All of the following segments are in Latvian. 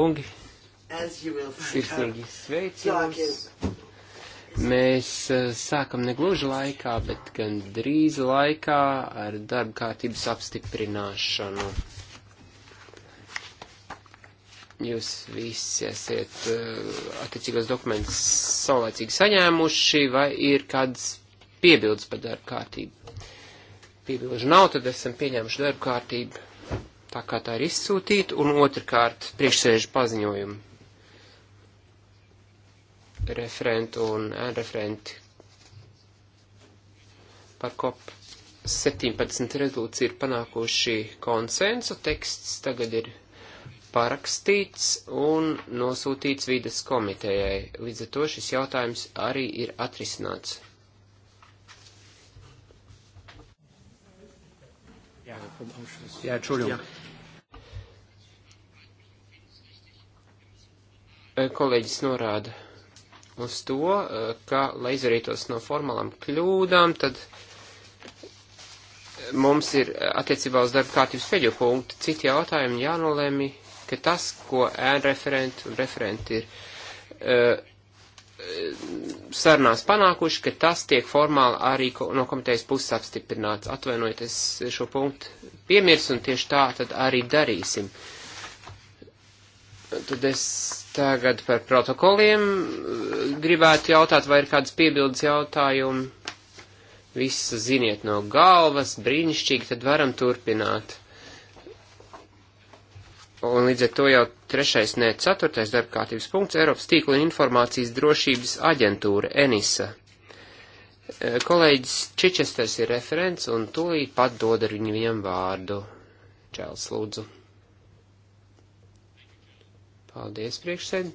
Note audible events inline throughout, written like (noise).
kungi, sirsnīgi sveicināti. Mēs eh, sākam negluži laikā, bet gan drīz laikā ar darba kārtības apstiprināšanu. Jūs visi esat eh, attiecīgos dokumentus saulēcīgi saņēmuši, vai ir kādas piebildes par darba kārtību? Piebilžu nav, tad esam pieņēmuši darba kārtību tā kā tā ir izsūtīta, un otrkārt priekšsēžu paziņojumu. Referentu un referenti par kop 17 rezolūciju ir panākuši konsensu, teksts tagad ir parakstīts un nosūtīts vides komitejai. Līdz ar to šis jautājums arī ir atrisināts. Jā, Entschuldigung. Ja. Eh, kolēģis norāda uz to, eh, ka, lai izvarītos no formālām kļūdām, tad mums ir eh, attiecībā uz darba kārtības pēdējo punktu citi jautājumi jānolēmi, ka tas, ko ēn referenti un referenti ir sarunās panākuši, ka tas tiek formāli arī no komitejas puses apstiprināts. Atvainojiet, es šo punktu piemirsu un tieši tā tad arī darīsim. Tad es Tagad par protokoliem gribētu jautāt, vai ir kādas piebildes jautājumi. Visu ziniet no galvas, brīnišķīgi, tad varam turpināt. Un līdz ar to jau trešais, ne ceturtais darbkārtības punkts - Eiropas tīkla informācijas drošības aģentūra ENISA. E, kolēģis Čičesters ir referents un tūlīt pat dod ar viņu viņam vārdu. Čēls lūdzu. Paldies, priekšsēd.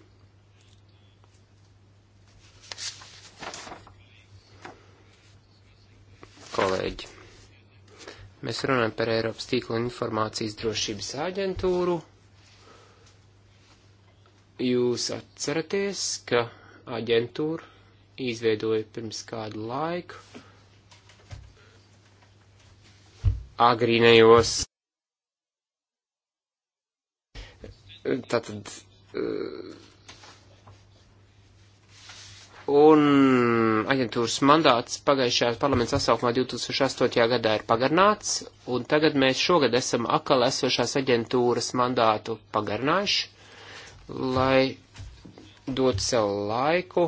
Kolēģi, mēs runājam par Eiropas tīkla un informācijas drošības aģentūru. Jūs atceraties, ka aģentūra izveidoja pirms kādu laiku agrīnējos. Tātad Un aģentūras mandāts pagājušajā parlaments sasaukumā 2008. gadā ir pagarnāts, un tagad mēs šogad esam akal esošās aģentūras mandātu pagarnājuši, lai dot sev laiku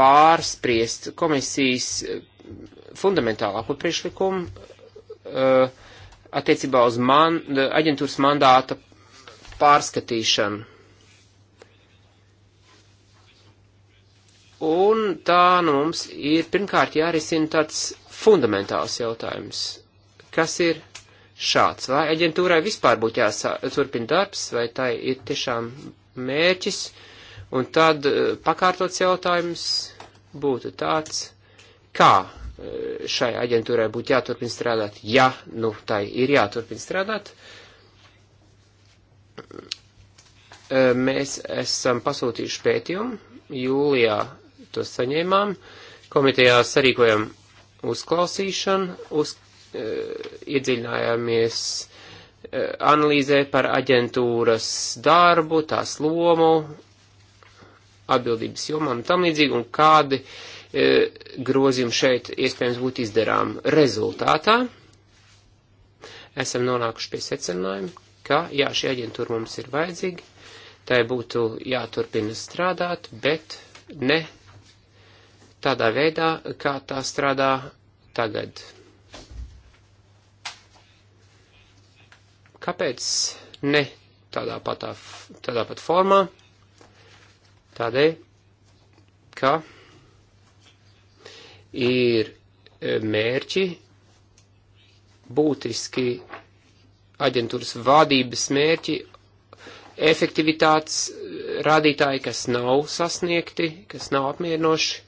pārspriest komisijas fundamentālāko priekšlikumu attiecībā uz man, aģentūras mandāta pārskatīšanu. Un tā nu mums ir pirmkārt jārisina tāds fundamentāls jautājums, kas ir šāds. Vai aģentūrai vispār būtu jāturpina darbs, vai tai ir tiešām mērķis, un tad eh, pakārtots jautājums būtu tāds, kā eh, šai aģentūrai būtu jāturpina strādāt, ja, nu, tai ir jāturpina strādāt. Uh, Mēs esam pasūtījuši pētījumu, jūlijā to saņēmām, komitejā sarīkojam uzklausīšanu, uz, iedziļinājāmies analīzē par aģentūras darbu, tās lomu, atbildības jomām un tam līdzīgi, un kādi e, grozījumi šeit iespējams būtu izdarām rezultātā. Esam nonākuši pie secinājuma, ka, jā, šī aģentūra mums ir vajadzīga, tai būtu jāturpina strādāt, bet ne tādā veidā, kā tā strādā tagad. Kāpēc ne tādā, patā, tādā pat formā? Tādēļ, ka ir mērķi būtiski aģentūras vadības mērķi, efektivitātes rādītāji, kas nav sasniegti, kas nav apmierinoši,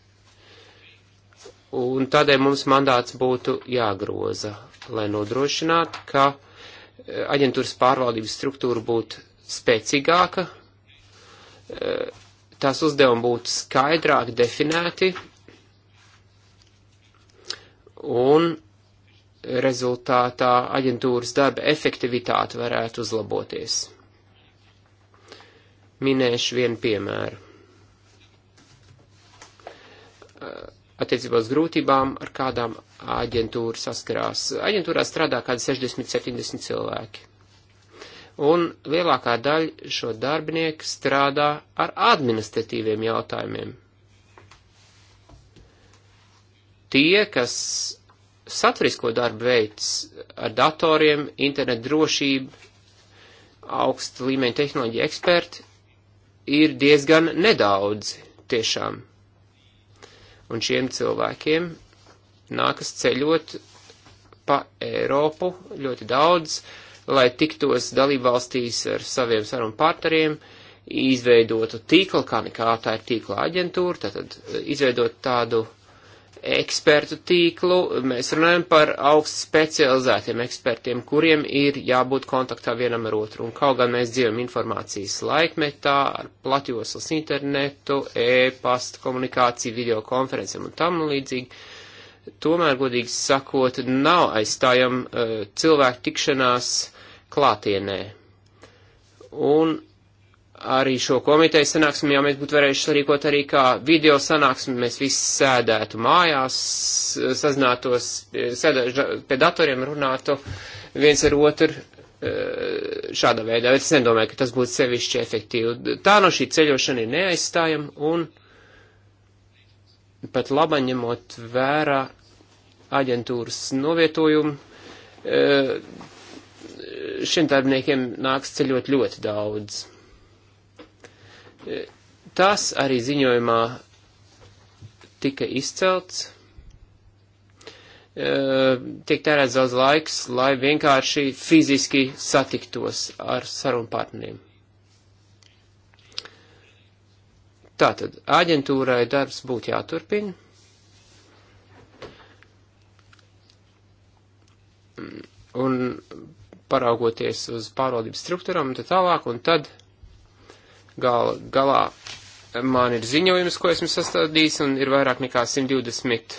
un tādēļ mums mandāts būtu jāgroza, lai nodrošinātu, ka eh, aģentūras pārvaldības struktūra būtu spēcīgāka, eh, tās uzdevumi būtu skaidrāk definēti, un rezultātā aģentūras darba efektivitāte varētu uzlaboties. Minēšu vienu piemēru. Attiecībā uz grūtībām, ar kādām aģentūra saskarās. Aģentūrā strādā kādi 60-70 cilvēki. Un lielākā daļa šo darbinieku strādā ar administratīviem jautājumiem. Tie, kas saturisko darbu veids ar datoriem, internet drošību, augsta līmeņa tehnoloģija eksperti ir diezgan nedaudz tiešām. Un šiem cilvēkiem nākas ceļot pa Eiropu ļoti daudz, lai tiktos dalībvalstīs ar saviem sarunu partneriem, izveidotu tīklu, kā nekā tā ir tīkla aģentūra, tātad izveidot tādu ekspertu tīklu, mēs runājam par augst specializētiem ekspertiem, kuriem ir jābūt kontaktā vienam ar otru. Un kaut gan mēs dzīvojam informācijas laikmetā, ar platjoslas internetu, e-pasta komunikāciju, videokonferencēm un tam līdzīgi, tomēr, godīgi sakot, nav aizstājama uh, eh, cilvēku tikšanās klātienē. Un arī šo komiteju sanāksmi, jo mēs būtu varējuši sarīkot arī kā video sanāksmi, mēs visi sēdētu mājās, sazinātos, sēdētu pie datoriem, runātu viens ar otru e, šādā veidā, bet es nedomāju, ka tas būtu sevišķi efektīvi. Tā no šī ceļošana ir neaizstājama un pat laba ņemot vērā aģentūras novietojumu, e, šiem darbiniekiem nāks ceļot ļoti daudz. Tas arī ziņojumā tika izcelts. E, tiek tērēts daudz laiks, lai vienkārši fiziski satiktos ar sarunu partneriem. Tātad aģentūrai darbs būtu jāturpina. Un paraugoties uz pārvaldības struktūram un tā tālāk, un tad Gal, galā man ir ziņojums, ko esmu sastādījis, un ir vairāk nekā 120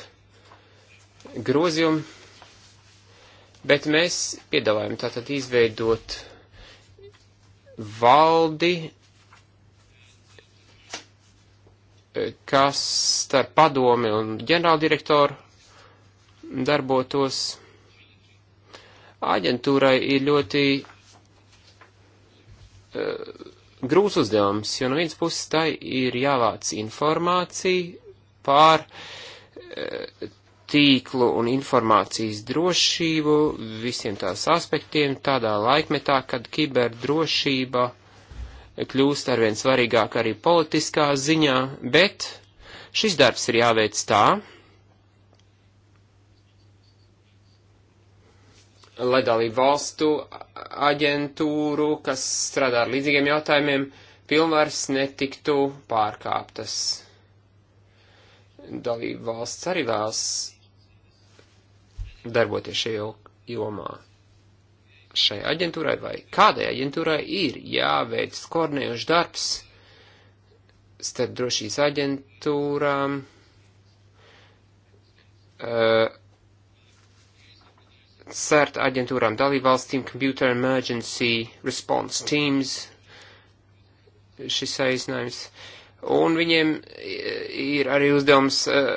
grozījumi, bet mēs piedāvājam tātad izveidot valdi, e, kas starp padomi un ģenerāldirektoru darbotos. Aģentūrai ir ļoti uh, grūts uzdevums, jo no vienas puses tai ir jāvāc informācija pār eh, tīklu un informācijas drošību, visiem tās aspektiem, tādā laikmetā, kad kiberdrošība kļūst arvien svarīgāk arī politiskā ziņā, bet šis darbs ir jāveic tā, lai dalību valstu aģentūru, kas strādā ar līdzīgiem jautājumiem, pilnvars netiktu pārkāptas. Dalību valsts arī vēlas darboties šajā jomā. Šai aģentūrai vai kādai aģentūrai ir jāveic koordinējuši darbs starp drošības aģentūrām. Uh, CERT aģentūrām dalībvalstīm Computer Emergency Response Teams šis aizinājums. Un viņiem ir arī uzdevums eh,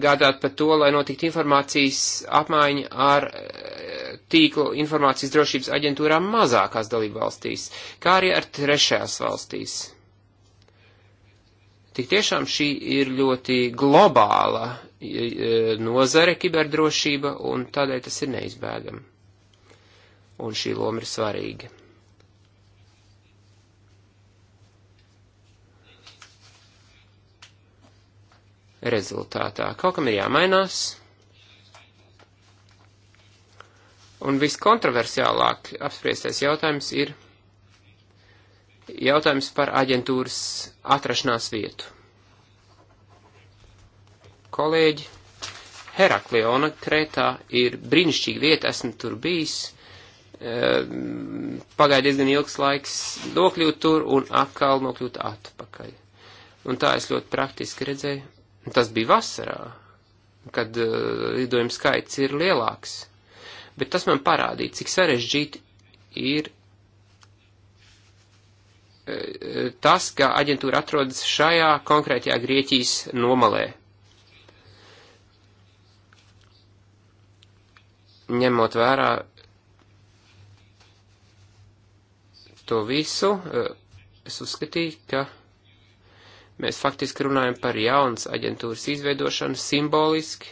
gādāt par to, lai notiktu informācijas apmaiņa ar eh, tīklu informācijas drošības aģentūrām mazākās dalībvalstīs, kā arī ar trešajās valstīs. Tik tiešām šī ir ļoti globāla E, nozare kiberdrošība, un tādēļ tas ir neizbēgami. Un šī loma ir svarīga. Rezultātā kaut kam ir jāmainās. Un viskontroversiālāk apspriestais jautājums ir jautājums par aģentūras atrašanās vietu kolēģi. Herakleona Krētā ir brīnišķīga vieta, esmu tur bijis. Ehm, pagāja diezgan ilgs laiks nokļūt tur un atkal nokļūt atpakaļ. Un tā es ļoti praktiski redzēju. Tas bija vasarā, kad eh, lidojuma skaits ir lielāks. Bet tas man parādīja, cik sarežģīti ir eh, eh, tas, ka aģentūra atrodas šajā konkrētajā Grieķijas nomalē. ņemot vērā to visu, eh, es uzskatīju, ka mēs faktiski runājam par jaunas aģentūras izveidošanu simboliski,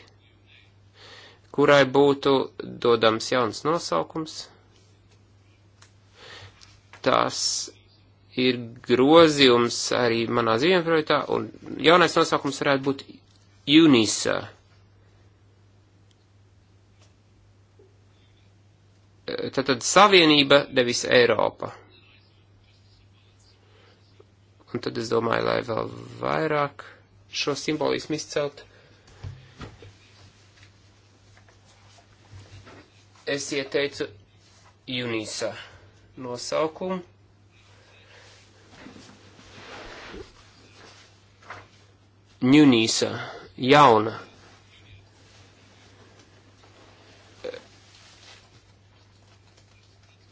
kurai būtu dodams jauns nosaukums. Tas ir grozījums arī manā ziņojumprojektā, un jaunais nosaukums varētu būt UNISA. Tātad savienība, nevis Eiropa. Un tad es domāju, lai vēl vairāk šo simbolismu izcelt. Es ieteicu Junisa nosaukumu. Junisa, jauna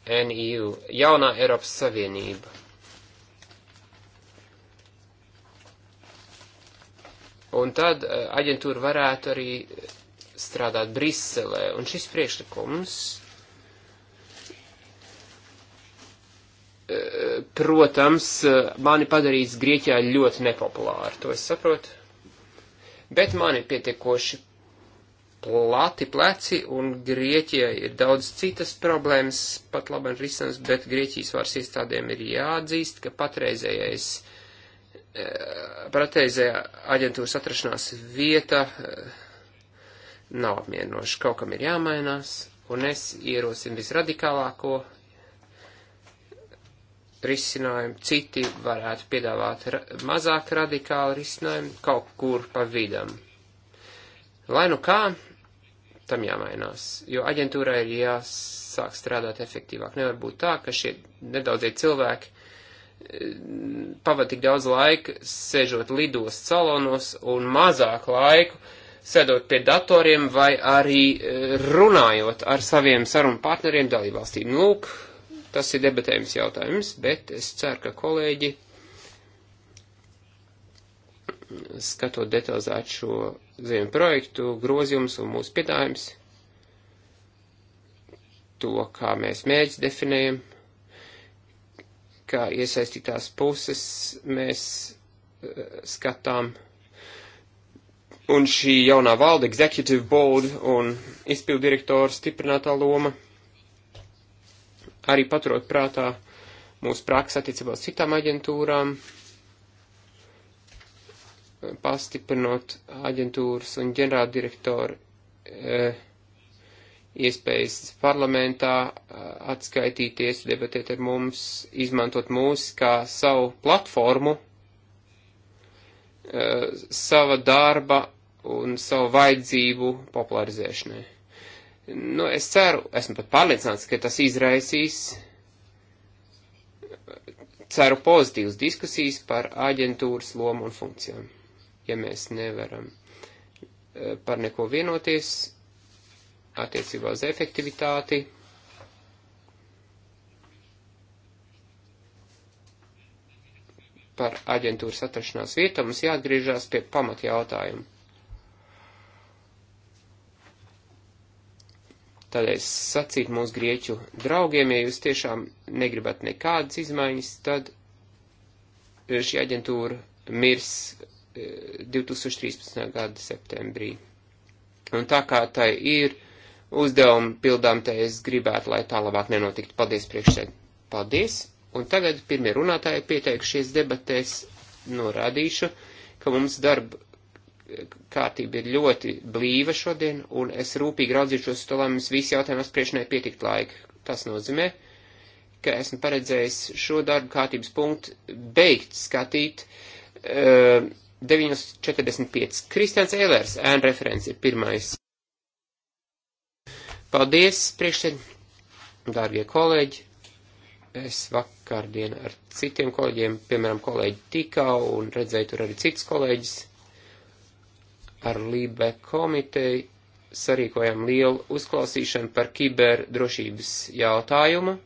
NEU, jaunā Eiropas Savienība. Un tad eh, aģentūra varētu arī strādāt Briselē. Un šis priekšlikums, eh, protams, mani padarīs Grieķijā ļoti nepopulāru, to es saprotu. Bet mani pietiekoši plati pleci, un Grieķijai ir daudz citas problēmas, pat labam risinājums, bet Grieķijas varas iestādēm ir jāatzīst, ka patreizējais, eh, patreizējā aģentūras atrašanās vieta eh, nav apmierinoša, kaut kam ir jāmainās, un es ierosinu visradikālāko risinājumu, citi varētu piedāvāt ra mazāk radikālu risinājumu kaut kur pa vidam. Lai nu kā, tam jāmainās, jo aģentūrai ir jāsāk strādāt efektīvāk. Nevar būt tā, ka šie nedaudzie cilvēki eh, pavada tik daudz laika sēžot lidos salonos un mazāk laiku sēdot pie datoriem vai arī eh, runājot ar saviem sarunu partneriem dalībvalstīm. Lūk, tas ir debatējums jautājums, bet es ceru, ka kolēģi skatot detalizēt šo ziņu projektu, grozījums un mūsu piedājums, to, kā mēs mēģi definējam, kā iesaistītās puses mēs eh, skatām, un šī jaunā valde, executive board un izpildu direktora stiprinātā loma, arī paturot prātā mūsu praksa attiecībā uz citām aģentūrām, pastiprinot aģentūras un ģenerāldirektoru e, iespējas parlamentā e, atskaitīties, debatēt ar mums, izmantot mūs kā savu platformu, e, sava darba un savu vajadzību popularizēšanai. Nu, es ceru, esmu pat pārliecināts, ka tas izraisīs e, ceru pozitīvas diskusijas par aģentūras lomu un funkcijām ja mēs nevaram eh, par neko vienoties attiecībā uz efektivitāti. Par aģentūras atrašanās vietu mums jāatgriežās pie pamat jautājumu. Tādēļ sacīt mūsu grieķu draugiem, ja jūs tiešām negribat nekādas izmaiņas, tad šī aģentūra mirs 2013. Eh, gada septembrī. Un tā kā tai ir uzdevumi pildām, te es gribētu, lai tā labāk nenotiktu. Paldies priekšsēd. Paldies. Un tagad pirmie runātāji pieteikušies debatēs norādīšu, ka mums darba eh, kārtība ir ļoti blīva šodien, un es rūpīgi raudzīšos to, lai mums visi jautājumi apspriešanai pietikt laika. Tas nozīmē, ka esmu paredzējis šo darba kārtības punktu beigt skatīt. Uh, 9.45. Kristians Ēlērs, ēn referents, ir pirmais. Paldies, priekšsēd, dārgie kolēģi. Es vakardien ar citiem kolēģiem, piemēram, kolēģi Tikau un redzēju tur arī citus kolēģis, ar Lībe komiteju sarīkojam lielu uzklausīšanu par kiberdrošības jautājumu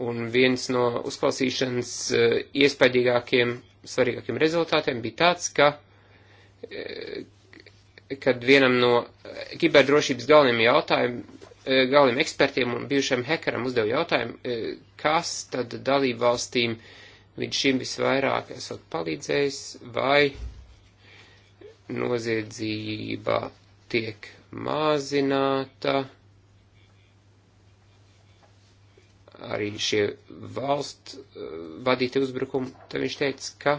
Un viens no uzklausīšanas eh, iespaidīgākiem, svarīgākiem rezultātiem bija tāds, ka, eh, kad vienam no eh, kiberdrošības galveniem jautājumiem, galveniem ekspertiem un bijušiem hekaram uzdeva jautājumu, kas tad dalību valstīm līdz šim visvairāk esot palīdzējis, vai noziedzība tiek mazināta arī šie valsts eh, vadīti uzbrukumi, tad viņš teica, ka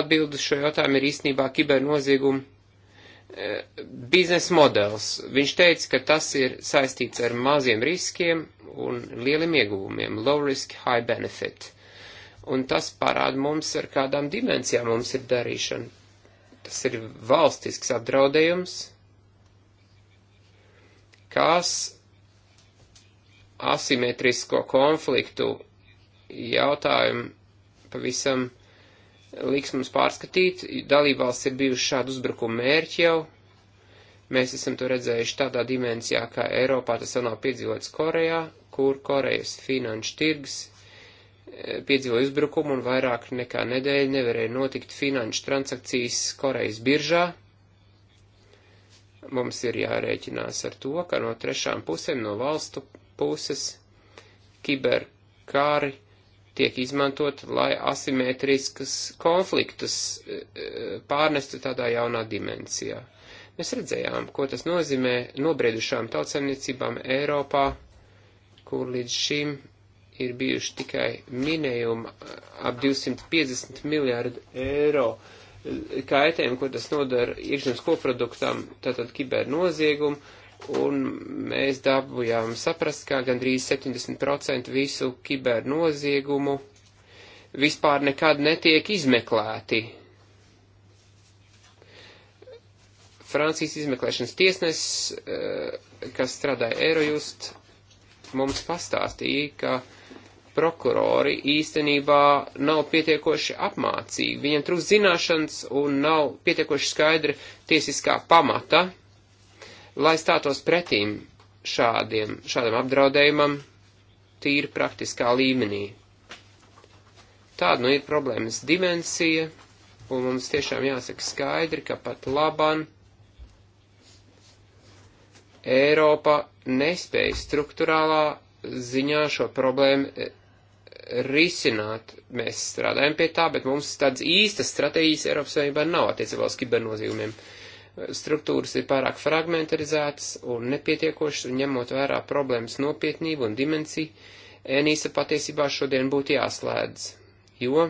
atbildes šo jautājumu ir īstenībā kibernozieguma eh, biznesa modelis. Viņš teica, ka tas ir saistīts ar maziem riskiem un lieliem ieguvumiem. Low risk, high benefit. Un tas parāda mums, ar kādām dimensijām mums ir darīšana. Tas ir valstisks apdraudējums, kas asimetrisko konfliktu jautājumu pavisam liks mums pārskatīt. Dalībvalsts ir bijuši šādu uzbrukumu mērķi jau. Mēs esam to redzējuši tādā dimensijā, kā Eiropā tas vēl nav piedzīvots Korejā, kur Korejas finanšu tirgs eh, piedzīvoja uzbrukumu un vairāk nekā nedēļa nevarēja notikt finanšu transakcijas Korejas biržā. Mums ir jārēķinās ar to, ka no trešām pusēm no valstu puses kiberkari tiek izmantot, lai asimetriskas konfliktus e, e, pārnestu tādā jaunā dimensijā. Mēs redzējām, ko tas nozīmē nobriedušām tautsaimniecībām Eiropā, kur līdz šim ir bijuši tikai minējumi e, ap 250 miljārdu eiro kaitējumu, ko tas nodara iekšzemes koproduktam, tātad kibernozieguma un mēs dabujām saprast, ka gandrīz 70% visu kibernoziegumu vispār nekad netiek izmeklēti. Francijas izmeklēšanas tiesnes, eh, kas strādāja Eurojust, mums pastāstīja, ka prokurori īstenībā nav pietiekoši apmācīgi, viņiem trūkst zināšanas un nav pietiekoši skaidra tiesiskā pamata, uh, lai stātos pretīm šādiem, šādam apdraudējumam tīri praktiskā līmenī. Tāda nu ir problēmas dimensija, un mums tiešām jāsaka skaidri, ka pat laban Eiropa nespēja struktūrālā ziņā šo problēmu e, risināt. Mēs strādājam pie tā, bet mums tādas īstas stratēģijas Eiropas Savienībā nav attiecībā uz kibernozīmēm. Uh, struktūras ir pārāk fragmentarizētas un nepietiekošas, un ņemot vērā problēmas nopietnību un dimensiju, Enīsa patiesībā šodien būtu jāslēdz, jo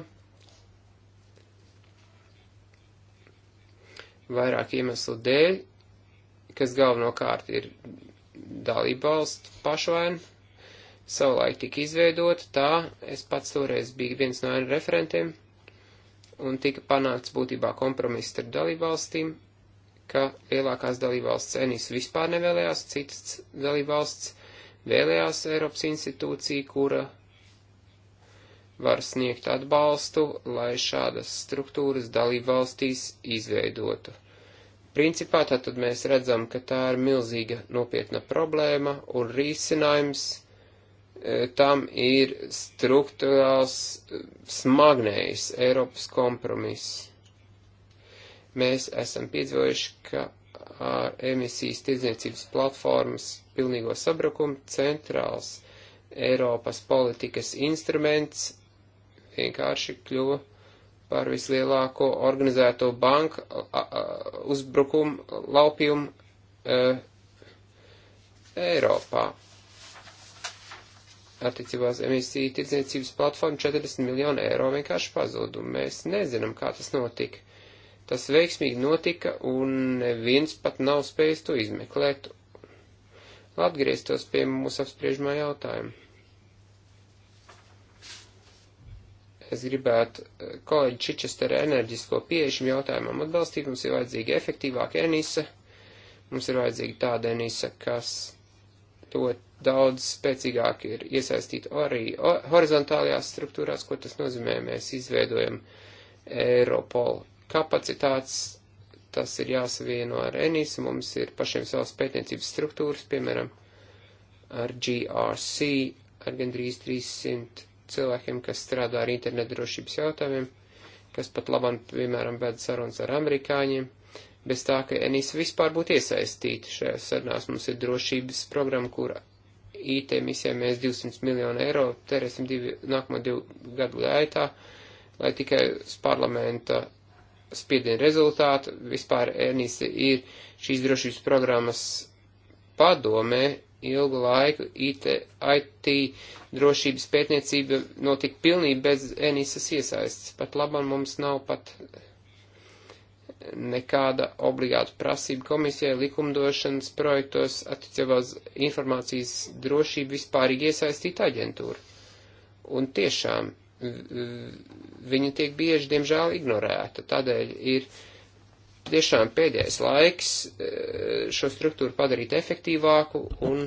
vairāk iemeslu dēļ, kas galvenokārt ir dalība valsts pašvaina, savulaik tika izveidota tā, es pats toreiz biju viens no referentiem, un tika panākts būtībā kompromiss starp dalību valstīm, ka lielākās dalībvalsts ENIS vispār nevēlējās, citas dalībvalsts vēlējās Eiropas institūciju, kura var sniegt atbalstu, lai šādas struktūras dalībvalstīs izveidotu. Principā tātad mēs redzam, ka tā ir milzīga nopietna problēma un risinājums e, tam ir struktūrāls e, smagnējs Eiropas kompromiss. Mēs esam piedzīvojuši, ka ar emisijas tirdzniecības platformas pilnīgo sabrukumu centrāls Eiropas politikas instruments vienkārši kļuva par vislielāko organizēto banku uzbrukumu, laupījumu e, Eiropā. Attiecībā uz emisiju tirdzniecības platformu 40 miljonu eiro vienkārši pazudumu. Mēs nezinām, kā tas notika. Tas veiksmīgi notika, un neviens pat nav spējis to izmeklēt. Atgrieztos pie mūsu apspriežamā jautājuma. Es gribētu eh, kolēģi Čičestera enerģisko pieejušam jautājumam atbalstīt. Mums ir vajadzīga efektīvāka enisa. Mums ir vajadzīga tāda enisa, kas to daudz spēcīgāk ir iesaistīta arī horizontālajās struktūrās, ko tas nozīmē. Mēs izveidojam Eiropolu kapacitātes, tas ir jāsavieno ar ENIS, mums ir pašiem savas pētniecības struktūras, piemēram, ar GRC, ar gandrīz 300 cilvēkiem, kas strādā ar internetdrošības jautājumiem, kas pat labam, piemēram, ved sarunas ar amerikāņiem. Bez tā, ka ENIS vispār būtu iesaistīti šajās sarunās, mums ir drošības programma, kur IT misijām mēs 200 miljonu eiro terēsim divi, nākamo divu gadu gaitā, lai tikai uz parlamenta spiedienu rezultātu. Vispār Ernīts ir šīs drošības programmas padomē ilgu laiku IT, IT drošības pētniecība notika pilnīgi bez Enīsas iesaists. Pat labam mums nav pat nekāda obligāta prasība komisijai likumdošanas projektos attiecībā uz informācijas drošību vispārīgi iesaistīt aģentūru. Un tiešām viņa tiek bieži, diemžēl, ignorēta. Tādēļ ir tiešām pēdējais laiks e, šo struktūru padarīt efektīvāku un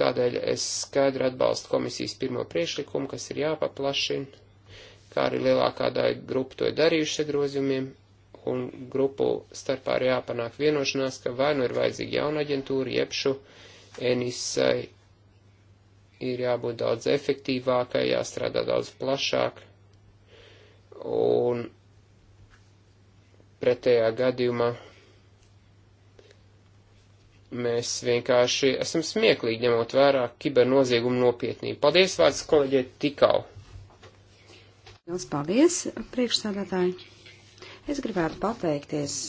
tādēļ es skaidri atbalstu komisijas pirmo priešlikumu, kas ir jāpaplašina, kā arī lielākā daļa grupu to ir darījuši sagrozījumiem, un grupu starpā arī jāpanāk vienošanās, ka vai nu ir vajadzīga jauna aģentūra, jeb šu Enisai ir jābūt daudz efektīvākai, jāstrādā daudz plašāk, un pretējā gadījumā mēs vienkārši esam smieklīgi ņemot vērā kibernoziegumu nopietnību. Paldies vārds kolēģē Tikau. Jums paldies, priekšsādātāji. Es gribētu pateikties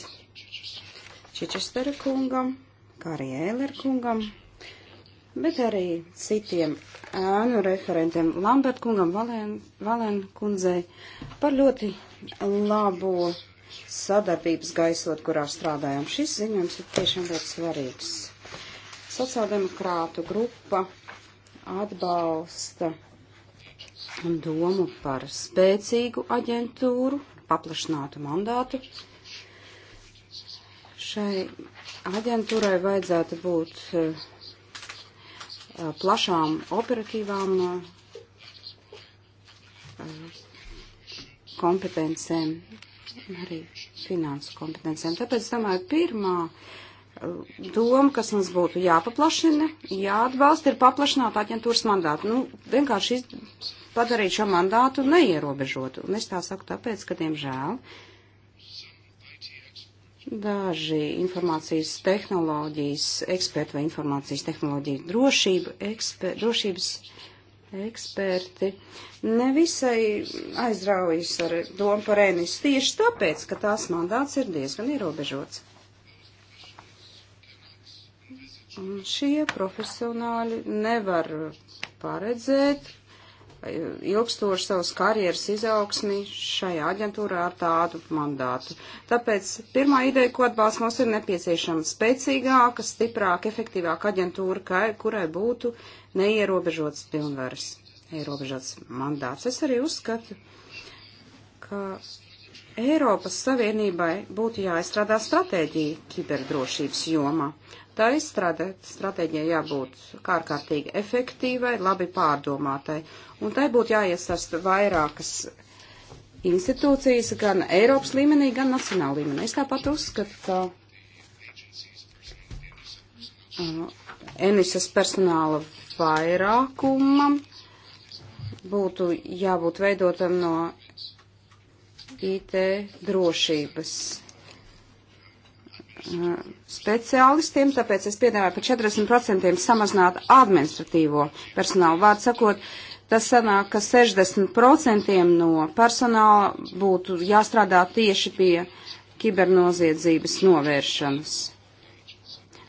Čičestera kungam, kā arī Ēler kungam bet arī citiem ēnu referentiem Lambert kungam, Valen, Valen kundzei par ļoti labo sadarbības gaisot, kurā strādājam. Šis ziņojums ir tiešām ļoti svarīgs. Sociāldemokrātu grupa atbalsta domu par spēcīgu aģentūru, paplašinātu mandātu. Šai aģentūrai vajadzētu būt uh, Uh, plašām operatīvām uh, kompetencēm, arī finansu kompetencēm. Tāpēc, domāju, pirmā uh, doma, kas mums būtu jāpaplašina, jāatbalsta, ir paplašināt aģentūras mandātu. Nu, vienkārši padarīt šo mandātu neierobežotu. Un es tā saku tāpēc, ka, diemžēl, uh, Daži informācijas tehnoloģijas eksperti vai informācijas tehnoloģija drošība, eksper, drošības eksperti nevisai aizraujas ar domu par ēnis tieši tāpēc, ka tās mandāts ir diezgan ierobežots. Un šie profesionāļi nevar paredzēt, ilgstoši savas karjeras izaugsmi šajā aģentūrā ar tādu mandātu. Tāpēc pirmā ideja, ko atbalsts mums ir nepieciešama spēcīgāka, stiprāka, efektīvāka aģentūra, kai, kurai būtu neierobežots pilnvaras, ierobežots mandāts. Es arī uzskatu, ka Eiropas Savienībai būtu jāizstrādā stratēģija kiberdrošības jomā. Tā izstrādē stratēģija jābūt kārkārtīgi efektīvai, labi pārdomātai, un tai būtu jāiesaist vairākas institūcijas gan Eiropas līmenī, gan nacionāla līmenī. Es tāpat uzskatu, ka. Uh, Enisas personāla vairākumam būtu jābūt veidotam no IT drošības speciālistiem, tāpēc es piedāvāju par 40% samazināt administratīvo personālu. Vārds sakot, tas sanāk, ka 60% no personāla būtu jāstrādā tieši pie kibernoziedzības novēršanas.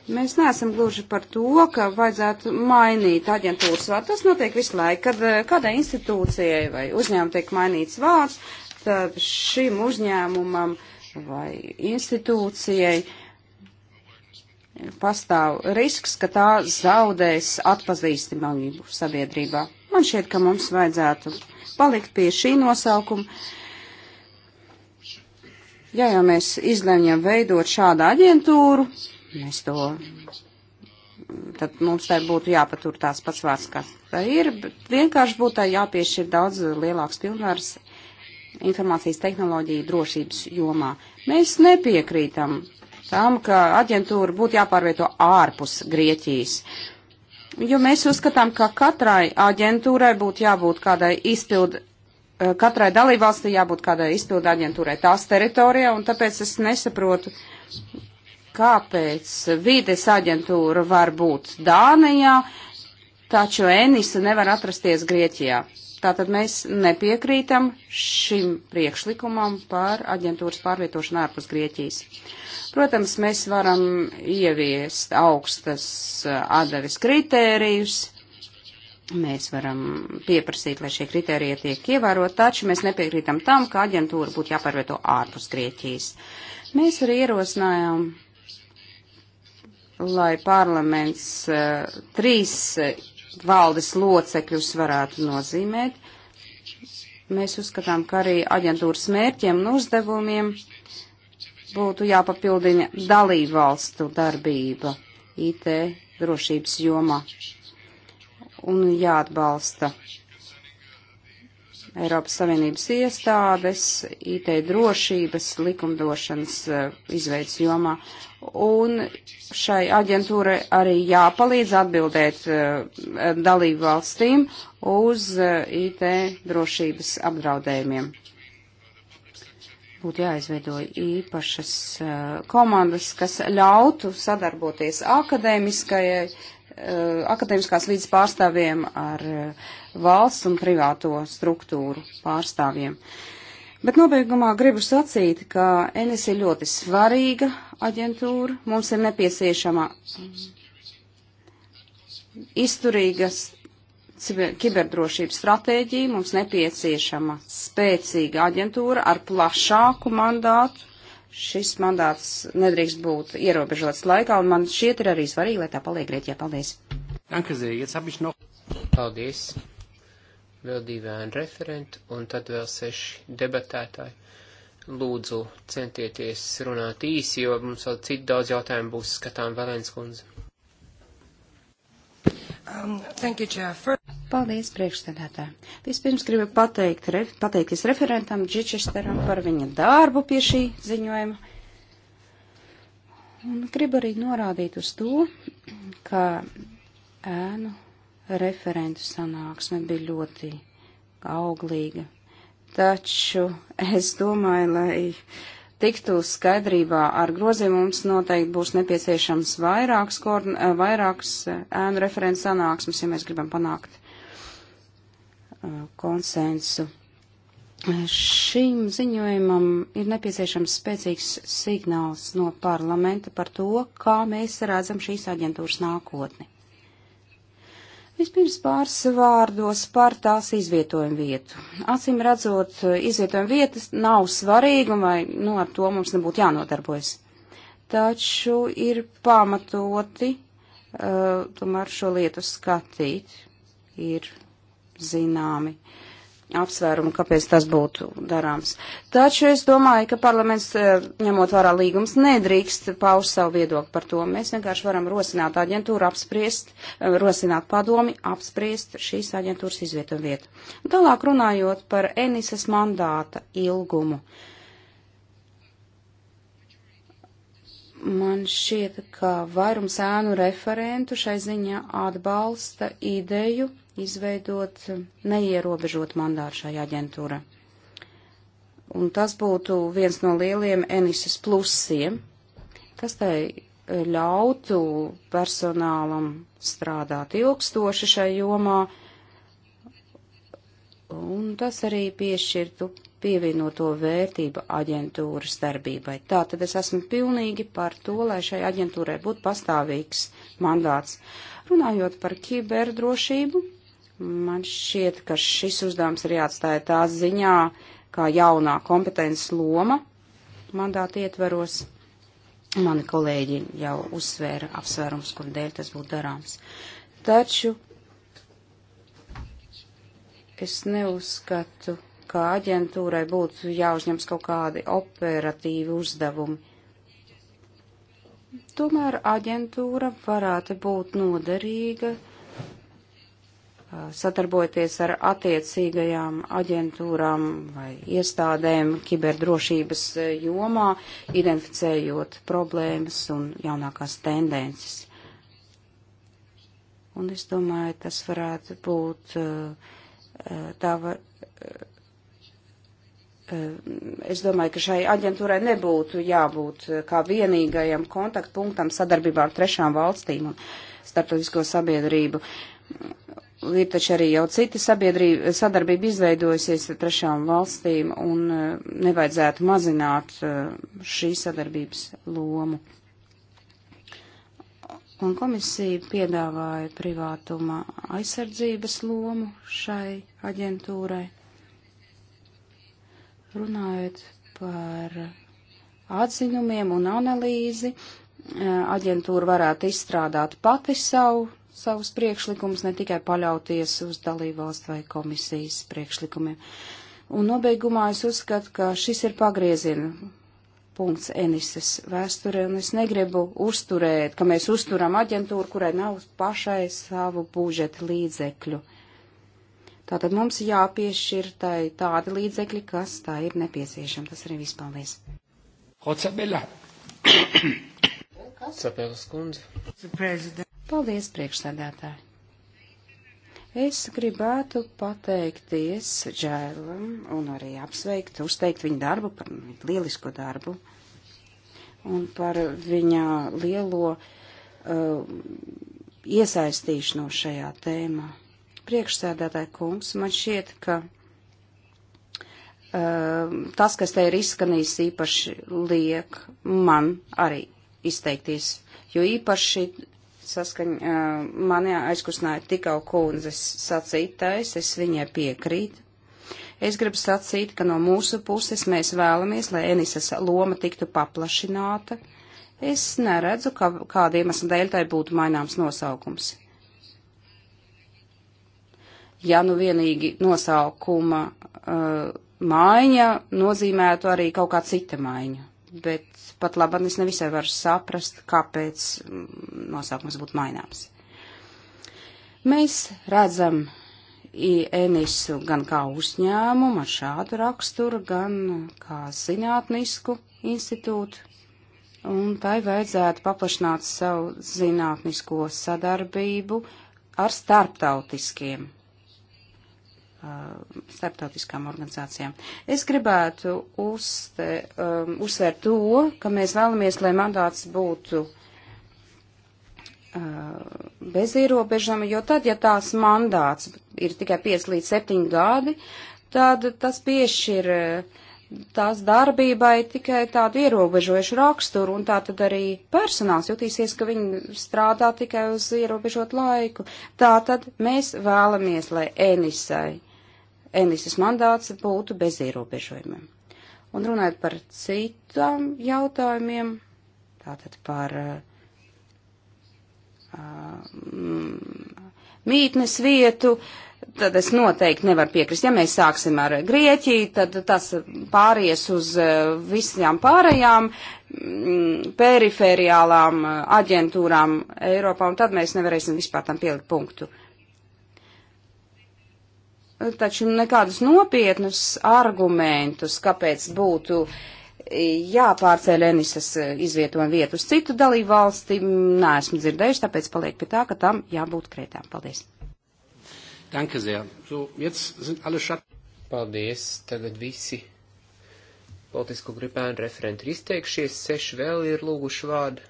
Mēs neesam gluži par to, ka vajadzētu mainīt aģentūras vārdu. Tas notiek visu laiku, kad eh, kādai institūcijai vai uzņēmumam tiek mainīts vārds, tad šim uzņēmumam uh, vai institūcijai pastāv risks, ka tā zaudēs atpazīstamību sabiedrībā. Man šķiet, ka mums vajadzētu palikt pie šī nosaukuma. Ja jau mēs izlemjam veidot šādu aģentūru, mēs to, tad mums tā būtu jāpatur tās pats vārds, kā tā ir, bet vienkārši būtu tā jāpiešķir daudz lielāks pilnvars informācijas tehnoloģiju drošības jomā. Mēs nepiekrītam tam, ka aģentūra būtu jāpārvieto ārpus Grieķijas. Jo mēs uzskatām, ka katrai aģentūrai būtu jābūt kādai izpildu, eh, katrai dalībvalstī jābūt kādai izpildu aģentūrai tās teritorijā, un tāpēc es nesaprotu, kāpēc vīdes aģentūra var būt Dānijā, taču Enisa nevar atrasties Grieķijā. Tātad mēs nepiekrītam šim priekšlikumam par aģentūras pārvietošanu ārpus Grieķijas. Protams, mēs varam ieviest augstas atdevis kritērijus, mēs varam pieprasīt, lai šie kritērija tiek ievērot, taču mēs nepiekrītam tam, ka aģentūra būtu jāpārvieto ārpus Grieķijas. Mēs arī ierosinājām, lai parlaments uh, trīs valdes locekļus varētu nozīmēt. Mēs uzskatām, ka arī aģentūras mērķiem un uzdevumiem būtu jāpapildina dalību valstu darbība IT drošības jomā un jāatbalsta Eiropas Savienības iestādes, IT drošības likumdošanas eh, izveids jomā. Un šai aģentūrai arī jāpalīdz atbildēt eh, dalību valstīm uz eh, IT drošības apdraudējumiem. Būtu jāizveido īpašas komandas, kas ļautu sadarboties akadēmiskajai Eh, akadēmiskās līdz pārstāvjiem, ar eh, valsts un privāto struktūru pārstāvjiem. Bet nobeigumā gribu sacīt, ka ENIS ir ļoti svarīga aģentūra. Mums ir nepieciešama izturīgas kiberdrošības stratēģija, mums nepieciešama spēcīga aģentūra ar plašāku mandātu, šis mandāts nedrīkst būt ierobežots laikā, un man šķiet ir arī svarīgi, lai tā paliek Grieķijā. Paldies! Paldies! Vēl divi referenti, un tad vēl seši debatētāji. Lūdzu, centieties runāt īsi, jo mums vēl citi daudz jautājumu būs skatām Valēns kundze. Um, thank you, Chair. First... Paldies, priekšstādātāji. Vispirms gribu pateikt, re, pateikties referentam Džičesteram par viņa darbu pie šī ziņojuma. Un gribu arī norādīt uz to, ka ēnu referentu sanāksme bija ļoti auglīga. Taču es domāju, lai tiktu skaidrībā ar grozījumu, mums noteikti būs nepieciešams vairāks, korn, eh, vairāks eh, ēnu referents sanāksmes, ja mēs gribam panākt eh, konsensu. Šim ziņojumam ir nepieciešams spēcīgs signāls no parlamenta par to, kā mēs redzam šīs aģentūras nākotni. Vispirms pāris vārdos par tās izvietojumu vietu. Acīm redzot, izvietojuma vietas nav svarīga, vai nu, ar to mums nebūtu jānodarbojas. Taču ir pamatoti uh, tomēr šo lietu skatīt, ir zināmi apsvērumu, kāpēc tas būtu darāms. Taču es domāju, ka parlaments, e, ņemot vērā līgums, nedrīkst paust savu viedokli par to. Mēs vienkārši varam rosināt aģentūru, apspriest, e, rosināt padomi, apspriest šīs aģentūras izvietu vietu. Tālāk runājot par Enises mandāta ilgumu. Man šķiet, ka vairums ēnu referentu šai ziņā atbalsta ideju izveidot neierobežot mandātu šai aģentūra. Un tas būtu viens no lieliem Enises plusiem. Tas tai e, ļautu personālam strādāt ilgstoši šai jomā, un tas arī piešķirtu pievienoto vērtību aģentūras darbībai. Tā tad es esmu pilnīgi par to, lai šai aģentūrai būtu pastāvīgs mandāts. Runājot par kiberdrošību, Man šķiet, ka šis uzdevums ir jāatstāja tās ziņā, kā jaunā kompetences loma mandāta ietveros. Mani kolēģi jau uzsvēra apsvērums, kur dēļ tas būtu darāms. Taču es neuzskatu, ka aģentūrai būtu jāuzņems kaut kādi operatīvi uzdevumi. Tomēr aģentūra varētu būt noderīga sadarbojoties ar attiecīgajām aģentūrām vai iestādēm kiberdrošības jomā, identificējot problēmas un jaunākās tendences. Un es domāju, tas varētu būt tā var. Es domāju, ka šai aģentūrai nebūtu jābūt kā vienīgajam kontaktpunktam sadarbībā ar trešām valstīm un starptautisko sabiedrību ir taču arī jau cita sabiedrība, sadarbība izveidojusies ar trešām valstīm un eh, nevajadzētu mazināt eh, šīs sadarbības lomu. Un komisija piedāvāja privātuma aizsardzības lomu šai aģentūrai. Runājot par atziņumiem un analīzi, eh, aģentūra varētu izstrādāt pati savu savus priekšlikumus, ne tikai paļauties uz dalībvalstu vai komisijas priekšlikumiem. Un nobeigumā es uzskatu, ka šis ir pagrieziena punkts Enises vēsturē, un es negribu uzturēt, ka mēs uzturam aģentūru, kurai nav pašai savu budžeta līdzekļu. Tātad mums jāpiešķir tai tādi līdzekļi, kas tā ir nepieciešama. Tas arī viss paldies. Hocabela. Hocabela skundze. Paldies, priekšsēdētāji! Es gribētu pateikties Džēlam un arī apsveikt, uzteikt viņu darbu par viņu lielisko darbu un par viņa lielo uh, iesaistīšanos šajā tēmā. Priekšsēdētāji kungs, man šķiet, ka uh, tas, kas te ir izskanījis, īpaši liek man arī izteikties, jo īpaši saskaņa mani aizkustināja tikau kundzes sacītais, es viņai piekrītu. Es gribu sacīt, ka no mūsu puses mēs vēlamies, lai Enisas loma tiktu paplašināta. Es neredzu, ka kāda iemesla dēļ tai būtu maināms nosaukums. Ja nu vienīgi nosaukuma uh, maiņa nozīmētu arī kaut kā cita maiņa bet pat labam es nevisai varu saprast, kāpēc mm, nosaukums būtu maināms. Mēs redzam Enisu gan kā uzņēmumu ar šādu raksturu, gan kā zinātnisku institūtu, un tai vajadzētu paplašināt savu zinātnisko sadarbību ar starptautiskiem Uh, starptautiskām organizācijām. Es gribētu uzte, um, uzsvērt to, ka mēs vēlamies, lai mandāts būtu uh, bez ierobežama, jo tad, ja tās mandāts ir tikai 5 līdz 7 gadi, tad tas piešķir uh, tās darbībai tikai tādu ierobežojušu raksturu, un tā tad arī personāls jutīsies, ka viņi strādā tikai uz ierobežotu laiku. Tā tad mēs vēlamies, lai Enisai Enisas mandāts būtu bez ierobežojumiem. Un runājot par citām jautājumiem, tātad par uh, mm, mītnes vietu, tad es noteikti nevaru piekrist. Ja mēs sāksim ar Grieķiju, tad tas pāries uz uh, visām pārējām mm, periferiālām uh, aģentūrām Eiropā, un tad mēs nevarēsim vispār tam pielikt punktu taču nekādus nopietnus argumentus, kāpēc būtu jāpārceļ Enisas eh, izvietojuma vietu uz citu dalību valsti, neesmu dzirdējuši, tāpēc paliek pie tā, ka tam jābūt krētām. Paldies. Danke sehr. So, jetzt sind alle Schatten. Paldies. Tagad visi politisko gribēnu referenti ir izteikšies, seši vēl ir lūguši vārdu.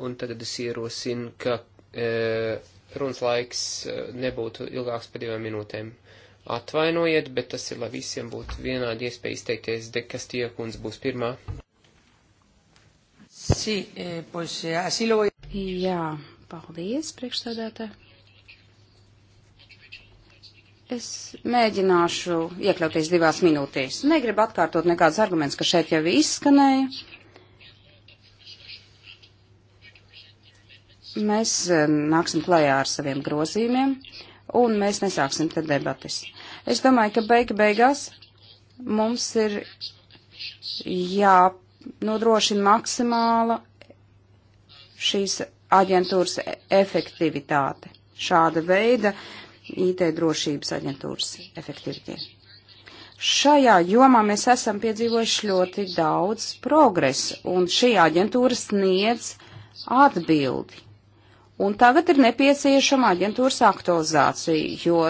Un tagad es ierosinu, ka e, runas laiks eh, nebūtu ilgāks par divām minūtēm. Atvainojiet, bet tas ir, lai visiem būtu vienādi iespēja izteikties, dekas tie, kundz būs pirmā. Sí, eh, pues, eh, así lo voy. Jā, paldies, priekšsēdētā. Es mēģināšu iekļauties divās minūtēs. Negribu atkārtot nekādas arguments, kas šeit jau izskanēja. Mēs eh, nāksim klajā ar saviem grozījumiem, un mēs nesāksim te debatis. Es domāju, ka beiga beigās mums ir jānodrošina maksimāla šīs aģentūras e, efektivitāte. Šāda veida IT drošības aģentūras efektivitāte. Šajā jomā mēs esam piedzīvojuši ļoti daudz progresu, un šī aģentūra sniedz atbildi. Un tagad ir nepieciešama aģentūras aktualizācija, jo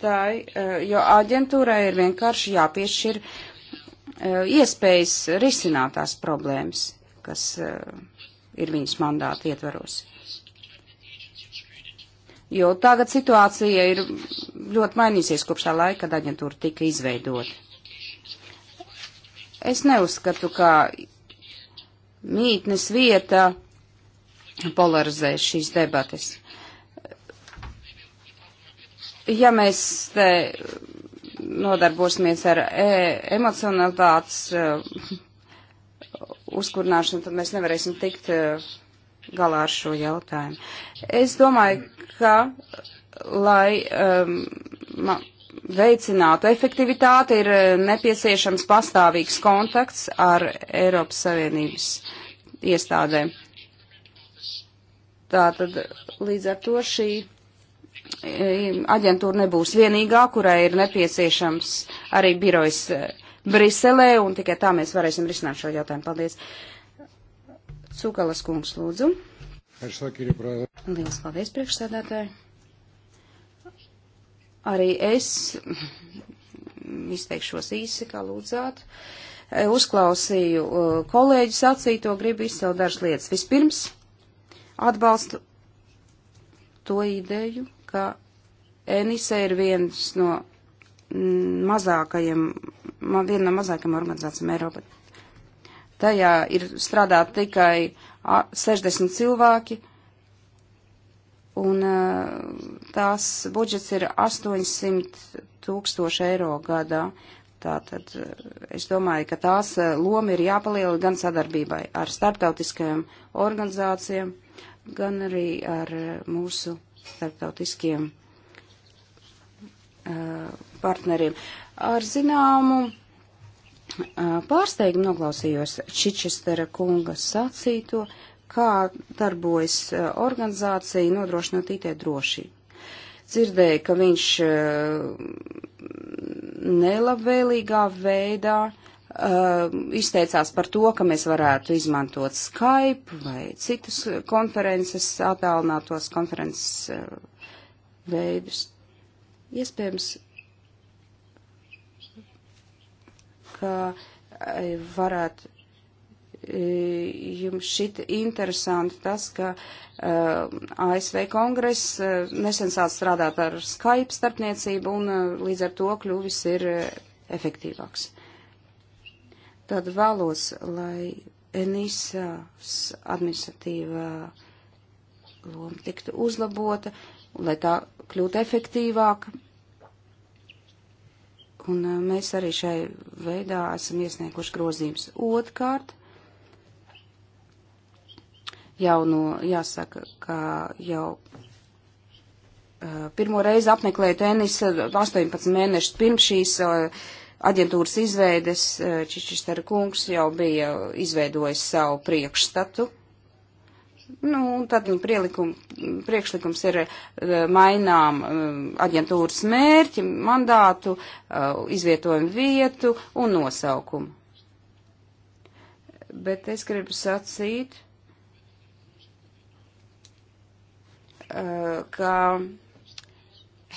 tai, eh, jo aģentūrai ir vienkārši jāpiešķir eh, iespējas risināt tās problēmas, kas eh, ir viņas mandāta ietvaros. Jo tagad situācija ir ļoti mainīsies kopš tā laika, kad aģentūra tika izveidota. Es neuzskatu, ka mītnes vieta polarizēs šīs debates ja mēs te nodarbosimies ar e emocionalitātes uh, uzkurināšanu, tad mēs nevarēsim tikt uh, galā ar šo jautājumu. Es domāju, ka, lai um, ma, veicinātu efektivitāti, ir uh, nepieciešams pastāvīgs kontakts ar Eiropas Savienības iestādēm. Tātad līdz ar to šī aģentūra nebūs vienīgā, kurai ir nepieciešams arī birojas e, Briselē, un tikai tā mēs varēsim risināt šo jautājumu. Paldies! Cukalas kungs, lūdzu. Lielas paldies, priekšsēdētāji. Arī es izteikšos īsi, kā lūdzāt. E, uzklausīju e, kolēģi sacīto, gribu izcelt dažas lietas. Vispirms atbalstu to ideju, ka Enise ir viens no mm, mazākajiem, viena no mazākajiem organizācijām Eiropā. Tajā ir strādā tikai 60 cilvēki, un tās budžets ir 800 tūkstoši eiro gadā. Tātad es domāju, ka tās loma ir jāpalielina gan sadarbībai ar starptautiskajām organizācijām, gan arī ar mūsu starptautiskiem partneriem. Ar zināmu pārsteigumu noklausījos Čičestera kunga sacīto, kā darbojas organizācija nodrošinot IT drošību. Dzirdēju, ka viņš nelabvēlīgā veidā uh, uh, izteicās par to, ka mēs varētu izmantot Skype vai citus konferences, attālinātos konferences uh, veidus. Iespējams, ka eh, varētu eh, jums šit interesanti tas, ka uh, eh, ASV kongress uh, nesen sāc strādāt ar Skype starpniecību un uh, līdz ar to kļuvis ir uh, efektīvāks tad vēlos, lai Enisas administratīvā loma tiktu uzlabota, lai tā kļūtu efektīvāka. Un eh, mēs arī šai veidā esam iesnieguši grozījums. Otkārt, jau no, jāsaka, ka jau uh, pirmo reizi apmeklēju tenisa 18 mēnešus pirms šīs uh, aģentūras izveides eh, Čičistara kungs jau bija izveidojis savu priekšstatu. Nu, un tad viņa nu, priekšlikums ir eh, mainām eh, aģentūras mērķi, mandātu, izvietojumu vietu un nosaukumu. Bet es gribu sacīt, ka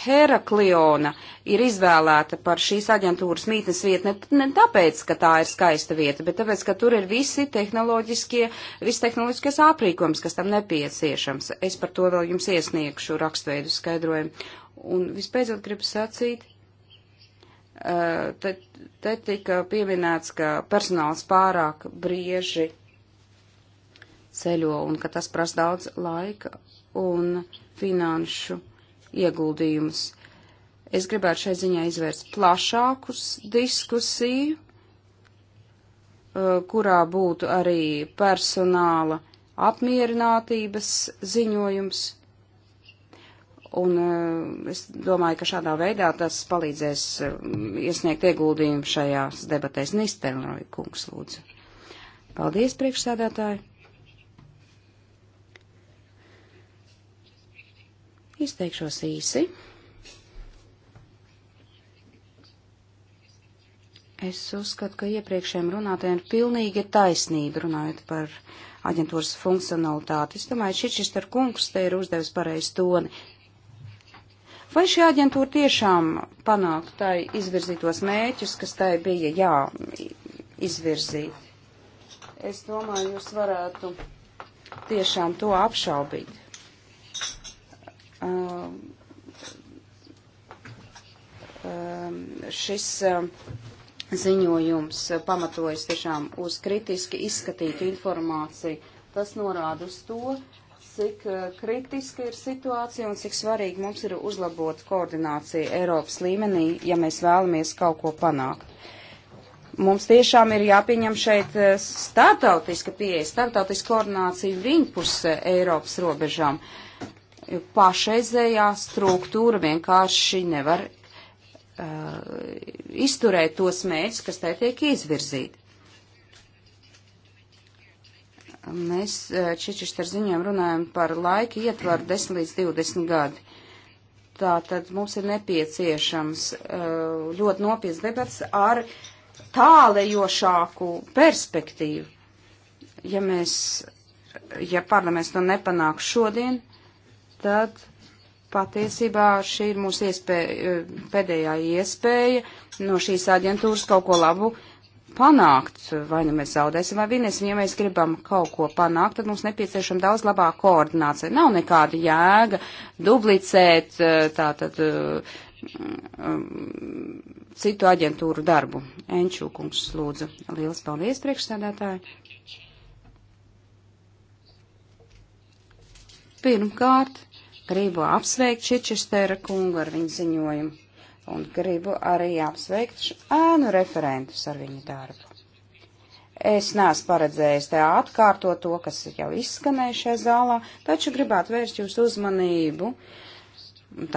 Herakliona ir izvēlēta par šīs aģentūras mītnes vietu ne, ne tāpēc, ka tā ir skaista vieta, bet tāpēc, ka tur ir visi tehnoloģiskie, viss tehnoloģiskais aprīkojums, kas tam nepieciešams. Es par to vēl jums iesniegšu rakstveidu skaidrojumu. Un vispēcot gribu sacīt, eh, te, te tika pieminēts, ka personāls pārāk brieži ceļo un ka tas prasa daudz laika un finanšu ieguldījumus. Es gribētu šai ziņā izvērst plašākus diskusiju, uh, kurā būtu arī personāla apmierinātības ziņojums. Un uh, es domāju, ka šādā veidā tas palīdzēs uh, iesniegt ieguldījumu šajās debatēs. Nistelroja kungs, lūdzu. Paldies, priekšsēdētāji! Izteikšos īsi. Es uzskatu, ka iepriekšējiem runātājiem ir pilnīgi taisnība runājot par aģentūras funkcionalitāti. Es domāju, Čičister kungs te ir uzdevis pareizi toni. Vai šī aģentūra tiešām panāk tai izvirzītos mēķus, kas tai bija jā, izvirzīt? Es domāju, jūs varētu tiešām to apšaubīt um, šis um, ziņojums pamatojas tiešām uz kritiski izskatītu informāciju. Tas norāda uz to, cik uh, kritiska ir situācija un cik svarīgi mums ir uzlabot koordināciju Eiropas līmenī, ja mēs vēlamies kaut ko panākt. Mums tiešām ir jāpieņem šeit uh, starptautiska pieeja, starptautiska koordinācija viņpus Eiropas robežām. Uh, pašreizējā struktūra vienkārši nevar uh, izturēt tos mērķus, kas tai tiek izvirzīti. Mēs uh, Čičišķi ar ziņām runājam par laika ietvaru 10 līdz 20 gadi. Tātad mums ir nepieciešams uh, ļoti nopietns debats ar tālējošāku perspektīvu. Ja mēs, ja parlaments to nepanāk šodien, tad patiesībā šī ir mūsu iespēja, eh, pēdējā iespēja no šīs aģentūras kaut ko labu panākt. Vai nu mēs zaudēsim vai vinēsim, ja mēs gribam kaut ko panākt, tad mums nepieciešama daudz labāka koordinācija. Nav nekāda jēga dublicēt eh, tātad eh, mm, citu aģentūru darbu. Enčūkungs lūdzu. Lielas paldies, priekšsēdētāji. Pirmkārt, Gribu apsveikt Čičestera kungu ar viņu ziņojumu un gribu arī apsveikt ēnu referentus ar viņu darbu. Es neesmu paredzējis te atkārtot to, kas jau izskanēja šajā zālā, taču gribētu vērst jūsu uzmanību,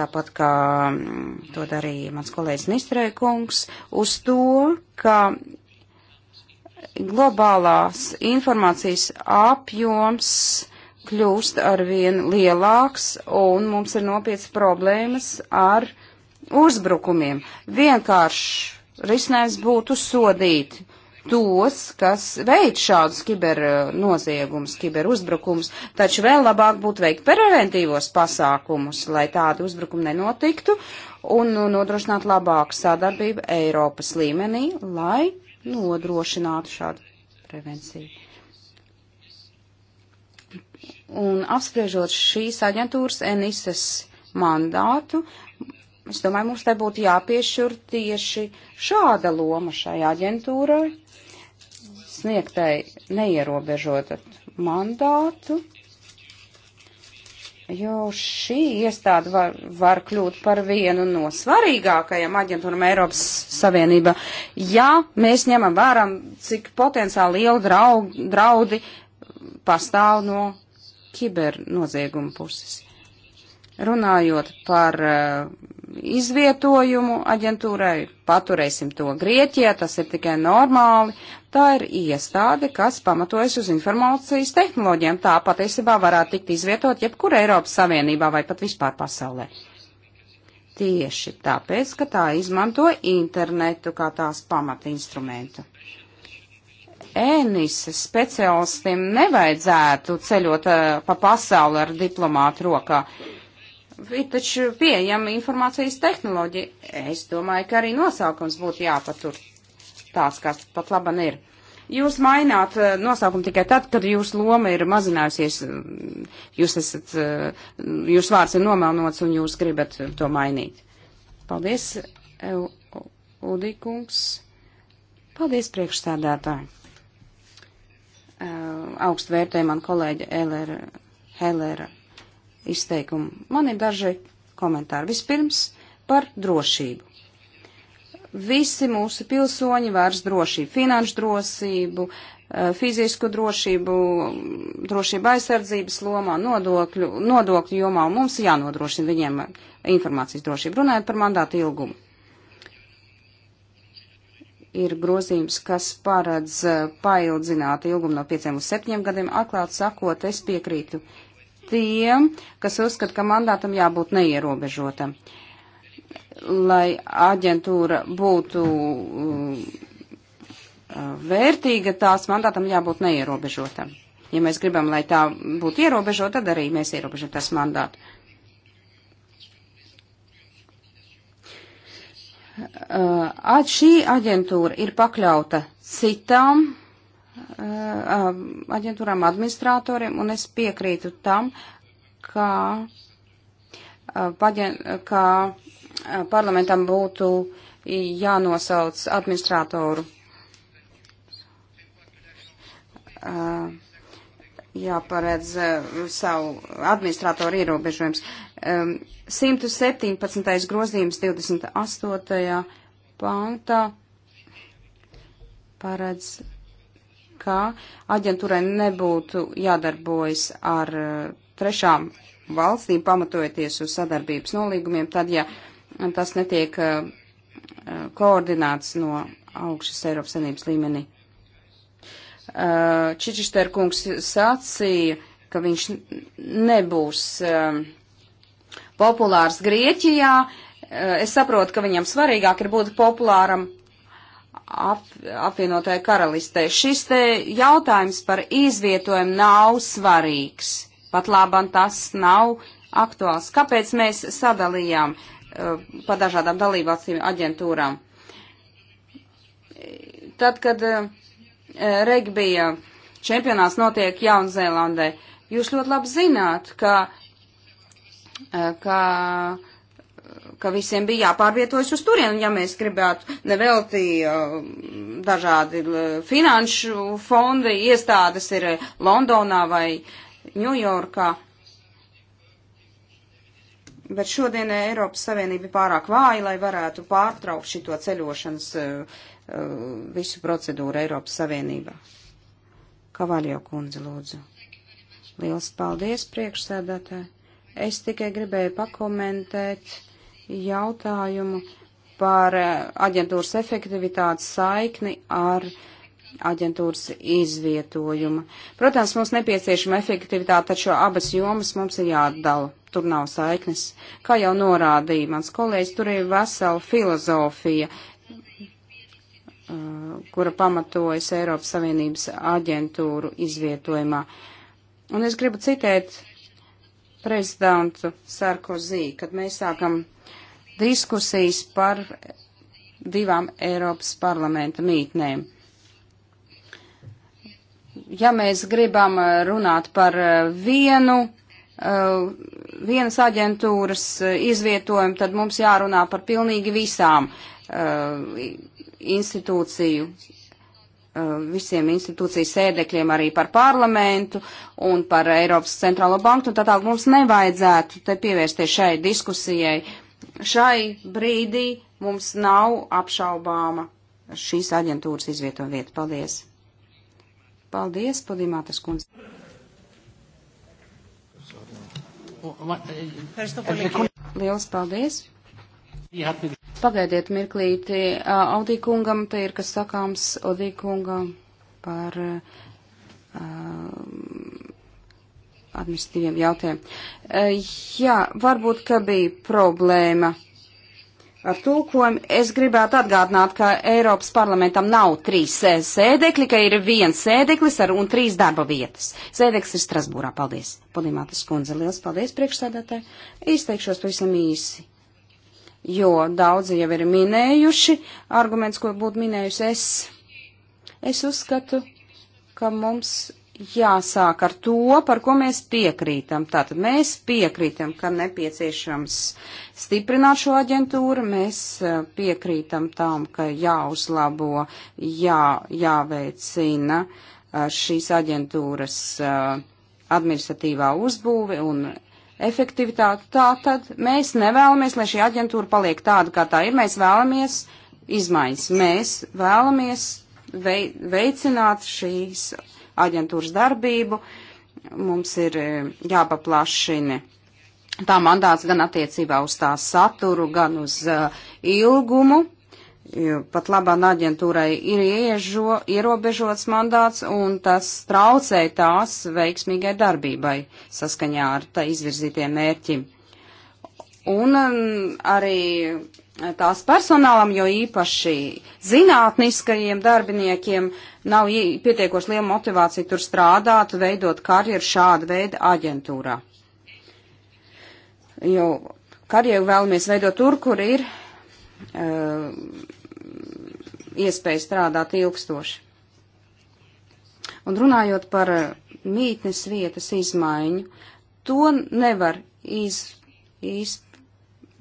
tāpat kā mm, to darīja mans kolēģis Nistrē kungs, uz to, ka globālās informācijas apjoms kļūst arvien lielāks, un mums ir nopietnas problēmas ar uzbrukumiem. Vienkārši risinājums būtu sodīt tos, kas veic šādus kibernoziegumus, eh, kiberuzbrukumus, taču vēl labāk būtu veikt preventīvos pasākumus, lai tādi uzbrukumi nenotiktu, un nu, nodrošināt labāku sadarbību Eiropas līmenī, lai nodrošinātu šādu prevenciju. Un apspriežot šīs aģentūras NISES mandātu, es domāju, mums te būtu jāpiešķir tieši šāda loma šai aģentūrai, sniegtai neierobežot mandātu, jo šī iestāde var, var kļūt par vienu no svarīgākajām aģentūram Eiropas Savienībā, ja mēs ņemam vērā, cik potenciāli liela draudi pastāv no kibernozieguma puses. Runājot par uh, izvietojumu aģentūrai, paturēsim to Grieķijā, tas ir tikai normāli. Tā ir iestāde, kas pamatojas uz informācijas tehnoloģiem. Tā patiesībā varētu tikt izvietot jebkur Eiropas Savienībā vai pat vispār pasaulē. Tieši tāpēc, ka tā izmanto internetu kā tās pamatinstrumentu ēnises speciālistiem nevajadzētu ceļot uh, pa pasauli ar diplomātu rokā. Ir taču pieejama informācijas tehnoloģija. Es domāju, ka arī nosaukums būtu jāpatur tāds, kāds pat laban ir. Jūs maināt uh, nosaukumu tikai tad, kad jūsu loma ir mazinājusies, jūs esat, uh, eh, jūs vārds ir nomelnots un jūs gribat to mainīt. Paldies, Udīkungs. Paldies, priekšstādātāji. Eh, augstu vērtēju man kolēģa Elera, Helera izteikumu. Man ir daži komentāri. Vispirms par drošību. Visi mūsu pilsoņi vairs drošību, finanšu drošību, eh, fizisku drošību, drošību aizsardzības lomā, nodokļu, nodokļu jomā, un mums jānodrošina viņiem informācijas drošību. Runājot par mandātu ilgumu ir grozījums, kas paredz eh, paildzināt ilgumu no 5 uz 7 gadiem. Atklāt sakot, es piekrītu tiem, kas uzskata, ka mandātam jābūt neierobežotam. Lai aģentūra būtu eh, vērtīga, tās mandātam jābūt neierobežotam. Ja mēs gribam, lai tā būtu ierobežota, tad arī mēs ierobežam tās mandātu. Uh, šī aģentūra ir pakļauta citām uh, aģentūrām, administratoriem, un es piekrītu tam, ka, uh, paģen, ka parlamentam būtu jānosauc administratoru. Jāparedz savu administratoru ierobežojums. Um, 117. grozījums 28. pāntā paredz, ka aģentūrai nebūtu jādarbojas ar uh, trešām valstīm, pamatojoties uz sadarbības nolīgumiem, tad, ja tas netiek uh, uh koordināts no augšas Eiropas Savienības līmenī. Uh, Čičišter kungs sacīja, ka viņš nebūs uh, populārs Grieķijā. Eh, es saprotu, ka viņam svarīgāk ir būt populāram ap, apvienotajai karalistē. Šis te jautājums par izvietojumu nav svarīgs. Pat labam tas nav aktuāls. Kāpēc mēs sadalījām uh, pa dažādām dalībvalstīm aģentūrām? Tad, kad uh, eh, regbija čempionāts notiek Jaunzēlandē, jūs ļoti labi zināt, ka Eh, ka, eh, ka visiem bija jāpārvietojas uz turieni, ja mēs gribētu nevelti eh, dažādi finanšu fondi, iestādes ir Londonā vai Ņujorkā. Bet šodien Eiropas Savienība ir pārāk vāja, lai varētu pārtraukt šito ceļošanas visu procedūru Eiropas Savienībā. Kavaļo kundze, lūdzu. Liels paldies, priekšsēdētāji. Es tikai gribēju pakomentēt jautājumu par eh, aģentūras efektivitātes saikni ar aģentūras izvietojumu. Protams, mums nepieciešama efektivitāte, taču abas jomas mums ir jāatdala. Tur nav saiknes. Kā jau norādīja mans kolēģis, tur ir vesela filozofija, eh, kura pamatojas Eiropas Savienības aģentūru izvietojumā. Un es gribu citēt prezidentu Sarkozī, kad mēs sākam diskusijas par divām Eiropas parlamenta mītnēm. Ja mēs gribam eh, runāt par eh, vienu, eh, vienas aģentūras izvietojumu, tad mums jārunā par pilnīgi visām institūciju Um, visiem institūciju sēdekļiem arī par parlamentu un par Eiropas centrālo banku, un tātad mums nevajadzētu te pievērsties šai diskusijai. Šai brīdī mums nav apšaubāma šīs aģentūras izvieto vieta. Paldies! Paldies, Padimātas kundze! Liels paldies! Pagaidiet mirklīti, Audīkungam te ir kas sakāms Audīkungam par uh, administratīviem jautājumiem. Uh, jā, varbūt, ka bija problēma ar tulkojumu. Es gribētu atgādināt, ka Eiropas parlamentam nav trīs sēdekļi, ka ir viens sēdeklis ar un trīs darba vietas. Sēdeklis ir Strasbūrā. Paldies. Podimātas kundze, liels paldies priekšsēdētāji. Izteikšos pavisam īsi jo daudzi jau ir minējuši arguments, ko būtu minējusi es. Es uzskatu, ka mums jāsāk ar to, par ko mēs piekrītam. Tātad mēs piekrītam, ka nepieciešams stiprināt šo aģentūru, mēs eh, piekrītam tam, ka jāuzlabo, jā, jāveicina eh, šīs aģentūras eh, administratīvā uzbūve un efektivitāti. Tā tad mēs nevēlamies, lai šī aģentūra paliek tāda, kā tā ir. Mēs vēlamies izmaiņas. Mēs vēlamies veicināt šīs aģentūras darbību. Mums ir e, jāpaplašina tā mandāts gan attiecībā uz tā saturu, gan uz uh, ilgumu pat labā aģentūrai ir iežo, ierobežots mandāts, un tas traucē tās veiksmīgai darbībai saskaņā ar tā izvirzītiem mērķim. Un um, arī tās personālam, jo īpaši zinātniskajiem darbiniekiem nav pietiekoši liela motivācija tur strādāt, veidot karjeru šāda veida aģentūrā. Jo karjeru vēlamies veidot tur, kur ir uh, iespēju strādāt ilgstoši. Un runājot par eh, mītnes vietas izmaiņu, to nevar iz, iz,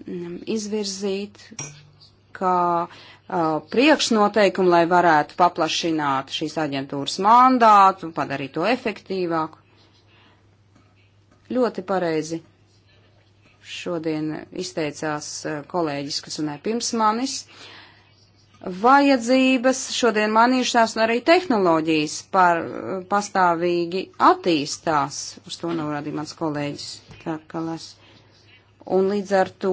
mm, izvirzīt kā uh, priekšnoteikumu, lai varētu paplašināt šīs aģentūras mandātu, padarīt to efektīvāku. Ļoti pareizi šodien izteicās eh, kolēģis, kas runāja pirms manis. Uh, vajadzības šodien manījušās un arī tehnoloģijas par pastāvīgi attīstās, uz to norādīja mans kolēģis Krakalas. Un līdz ar to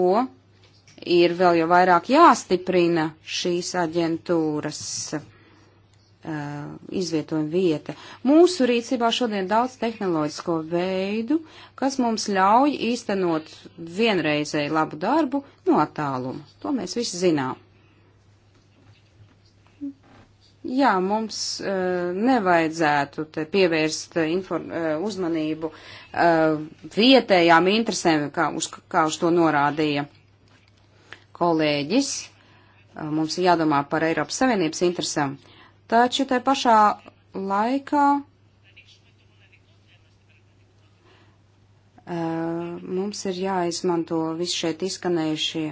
ir vēl jau vairāk jāstiprina šīs aģentūras uh, izvietojuma vieta. Mūsu rīcībā šodien daudz tehnoloģisko veidu, kas mums ļauj īstenot vienreizēju labu darbu no attāluma. To mēs visi zinām. Jā, mums uh, nevajadzētu pievērst eh, inform, uh, uzmanību uh, vietējām interesēm, kā uz, kā uz to norādīja kolēģis. Uh, mums ir jādomā par Eiropas Savienības interesēm. Taču tai pašā laikā uh, mums ir jāizmanto visi šeit izskanējušie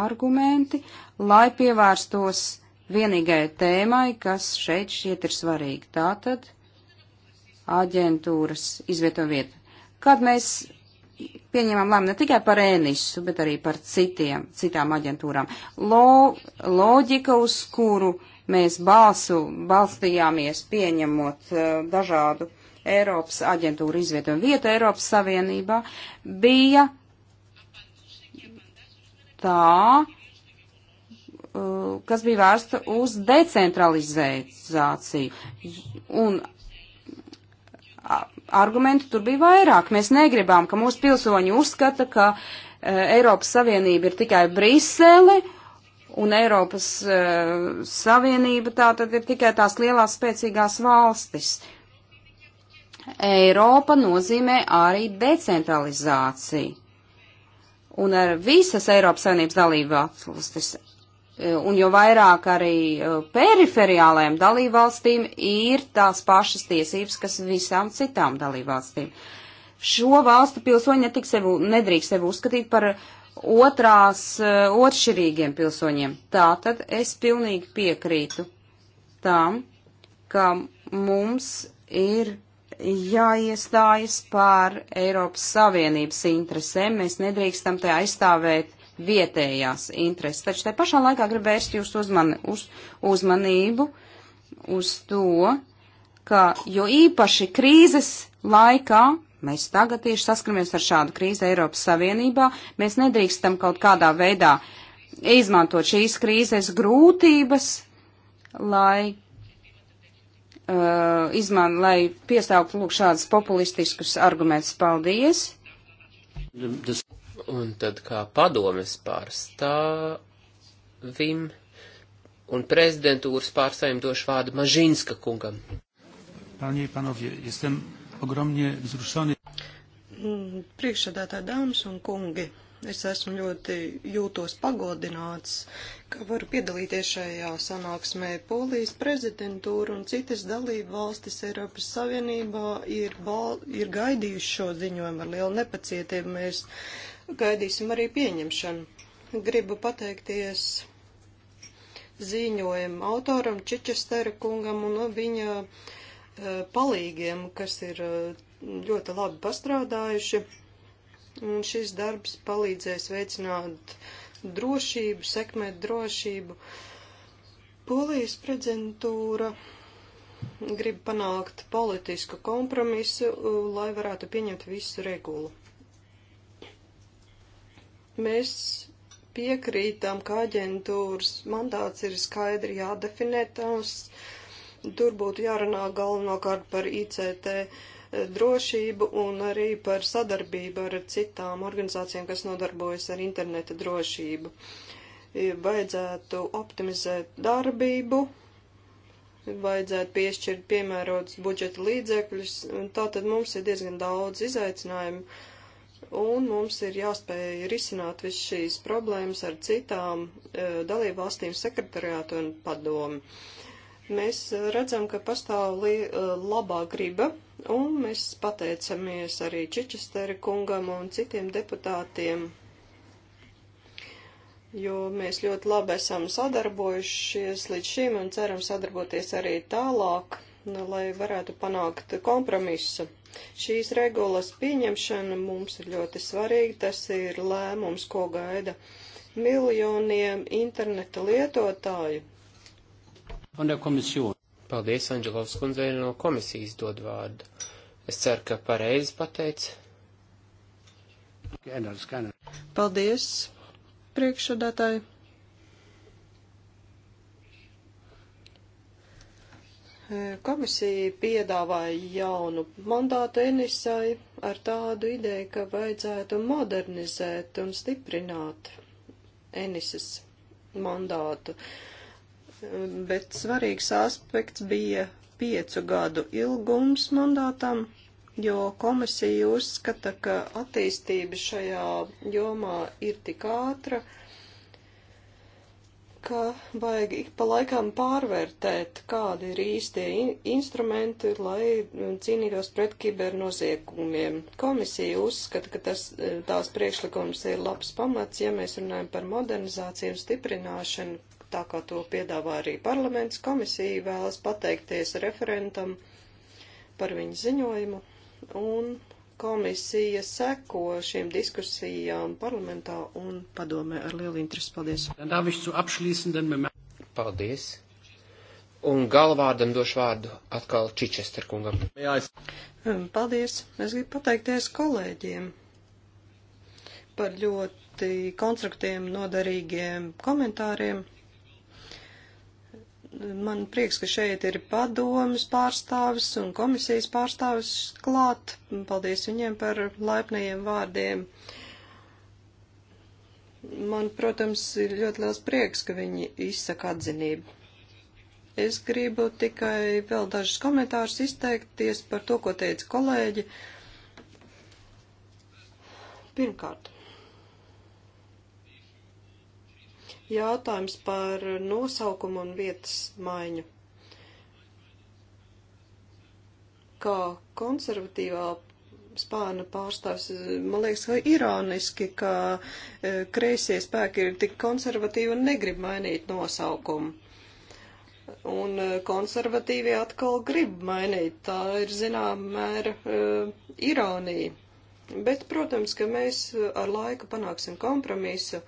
argumenti, lai pievērstos vienīgai tēmai, kas šeit šķiet ir svarīga. Tātad aģentūras izvieto vietu. Kad mēs pieņemam lēmumu ne tikai par ēnisu, bet arī par citiem, citām aģentūrām. Lo, loģika, uz kuru mēs balsu, balstījāmies pieņemot uh, dažādu Eiropas aģentūru izvietojumu vietu Eiropas Savienībā, bija tā, Eh, kas bija vērsta uz decentralizāciju. Un argumenti tur bija vairāk. Mēs negribām, ka mūsu pilsoņi uzskata, ka eh, Eiropas Savienība ir tikai Brisele, un Eiropas eh, Savienība tā tad ir tikai tās lielās spēcīgās valstis. Eiropa nozīmē arī decentralizāciju un ar visas Eiropas Savienības dalību valstis un jo vairāk arī uh, periferiālajām dalībvalstīm ir tās pašas tiesības, kas visām citām dalībvalstīm. Šo valstu pilsoņi netik sevi, nedrīkst sevi uzskatīt par otrās, uh, otršķirīgiem pilsoņiem. Tātad es pilnīgi piekrītu tam, ka mums ir jāiestājas pār Eiropas Savienības interesēm. Mēs nedrīkstam te aizstāvēt vietējās intereses. Taču te pašā laikā gribu vērst jūsu uzmani, uz, uzmanību uz to, ka jo īpaši krīzes laikā Mēs tagad tieši saskaramies ar šādu krīzi Eiropas Savienībā. Mēs nedrīkstam kaut kādā veidā izmantot šīs krīzes grūtības, lai, uh, izman, lai piesaukt lūk šādus populistiskus argumentus. Paldies! un tad kā padomes pārstāvim un prezidentūras pārstāvim došu vārdu Mažinska kungam. Panie, panovie, esam ogromnie vzrušani. Mm, priekšsēdētāji dāmas un kungi, es esmu ļoti jūtos pagodināts, ka varu piedalīties šajā sanāksmē. Polijas prezidentūra un citas dalība valstis Eiropas Savienībā ir, bal, ir gaidījuši šo ziņojumu ar lielu nepacietību. Mēs gaidīsim arī pieņemšanu. Gribu pateikties ziņojuma autoram Čičestera kungam un viņa eh, palīgiem, kas ir eh, ļoti labi pastrādājuši. Un šis darbs palīdzēs veicināt drošību, sekmēt drošību. Polijas prezentūra grib panākt politisku kompromisu, eh, lai varētu pieņemt visu regulu. Mēs piekrītam, ka aģentūras mandāts ir skaidri jādefinē, tās tur būtu jārunā galvenokārt par ICT eh, drošību un arī par sadarbību ar citām organizācijām, kas nodarbojas ar interneta drošību. Vajadzētu optimizēt darbību, vajadzētu piešķirt piemērotus budžeta līdzekļus, un tā tad mums ir diezgan daudz izaicinājumu un mums ir jāspēj risināt visu šīs problēmas ar citām e, dalību valstīm sekretariātu un padomu. Mēs e, redzam, ka pastāv li, e, labā griba, un mēs pateicamies arī Čičesteri kungam un citiem deputātiem, jo mēs ļoti labi esam sadarbojušies līdz šim un ceram sadarboties arī tālāk lai varētu panākt kompromisu. Šīs regulas pieņemšana mums ir ļoti svarīga, tas ir lēmums, ko gaida miljoniem interneta lietotāju. Paldies, Anģelovs kundzei no komisijas dod vārdu. Es ceru, ka pareizi pateicu. Paldies, priekšsādātāji. Komisija piedāvāja jaunu mandātu Enisai ar tādu ideju, ka vajadzētu modernizēt un stiprināt Enises mandātu, bet svarīgs aspekts bija piecu gadu ilgums mandātam, jo komisija uzskata, ka attīstība šajā jomā ir tik ātra, ka ka vajag ik pa laikam pārvērtēt, kādi ir īstie instrumenti, lai um, cīnītos pret kibernoziegumiem. Komisija uzskata, ka tas, eh, tās priekšlikums ir labs pamats, ja mēs runājam par modernizāciju un stiprināšanu, tā kā to piedāvā arī parlaments. Komisija vēlas pateikties referentam par viņu ziņojumu un komisija seko šīm diskusijām parlamentā un padomē ar lielu interesi. Paldies. Paldies. Un galvārdam došu vārdu atkal Čičester kungam. Jā, es... Paldies. Es gribu pateikties kolēģiem par ļoti konstruktiem, noderīgiem komentāriem man prieks, ka šeit ir padomas pārstāvis un komisijas pārstāvis klāt. Paldies viņiem par laipnajiem vārdiem. Man, protams, ir ļoti liels prieks, ka viņi izsaka atzinību. Es gribu tikai vēl dažus komentārus izteikties par to, ko teica kolēģi. Pirmkārt, Jautājums par nosaukumu un vietas maiņu. Kā konservatīvā spāna pārstāvs, man liekas, ka ironiski, ka e, kreisie spēki ir tik konservatīvi un negrib mainīt nosaukumu. Un e, konservatīvi atkal grib mainīt. Tā ir zināmā mēra e, ironija. Bet, protams, ka mēs ar laiku panāksim kompromisu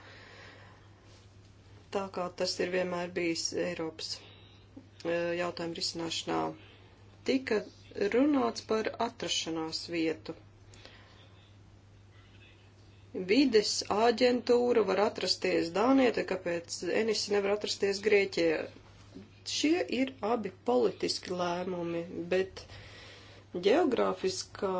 tā kā tas ir vienmēr bijis Eiropas e, jautājumu risināšanā. Tika runāts par atrašanās vietu. Vides aģentūra var atrasties Dānijā, tad kāpēc Enisi nevar atrasties Grieķijā? Šie ir abi politiski lēmumi, bet geogrāfiskā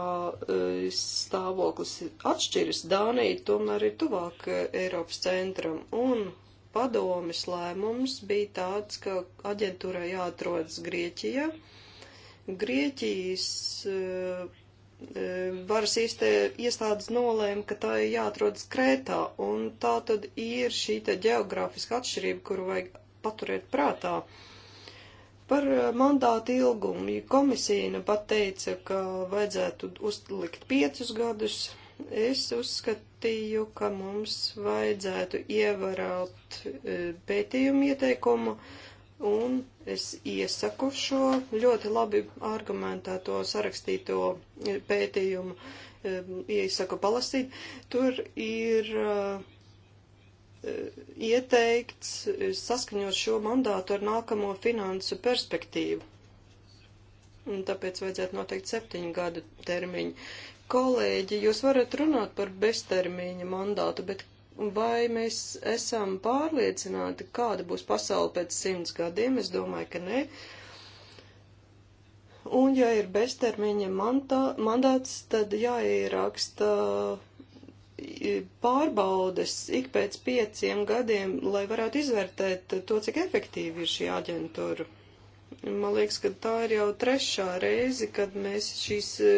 e, stāvoklis atšķiras. Dānija tomēr ir tuvāk Eiropas centram, un padomis lēmums bija tāds, ka aģentūrai jāatrodas Grieķijā. Grieķijas eh, eh, varas īstē iestādes nolēma, ka tā ir jāatrodas Krētā, un tā tad ir šī te geogrāfiska atšķirība, kuru vajag paturēt prātā. Par eh, mandātu ilgumu komisija nu pat teica, ka vajadzētu uzlikt piecus gadus, Es uzskatīju, ka mums vajadzētu ievarāt e, pētījumu ieteikumu, un es iesaku šo ļoti labi argumentēto sarakstīto e, pētījumu, e, iesaku palasīt. Tur ir ieteikts saskaņot šo mandātu ar nākamo finansu perspektīvu. Un tāpēc vajadzētu noteikt septiņu gadu termiņu. Kolēģi, jūs varat runāt par beztermiņa mandātu, bet vai mēs esam pārliecināti, kāda būs pasaule pēc simts gadiem? Es domāju, ka nē. Un, ja ir beztermiņa mantā, mandāts, tad jāieraksta pārbaudes ik pēc pieciem gadiem, lai varētu izvērtēt to, cik efektīvi ir šī aģentūra. Man liekas, ka tā ir jau trešā reize, kad mēs šīs e,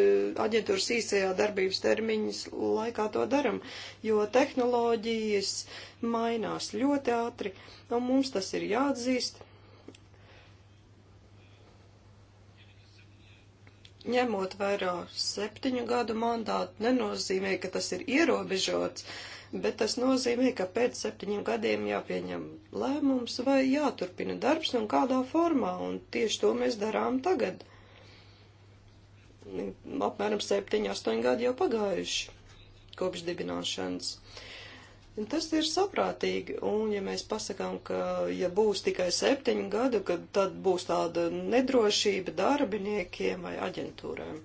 aģentūras īsajā darbības termiņas laikā to daram, jo tehnoloģijas mainās ļoti ātri, un mums tas ir jāatzīst. Ņemot vairāk septiņu gadu mandātu, nenozīmē, ka tas ir ierobežots. Uh, bet tas nozīmē, ka pēc septiņiem gadiem jāpieņem lēmums vai jāturpina darbs un kādā formā, un tieši to mēs darām tagad. Apmēram septiņi, astoņi gadi jau pagājuši kopš dibināšanas. Tas ir saprātīgi, un ja mēs pasakām, ka ja būs tikai septiņu gadu, tad būs tāda nedrošība darbiniekiem vai aģentūrēm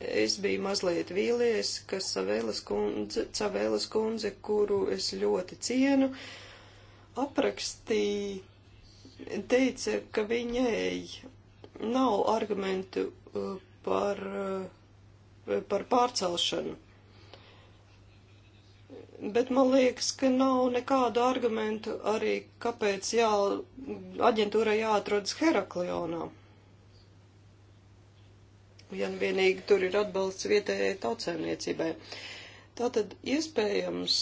es biju mazliet vīlies, ka Savēlas kundze, Savēlas kundze, kuru es ļoti cienu, aprakstīja, teica, ka viņai nav argumentu uh, par, uh, par pārcelšanu. Bet man liekas, ka nav nekādu argumentu arī, kāpēc jā, aģentūrai jāatrodas Heraklionā ja nu vienīgi tur ir atbalsts vietējai tautsēmniecībai. Tātad iespējams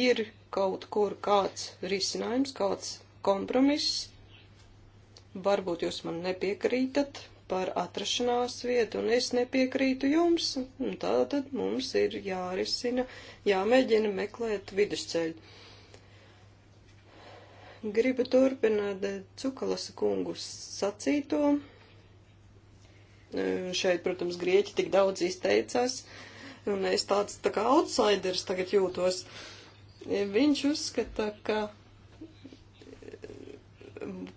ir kaut kur kāds risinājums, kāds kompromiss. Varbūt jūs man nepiekrītat par atrašanās vietu, un es nepiekrītu jums. Nu, tātad mums ir jārisina, jāmēģina meklēt vidusceļu. Gribu turpināt Cukalasa kungus sacīto Šeit, protams, grieķi tik daudz izteicās, un es tāds tā kā outsiders tagad jūtos. Viņš uzskata, ka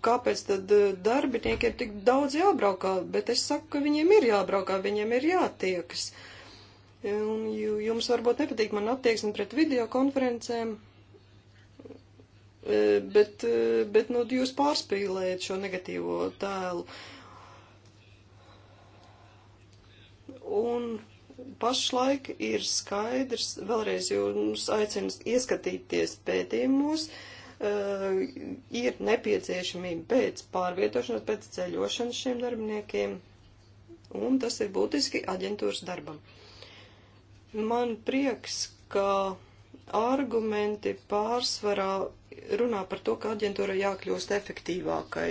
kāpēc tad eh, darbiniekiem tik daudz jābraukā, bet es saku, ka viņiem ir jābraukā, viņiem ir jātiekas. Un jums varbūt nepatīk man attieksme pret video konferencēm, eh, bet, eh, bet nu, jūs pārspīlējat šo negatīvo tēlu. Uh, Un pašlaik ir skaidrs, vēlreiz jums aicinu ieskatīties pētījumos, uh, ir nepieciešamība pēc pārvietošanās, pēc ceļošanas šiem darbiniekiem, un tas ir būtiski aģentūras darbam. Man prieks, ka argumenti pārsvarā runā par to, ka aģentūra jākļūst efektīvākai.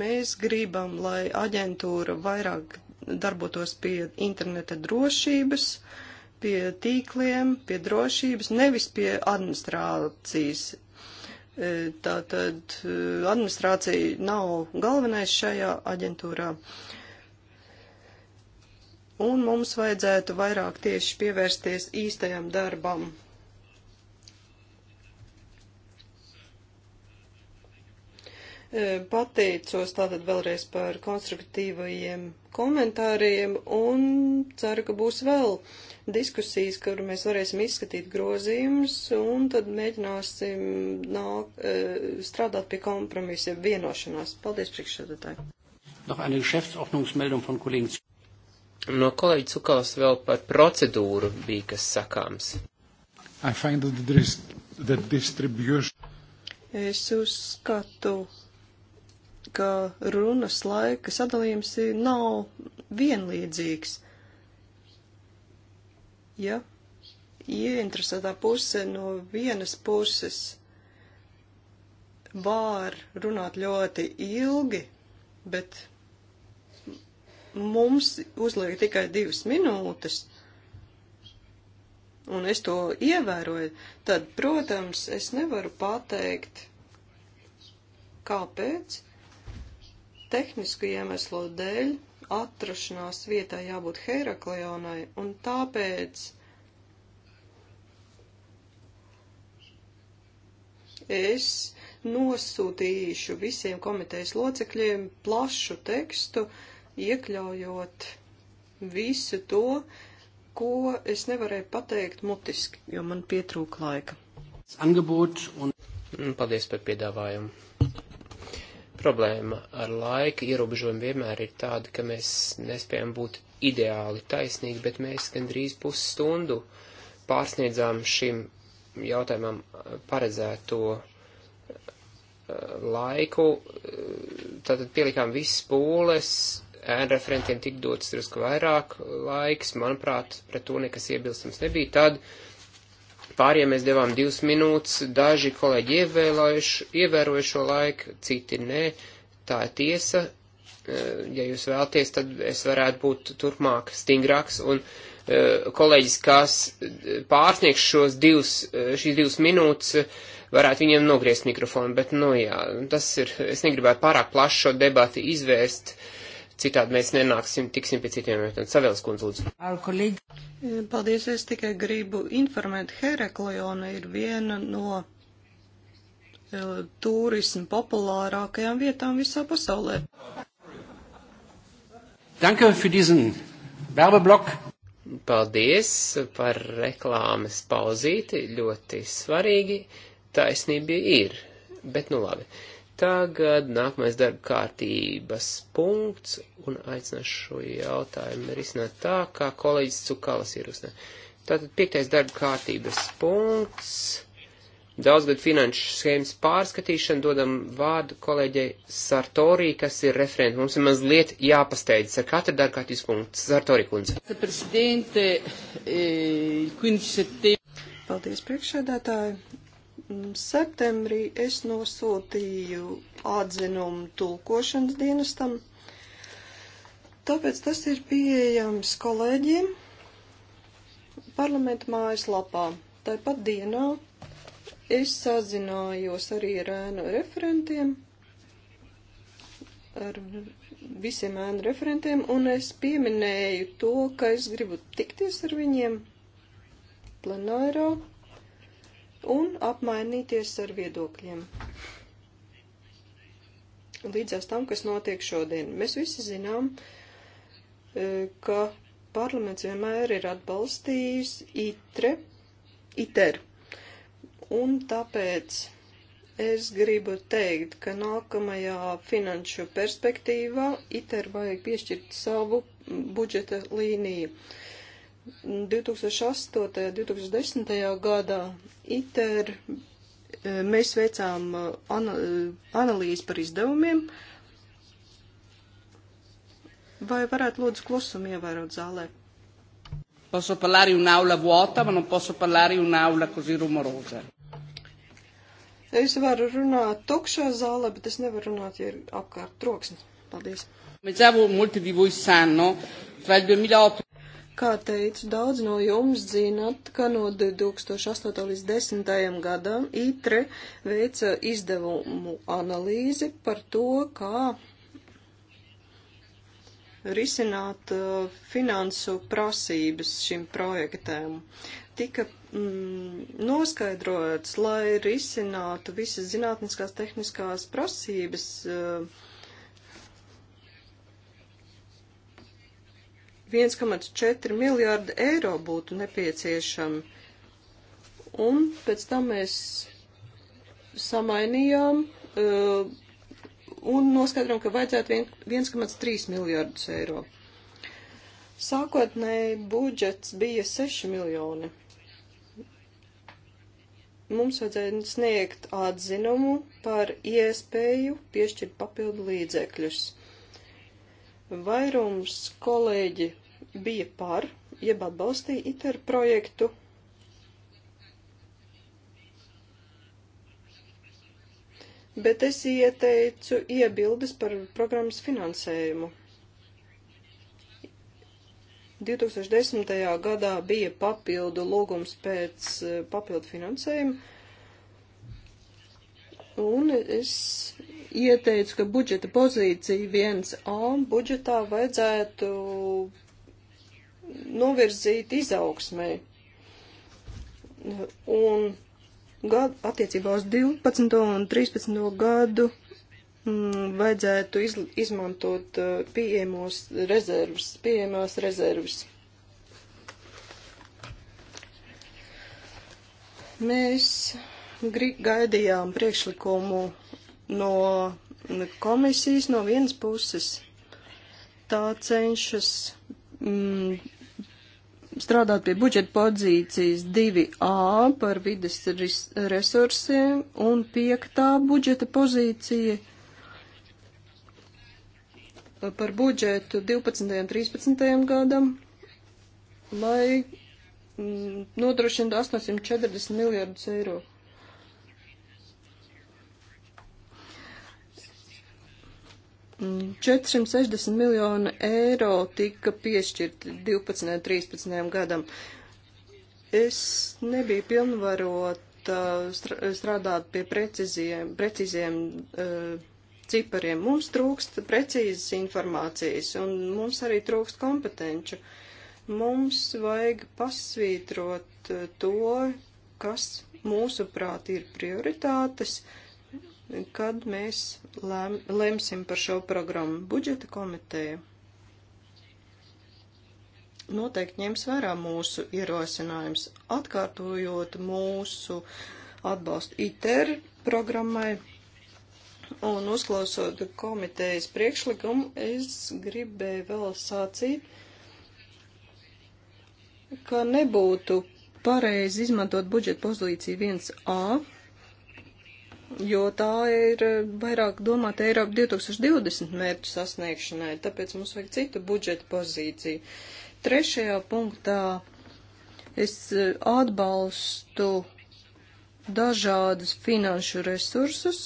Mēs gribam, lai aģentūra vairāk darbotos pie interneta drošības, pie tīkliem, pie drošības, nevis pie administrācijas. E, tātad e, administrācija nav galvenais šajā aģentūrā. Un mums vajadzētu vairāk tieši pievērsties īstajam darbam E, pateicos tātad vēlreiz par konstruktīvajiem komentāriem un ceru, ka būs vēl diskusijas, kur mēs varēsim izskatīt grozījumus un tad mēģināsim nāk, e, strādāt pie kompromisa vienošanās. Paldies, priekšsēdētāji. Noch eine Geschäftsordnungsmeldung von Kollegen. No kolēģa Cukalas vēl par procedūru bija kas sakāms. Es uzskatu, ka runas laika sadalījums nav vienlīdzīgs. Ja ieinteresētā puse no vienas puses var runāt ļoti ilgi, bet mums uzliek tikai divas minūtes, un es to ievēroju, tad, protams, es nevaru pateikt, kāpēc tehnisku iemeslu dēļ atrašanās vietā jābūt Herakleonai, un tāpēc es nosūtīšu visiem komitejas locekļiem plašu tekstu, iekļaujot visu to, ko es nevarēju pateikt mutiski, jo man pietrūka laika. Mm, paldies par piedāvājumu. Problēma ar laika ierobežojumu vienmēr ir tāda, ka mēs nespējam būt ideāli taisnīgi, bet mēs gandrīz pusstundu pārsniedzām šim jautājumam paredzēto eh, laiku, tātad pielikām visas pūles, ēnreferentiem tik dots drusku vairāk laiks, manuprāt, pret to nekas iebilstams nebija. Tad Pāriem mēs devām divas minūtes, daži kolēģi ievēroja šo laiku, citi nē. Tā ir tiesa. Eh, ja jūs vēlties, tad es varētu būt turpmāk stingrāks. Un eh, kolēģis, kas eh, pārsniegs šos divus, šīs divas minūtes, varētu viņiem nogriezt mikrofonu. Bet, nu jā, tas ir, es negribētu pārāk plašu šo debati izvērst. Uh, Citādi mēs nenāksim, tiksim pie citiem jautājumiem. Savēlis kundze, lūdzu. Paldies, es tikai gribu informēt, Herakleona ir viena no e, turismu populārākajām vietām visā pasaulē. Danke für diesen Werbeblock. Paldies par reklāmas pauzīti, ļoti svarīgi. Taisnība ir, bet nu labi. Uh, Tagad nākamais darba kārtības punkts un aicināšu šo jautājumu risināt tā, kā kolēģis Cukalas ir uzsnē. Tātad piektais darba kārtības punkts. Daudzgad finanšu schēmas pārskatīšana dodam vārdu kolēģei Sartorī, kas ir referenta. Mums ir mazliet jāpasteidzas ar katru darbkārtības punktu. Sartorī kundze. Eh, Paldies priekšsēdētāji. Mm, septembrī es nosūtīju atzinumu tulkošanas dienestam, tāpēc tas ir pieejams kolēģiem parlamenta mājaslapā. Tāpat dienā es sazinājos arī ar ēnu referentiem, ar visiem ēnu referentiem, un es pieminēju to, ka es gribu tikties ar viņiem plenārā un apmainīties ar viedokļiem. Līdzās tam, kas notiek šodien. Mēs visi zinām, e, ka parlaments vienmēr ir atbalstījis ITRE, ITER. Un tāpēc es gribu teikt, ka nākamajā finanšu perspektīvā ITER vajag piešķirt savu budžeta līniju. Uh, 2008. un 2010. gadā ITER e, mēs veicām e, ana, e, analīzi par izdevumiem. Vai varētu lūdzu klusumu ievērot zālē? Posso parlare in un'aula vuota, ma non posso parlare in un'aula così rumorosa. Es varu runāt tukšā zālē, bet es nevaru runāt, ja ir apkārt troksnis. Paldies. Come già molti di voi sanno, tra il 2008 Kā teicu, daudz no jums zinat, ka no 2008. līdz 2010. gadam ITRE veica izdevumu analīzi par to, kā risināt uh, finansu prasības šim projektēm. Tika mm, noskaidrots, lai risinātu visas zinātniskās tehniskās prasības. Uh, 1,4 miljārdi eiro būtu nepieciešami. Un pēc tam mēs samainījām uh, un noskaidrojām, ka vajadzētu 1,3 miljārdus eiro. Sākotnēji budžets bija 6 miljoni. Mums vajadzēja sniegt atzinumu par iespēju piešķirt papildu līdzekļus. Vairums kolēģi bija par, jeb atbalstīja ITER projektu. Bet es ieteicu iebildes par programmas finansējumu. 2010. gadā bija papildu lūgums pēc eh, papildu finansējuma, un es ieteicu, ka budžeta pozīcija 1A budžetā vajadzētu novirzīt izaugsmai. Un gadu, attiecībā uz 12. un 13. gadu m, mm, vajadzētu iz, izmantot eh, pieejamos rezervas, pieejamās rezervas. Mēs gaidījām priekšlikumu no komisijas no vienas puses. Tā cenšas mm, strādāt pie budžeta pozīcijas 2A par vides resursiem un 5. budžeta pozīcija par budžetu 12. un 13. gadam, lai mm, nodrošinātu 840 miljardus eiro. 460 miljoni eiro tika piešķirti 12. un 13. gadam. Es nebiju pilnvarota strādāt pie precīziem, precīziem cipariem. Mums trūkst precīzas informācijas un mums arī trūkst kompetenču. Mums vajag pasvītrot e, to, kas mūsuprāt ir prioritātes, uh, kad mēs lēm, lemsim par šo programmu. Budžeta komiteja noteikti ņems vērā mūsu ierosinājums, atkārtojot mūsu atbalstu ITER programmai. Un uzklausot komitejas priekšlikumu, es gribēju vēl sācīt, ka nebūtu pareizi izmantot budžeta pozīciju 1A jo tā ir eh, vairāk domāta Eiropa 2020 mērķu sasniegšanai, tāpēc mums vajag citu budžeta pozīciju. Trešajā punktā es eh, atbalstu dažādus finanšu resursus,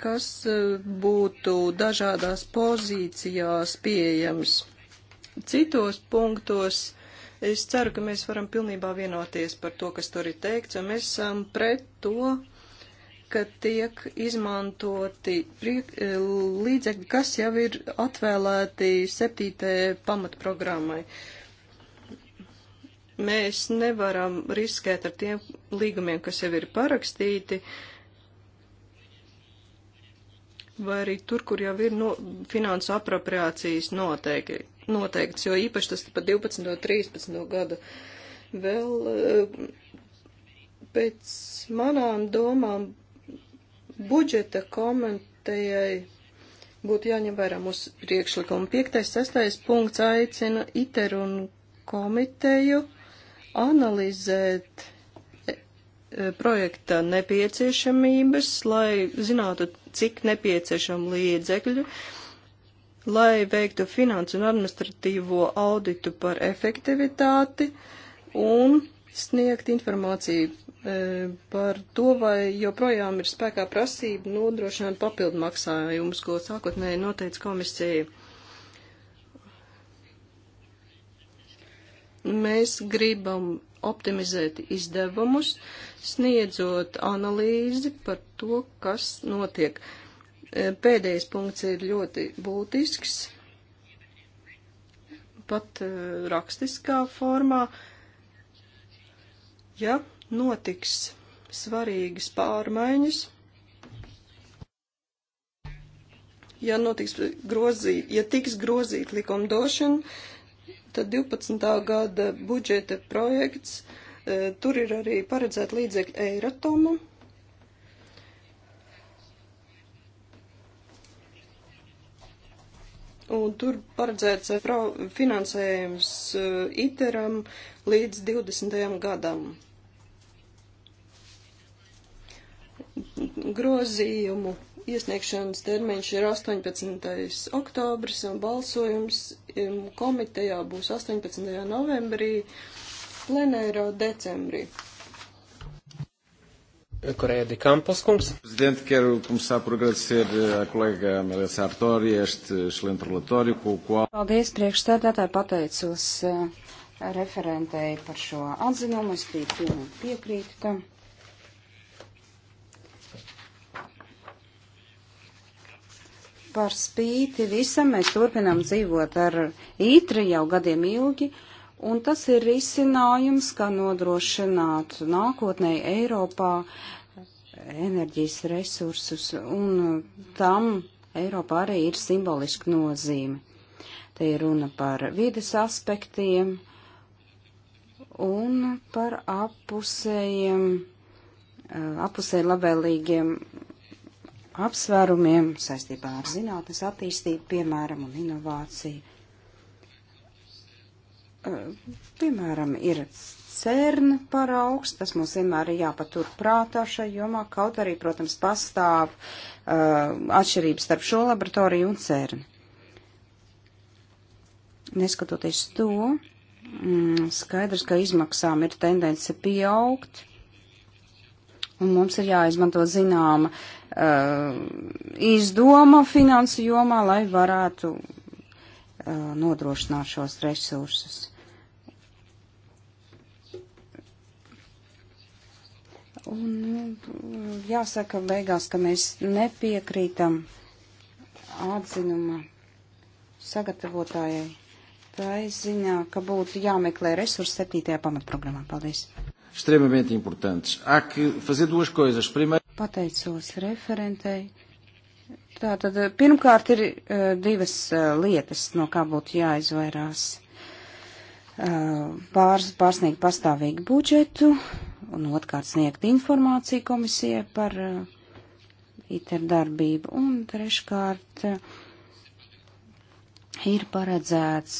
kas eh, būtu dažādās pozīcijās pieejams. Citos punktos Es ceru, ka mēs varam pilnībā vienoties par to, kas tur ir teikts, un mēs esam pret to, ka tiek izmantoti priek, e, līdzekļi, kas jau ir atvēlēti septītajai pamatprogrammai. Mēs nevaram riskēt ar tiem līgumiem, kas jau ir parakstīti, vai arī tur, kur jau ir no, finansu apropriācijas noteikti noteikts, jo īpaši tas pa 12. un 13. gadu vēl eh, pēc manām domām budžeta komentējai būtu jāņem vērā mūsu priekšlikumu. 5. 6. punkts aicina ITER un komiteju analizēt eh, projekta nepieciešamības, lai zinātu, cik nepieciešama līdzekļu, uh, lai veiktu finansu un administratīvo auditu par efektivitāti un sniegt informāciju e, par to, vai joprojām ir spēkā prasība nodrošināt papildu maksājumus, ko sākotnēji noteica komisija. Mēs gribam optimizēt izdevumus, sniedzot analīzi par to, kas notiek. Uh, E, pēdējais punkts ir ļoti būtisks, pat e, rakstiskā formā. Ja notiks svarīgas pārmaiņas, ja notiks grozīt, ja tiks grozīt likumdošana, tad 12. gada budžeta projekts, e, tur ir arī paredzēta līdzekļa Eiratomam un tur paredzēts eh, finansējums eh, ITERam līdz 20. gadam. Grozījumu iesniegšanas termiņš ir 18. oktobris un balsojums komitejā būs 18. novembrī, plenērā decembrī. Correia de Campos, kungs. Presidente, quero começar por agradecer eh, à colega Maria Sartori este excelente relatório, com o qual... Paldies, priekšstādātāji, pateicos eh, referentei par šo atzinumu. Es pilnīgi piekrītu tam. Par spīti visam mēs turpinām dzīvot ar ītri jau gadiem ilgi. Uh, Un tas ir risinājums, kā nodrošināt nākotnē Eiropā enerģijas resursus, un tam Eiropā arī ir simboliska nozīme. Te ir runa par vides aspektiem un par apusējiem, eh, apusēji labvēlīgiem apsvērumiem saistībā ar zinātnes attīstību, piemēram, un inovāciju piemēram, ir CERN paraugs, tas mums vienmēr ir jāpatur prātā šai jomā, kaut arī, protams, pastāv uh, atšķirības starp šo laboratoriju un CERN. Neskatoties to, mm, skaidrs, ka izmaksām ir tendence pieaugt, un mums ir jāizmanto zināma uh, izdoma finansu jomā, lai varētu Uh, nodrošināt šos resursus. Un nu, jāsaka beigās, ka mēs nepiekrītam atzinuma sagatavotājai. Tā ir ziņā, ka būtu jāmeklē resursi septītajā pamatprogrammā. Paldies! Extremamente importantes. Há que fazer duas coisas. Primeiro... Pateicos referentei Tātad eh, pirmkārt ir eh, divas eh, lietas, no kā būtu jāizvairās. Pārs, pārsniegt pastāvīgu budžetu un otrkārt sniegt informāciju komisijai par ITER darbību un treškārt ir paredzēts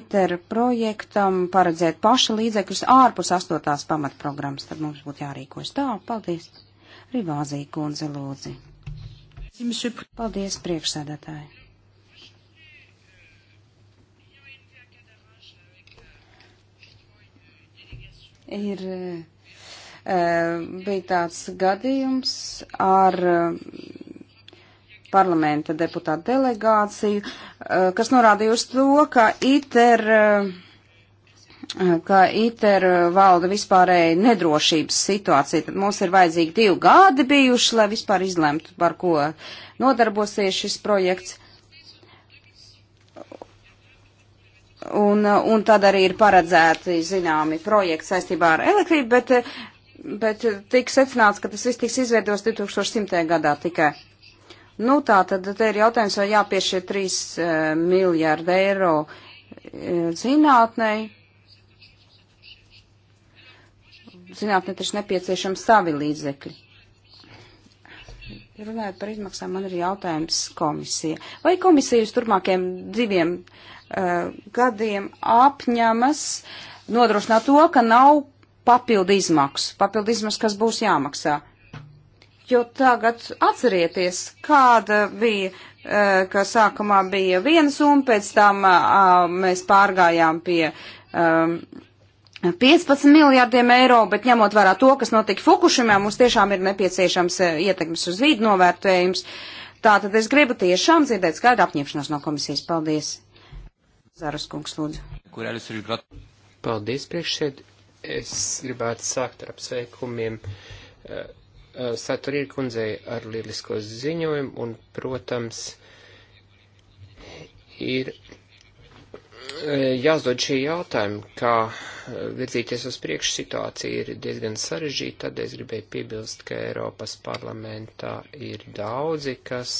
ITER projektam paredzēt paša līdzekļus ārpus astotās pamatprogrammas, tad mums būtu jārīkojas tā. Paldies! Rivāzī kundze lūdzi. Paldies, priekšsēdētāji! ir eh, bija tāds gadījums ar eh, parlamenta deputātu delegāciju, eh, kas norādīja uz to, ka ITER ka ITER valda vispārēja nedrošības situācija, tad mums ir vajadzīgi divi gadi bijuši, lai vispār izlemtu, par ko nodarbosies šis projekts. Un, un tad arī ir paredzēti zināmi projekti saistībā ar elektrību, bet, bet tika secināts, ka tas viss tiks izveidos 2100. gadā tikai. Nu tā, tad te ir jautājums, vai jāpiešķir 3 uh, eh, miljārdi eiro uh, zinātnei zinātne taču nepieciešami savi līdzekļi. Runājot par izmaksām, man ir jautājums komisija. Vai komisija uz turpmākajiem diviem uh, gadiem apņemas nodrošināt to, ka nav papildu izmaksu, papildu izmaksu, kas būs jāmaksā? Jo tagad atcerieties, kāda bija, uh, ka sākumā bija viena summa, pēc tam uh, mēs pārgājām pie. Um, uh, 15 miljārdiem eiro, bet ņemot vērā to, kas notika Fukušimā, mums tiešām ir nepieciešams e, ietekmes uz vīdu novērtējums. Tātad es gribu tiešām dzirdēt skaidru apņemšanos no komisijas. Paldies. Zaras kungs, lūdzu. Paldies, priekšsēd. Es gribētu sākt ar apsveikumiem. E, e, Saturīra kundzei ar lielisko ziņojumu un, protams, ir E, jāuzdod šie jautājumi, kā e, virzīties uz priekšu situācija ir diezgan sarežģīta, tad es gribēju piebilst, ka Eiropas parlamentā ir daudzi, kas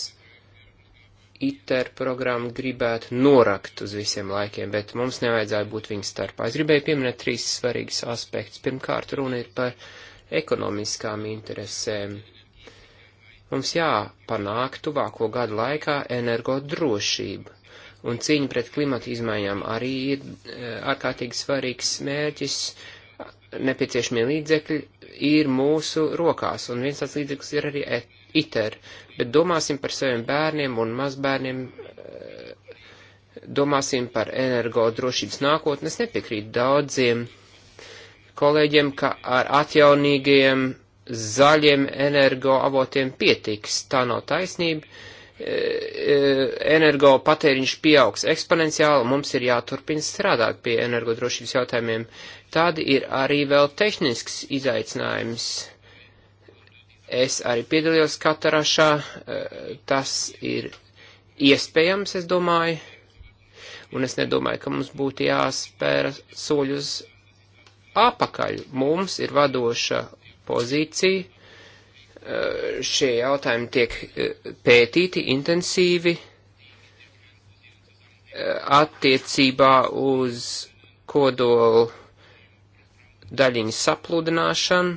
ITER programmu gribētu norakt uz visiem laikiem, bet mums nevajadzētu būt viņu starpā. Es gribēju pieminēt trīs svarīgus aspektus. Pirmkārt, runa ir par ekonomiskām interesēm. Mums jāpanāk tuvāko gadu laikā energo drošību Un cīņa pret klimatu izmaiņām arī ir e, ārkārtīgi svarīgs mērķis. Nepieciešamie līdzekļi ir mūsu rokās, un viens tāds līdzeklis ir arī e- ITER. Bet domāsim par saviem bērniem un mazbērniem, e, domāsim par energo drošības nākotni. Es nepiekrītu daudziem kolēģiem, ka ar atjaunīgiem zaļiem energo avotiem pietiks. Tā nav taisnība. Uh, energo patēriņš pieaugs eksponenciāli, mums ir jāturpina strādāt pie energodrošības jautājumiem. Tādi ir arī vēl tehnisks izaicinājums. Es arī piedalījos Katarašā, eh, tas ir iespējams, es domāju, un es nedomāju, ka mums būtu jāspēra soļus apakaļ. Mums ir vadoša pozīcija Eh, šie jautājumi tiek eh, pētīti intensīvi eh, attiecībā uz kodolu daļiņu sapludināšanu.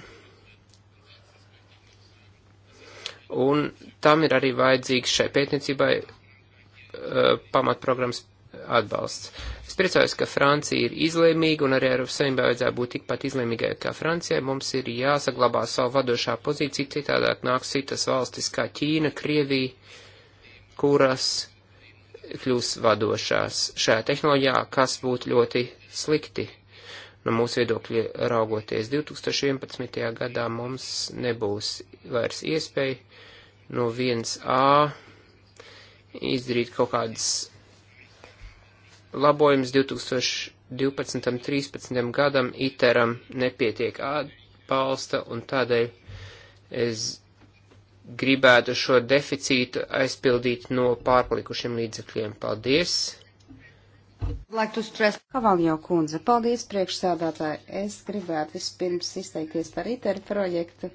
Un tam ir arī vajadzīgs šai pētniecībai pamatprogrammas atbalsts. Es priecājos, ka Francija ir izlēmīga un arī Eiropas Savienībā vajadzētu būt tikpat izlēmīgai kā Francijai. Mums ir jāsaglabā savu vadošā pozīciju, citādāk nāks citas valstis kā Ķīna, Krievija, kuras kļūs vadošās šajā tehnoloģijā, kas būtu ļoti slikti no mūsu viedokļa raugoties 2011. gadā mums nebūs vairs iespēja no 1A izdarīt kaut kādas labojums 2012-13 gadam ITERam nepietiek atbalsta un tādēļ es gribētu šo deficītu aizpildīt no pārplikušiem līdzekļiem. Paldies! Like Kavaljo kundze, paldies priekšsādātāji. Es gribētu vispirms izteikties par ITER projektu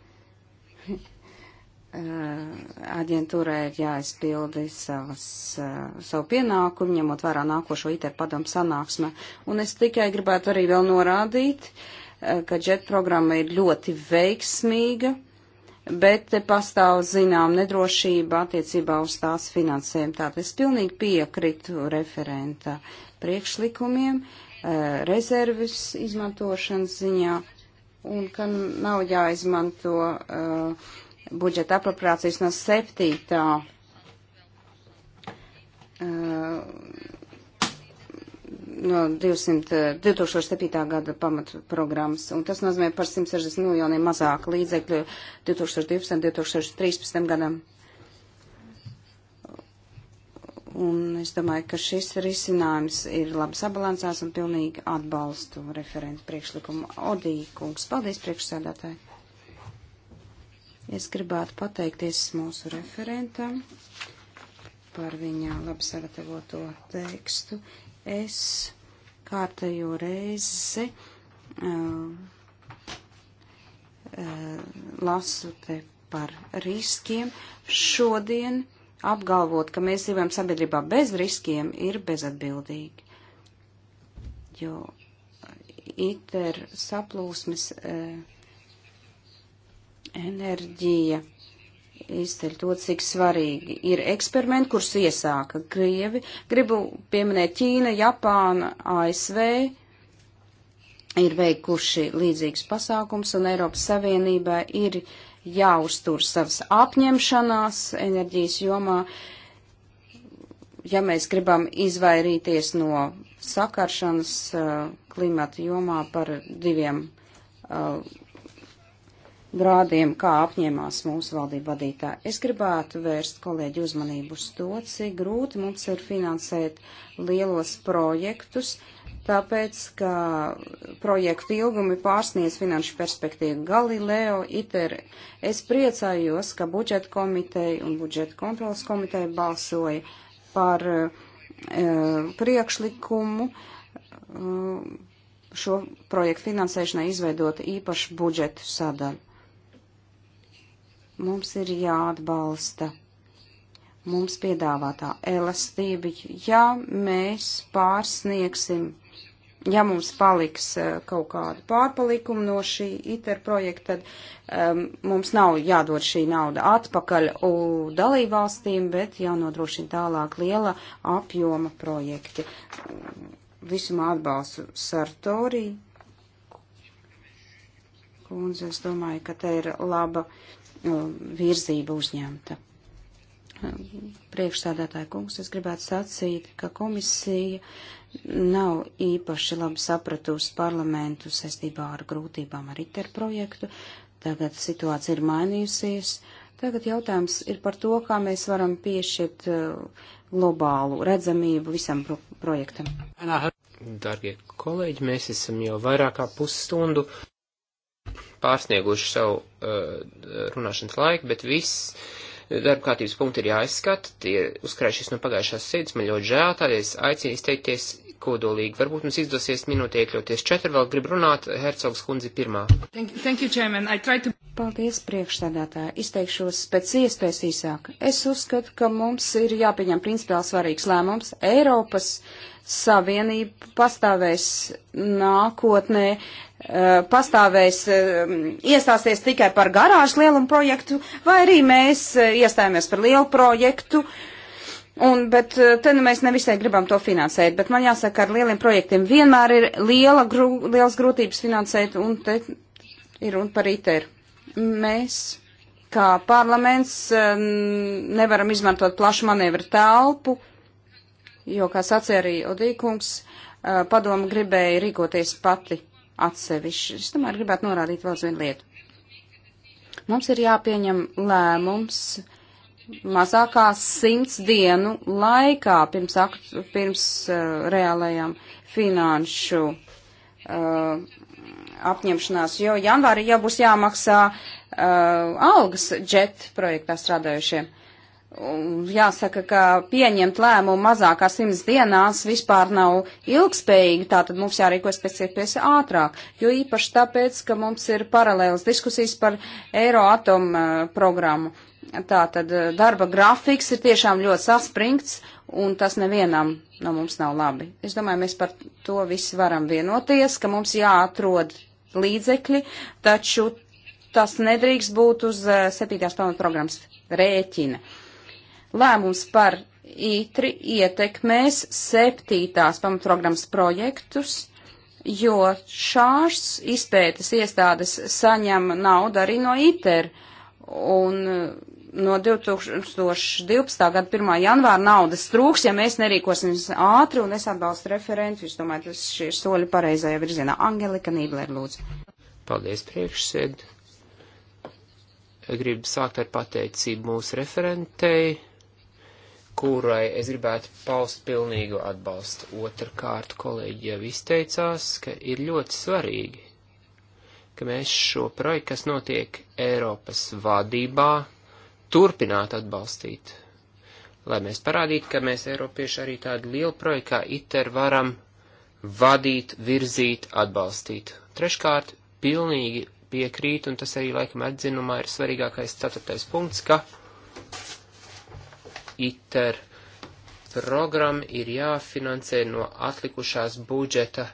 Eh, aģentūrai ir jāizpildi savas, eh, savu pienākumu, ņemot vērā nākošo ITER padomu sanāksmē. Un es tikai gribētu arī vēl norādīt, eh, ka džet programma ir ļoti veiksmīga, bet pastāv zinām nedrošība attiecībā uz tās finansēm. Tātad es pilnīgi piekritu referenta priekšlikumiem, rezervis izmantošanas ziņā, un ka nav jāizmanto uh, budžeta apropriācijas no septītā eh, no 200, 2007. gada pamatprogrammas, un tas nozīmē par 160 miljoniem mazāk līdzekļu 2012. un 2013. gadam. Un es domāju, ka šis risinājums ir labi sabalansēts un pilnīgi atbalstu referentu priekšlikumu. Odī, kungs, paldies priekšsēdētāji! Es gribētu pateikties mūsu referentam par viņa labi sagatavoto tekstu. Es kārtējo reizi uh, uh, lasu te par riskiem. Šodien apgalvot, ka mēs dzīvojam sabiedrībā bez riskiem, ir bezatbildīgi. Jo iter saplūsmes. Uh, enerģija izceļ to, cik svarīgi ir eksperimenti, kurus iesāka Krievi. Gribu pieminēt Ķīna, Japāna, ASV ir veikuši līdzīgs pasākums, un Eiropas Savienībā ir jāuztur savas apņemšanās enerģijas jomā, ja mēs gribam izvairīties no sakaršanas uh, klimata jomā par diviem uh, grādiem, kā apņēmās mūsu valdība vadītā. Es gribētu vērst kolēģi uzmanību uz to, cik grūti mums ir finansēt lielos projektus, tāpēc, ka projektu ilgumi pārsniedz finanšu perspektīvu Galileo, ITER. Es priecājos, ka budžeta komiteja un budžeta kontrolas komiteja balsoja par uh, priekšlikumu. Uh, šo projektu finansēšanai izveidota īpaša budžetu sadaļa. Mums ir jāatbalsta mums piedāvātā elastība, ja mēs pārsniegsim, ja mums paliks eh, kaut kādu pārpalikumu no šī ITER projekta, tad um, mums nav jādod šī nauda atpakaļ dalībvalstīm, bet jānodrošina tālāk liela apjoma projekti. Visumā atbalstu Sartori. Kundze, es domāju, ka te ir laba Nu, virzība uzņemta. Priekšstādātāja kungs, es gribētu sacīt, ka komisija nav īpaši labi sapratusi parlamentu saistībā ar grūtībām ar ITER projektu. Tagad situācija ir mainījusies. Tagad jautājums ir par to, kā mēs varam piešķirt uh, globālu redzamību visam pro projektam. Darbie kolēģi, mēs esam jau vairāk kā pusstundu pārsnieguši savu uh, runāšanas laiku, bet viss darba kārtības punkti ir jāizskata, tie uzkrājušies no pagājušās sēdes, man ļoti žēl, tādēļ es aicinu izteikties kodolīgi. Varbūt mums izdosies minūtē iekļauties četri, vēl grib runāt Hercogs kundzi pirmā. Thank you, thank you, chairman. I try to... Paldies, priekšstādātāji. Izteikšos pēc iespējas īsāk. Es uzskatu, ka mums ir jāpieņem principāli svarīgs lēmums. Eiropas Savienība pastāvēs nākotnē Eh, pastāvēs eh, iestāsies tikai par garāžu lielumu projektu, vai arī mēs eh, iestājāmies par lielu projektu, un, bet te nu mēs nevisai gribam to finansēt, bet man jāsaka, ar lieliem projektiem vienmēr ir liela, gru, liels grūtības finansēt, un te ir un par ITER. Mēs, kā parlaments, nevaram izmantot plašu manevru telpu, jo, kā sacīja arī Odīkungs, padomu gribēja rīkoties pati atsevišķi. Es tomēr gribētu norādīt vēl uz vienu lietu. Mums ir jāpieņem lēmums mazākā simts dienu laikā pirms, akt, pirms uh, reālajām finanšu uh, apņemšanās, jo janvārī jau būs jāmaksā uh, algas džet projektā strādājušiem. Jāsaka, ka pieņemt lēmumu mazākā simts dienās vispār nav ilgspējīgi, tātad mums jārīkojas pēc iespējas ātrāk, jo īpaši tāpēc, ka mums ir paralēlas diskusijas par Eiroatom eh, programmu. Tātad eh, darba grafiks ir tiešām ļoti saspringts, un tas nevienam no mums nav labi. Es domāju, mēs par to visi varam vienoties, ka mums jāatrod līdzekļi, taču tas nedrīkst būt uz eh, septītās pamatprogrammas rēķina. Uh, Lēmums par ītri ietekmēs septītās pamatprogrammas projektus, jo šās izpētes iestādes saņem naudu arī no ITER. Un uh, no 2012. gada 1. janvāra naudas trūks, ja mēs nerīkosimies ātri, un es atbalstu referentu. Es domāju, tas šie soļi pareizajā virzienā. Angelika Nībler, lūdzu. Paldies, priekšsēd. Gribu sākt ar pateicību mūsu referentei kurai es gribētu paust pilnīgu atbalstu. Otrkārt, kolēģi jau izteicās, ka ir ļoti svarīgi, ka mēs šo projektu, kas notiek Eiropas vadībā, turpinātu atbalstīt. Lai mēs parādītu, ka mēs Eiropieši arī tādu lielu projektu kā ITER varam vadīt, virzīt, atbalstīt. Treškārt, pilnīgi piekrīt, un tas arī laikam atzinumā ir svarīgākais ceturtais punkts, ka ITER programma ir jāfinansē no atlikušās budžeta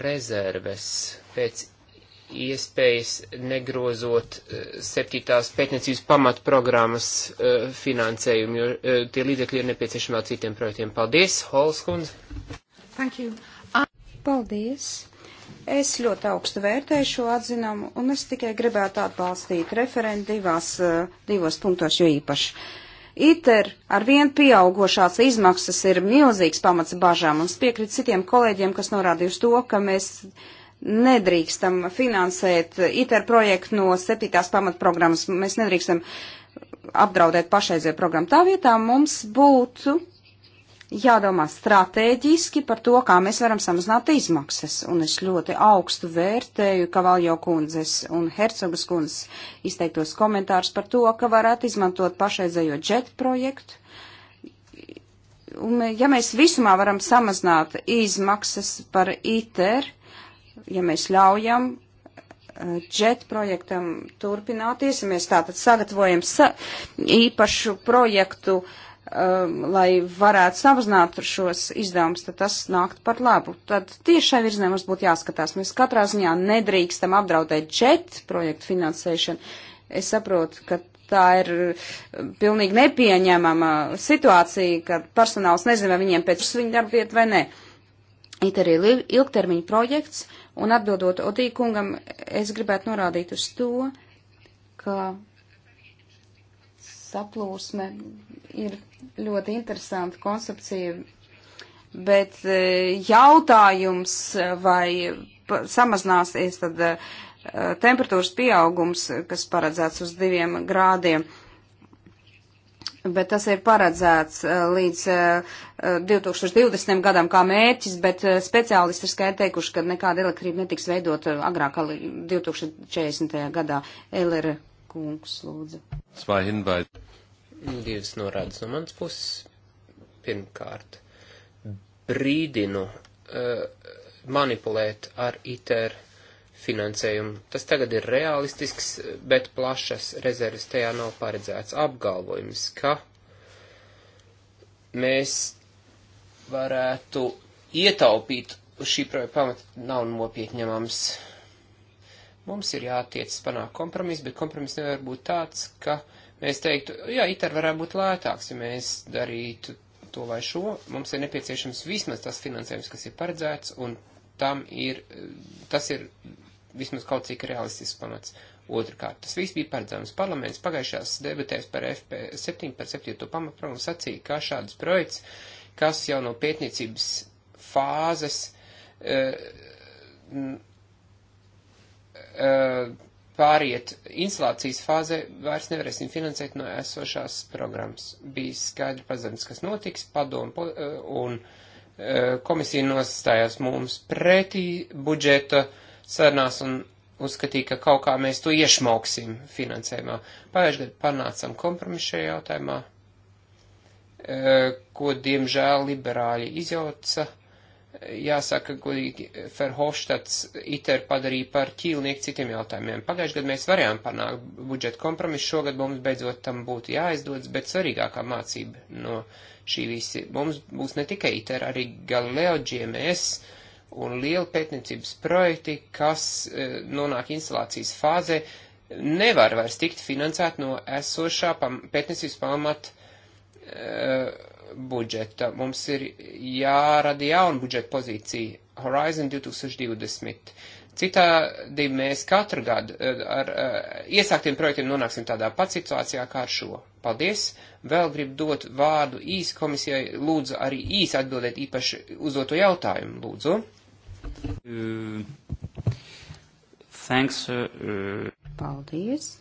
rezerves pēc iespējas negrozot eh, septītās pētniecības pamatprogrammas eh, finansējumu, jo eh, tie līdzekļi ir nepieciešami vēl citiem projektiem. Paldies, Holskundze! Ah. Paldies! Es ļoti augstu vērtēju šo atzinumu, un es tikai gribētu atbalstīt referentu divās, divos punktos, jo īpaši. Uh, ITER ar vien pieaugošās izmaksas ir milzīgs pamats bažām, un piekrīt citiem kolēģiem, kas norādīja uz to, ka mēs nedrīkstam finansēt ITER projektu no septītās pamatprogrammas, mēs nedrīkstam apdraudēt pašreizējo programmu. Tā vietā mums būtu jādomā strateģiski par to, kā mēs varam samazināt izmaksas. Un es ļoti augstu vērtēju Kavaljo kundzes un Hercogas kundzes izteiktos komentārus par to, ka varētu izmantot pašreizējo džet projektu. Un, ja mēs visumā varam samazināt izmaksas par ITER, ja mēs ļaujam džet eh, projektam turpināties, ja mēs tātad sagatavojam sa īpašu projektu uh, Um, lai varētu samazināt šos izdevumus, tad tas nākt par labu. Tad tieši šai virzienā mums būtu jāskatās. Mēs katrā ziņā nedrīkstam apdraudēt čet projektu finansēšanu. Es saprotu, ka tā ir um, pilnīgi nepieņemama situācija, kad personāls nezina, vai viņiem pēc viņa darbvieta vai nē. It arī ir ilgtermiņa projekts, un atbildot Odī kungam, es gribētu norādīt uz to, ka saplūsme ir ļoti interesanta koncepcija, bet e, jautājums, e, vai samazināsies tad e, temperatūras pieaugums, kas paredzēts uz diviem grādiem, bet tas ir paredzēts līdz 2020. gadam kā mērķis, bet speciālisti ir skaidri teikuši, ka nekāda elektrība netiks veidot agrāk kā 2040. gadā. LR kungs, lūdzu. Svaihinvai. Divas norādes no manas puses. Pirmkārt, brīdinu uh, manipulēt ar ITER finansējumu. Tas tagad ir realistisks, bet plašas rezerves tajā nav paredzēts apgalvojums, ka mēs varētu ietaupīt uz šī projekta pamata nav nopietņamams. Uh, Mums ir jātiec panākt kompromis, bet kompromis nevar būt tāds, ka mēs teiktu, jā, ITER varētu būt lētāks, ja mēs darītu to vai šo. Mums ir nepieciešams vismaz tas finansējums, kas ir paredzēts, un tam ir, tas ir vismaz kaut cik realistisks pamats. Otrakārt, tas viss bija paredzams. Parlaments pagājušās debatēs par FP7, par 7. pamatprogrammu sacīja, ka šāds projekts, kas jau no pētniecības fāzes e, Eh, pāriet instalācijas fāzē, vairs nevarēsim finansēt no esošās programmas. Bija skaidri pazemes, kas notiks, padomu eh, un eh, komisija nostājās mums pretī budžeta sarunās un uzskatīja, ka kaut kā mēs to iešmauksim finansējumā. Pagājušajā gadā panācam kompromisu šajā jautājumā, ko diemžēl liberāļi izjauca jāsaka, godīgi, Ferhofstads ITER padarīja par ķīlnieku citiem jautājumiem. Pagājušajā gadā mēs varējām panākt budžeta kompromisu, šogad mums beidzot tam būtu jāaizdodas, bet svarīgākā mācība no šī visi mums būs ne tikai ITER, arī Galileo GMS un liela pētniecības projekti, kas e, nonāk instalācijas fāzē, nevar vairs tikt finansēt no esošā pam, pētniecības pamata. E, budžeta. Mums ir jārada jauna budžeta pozīcija Horizon 2020. Citādi mēs katru gadu eh, ar eh, iesāktiem projektiem nonāksim tādā pat situācijā kā ar šo. Paldies! Vēl gribu dot vārdu īs komisijai. Lūdzu, arī īs atbildēt īpaši uzdoto jautājumu. Lūdzu! Uh, thanks, uh, uh. Paldies!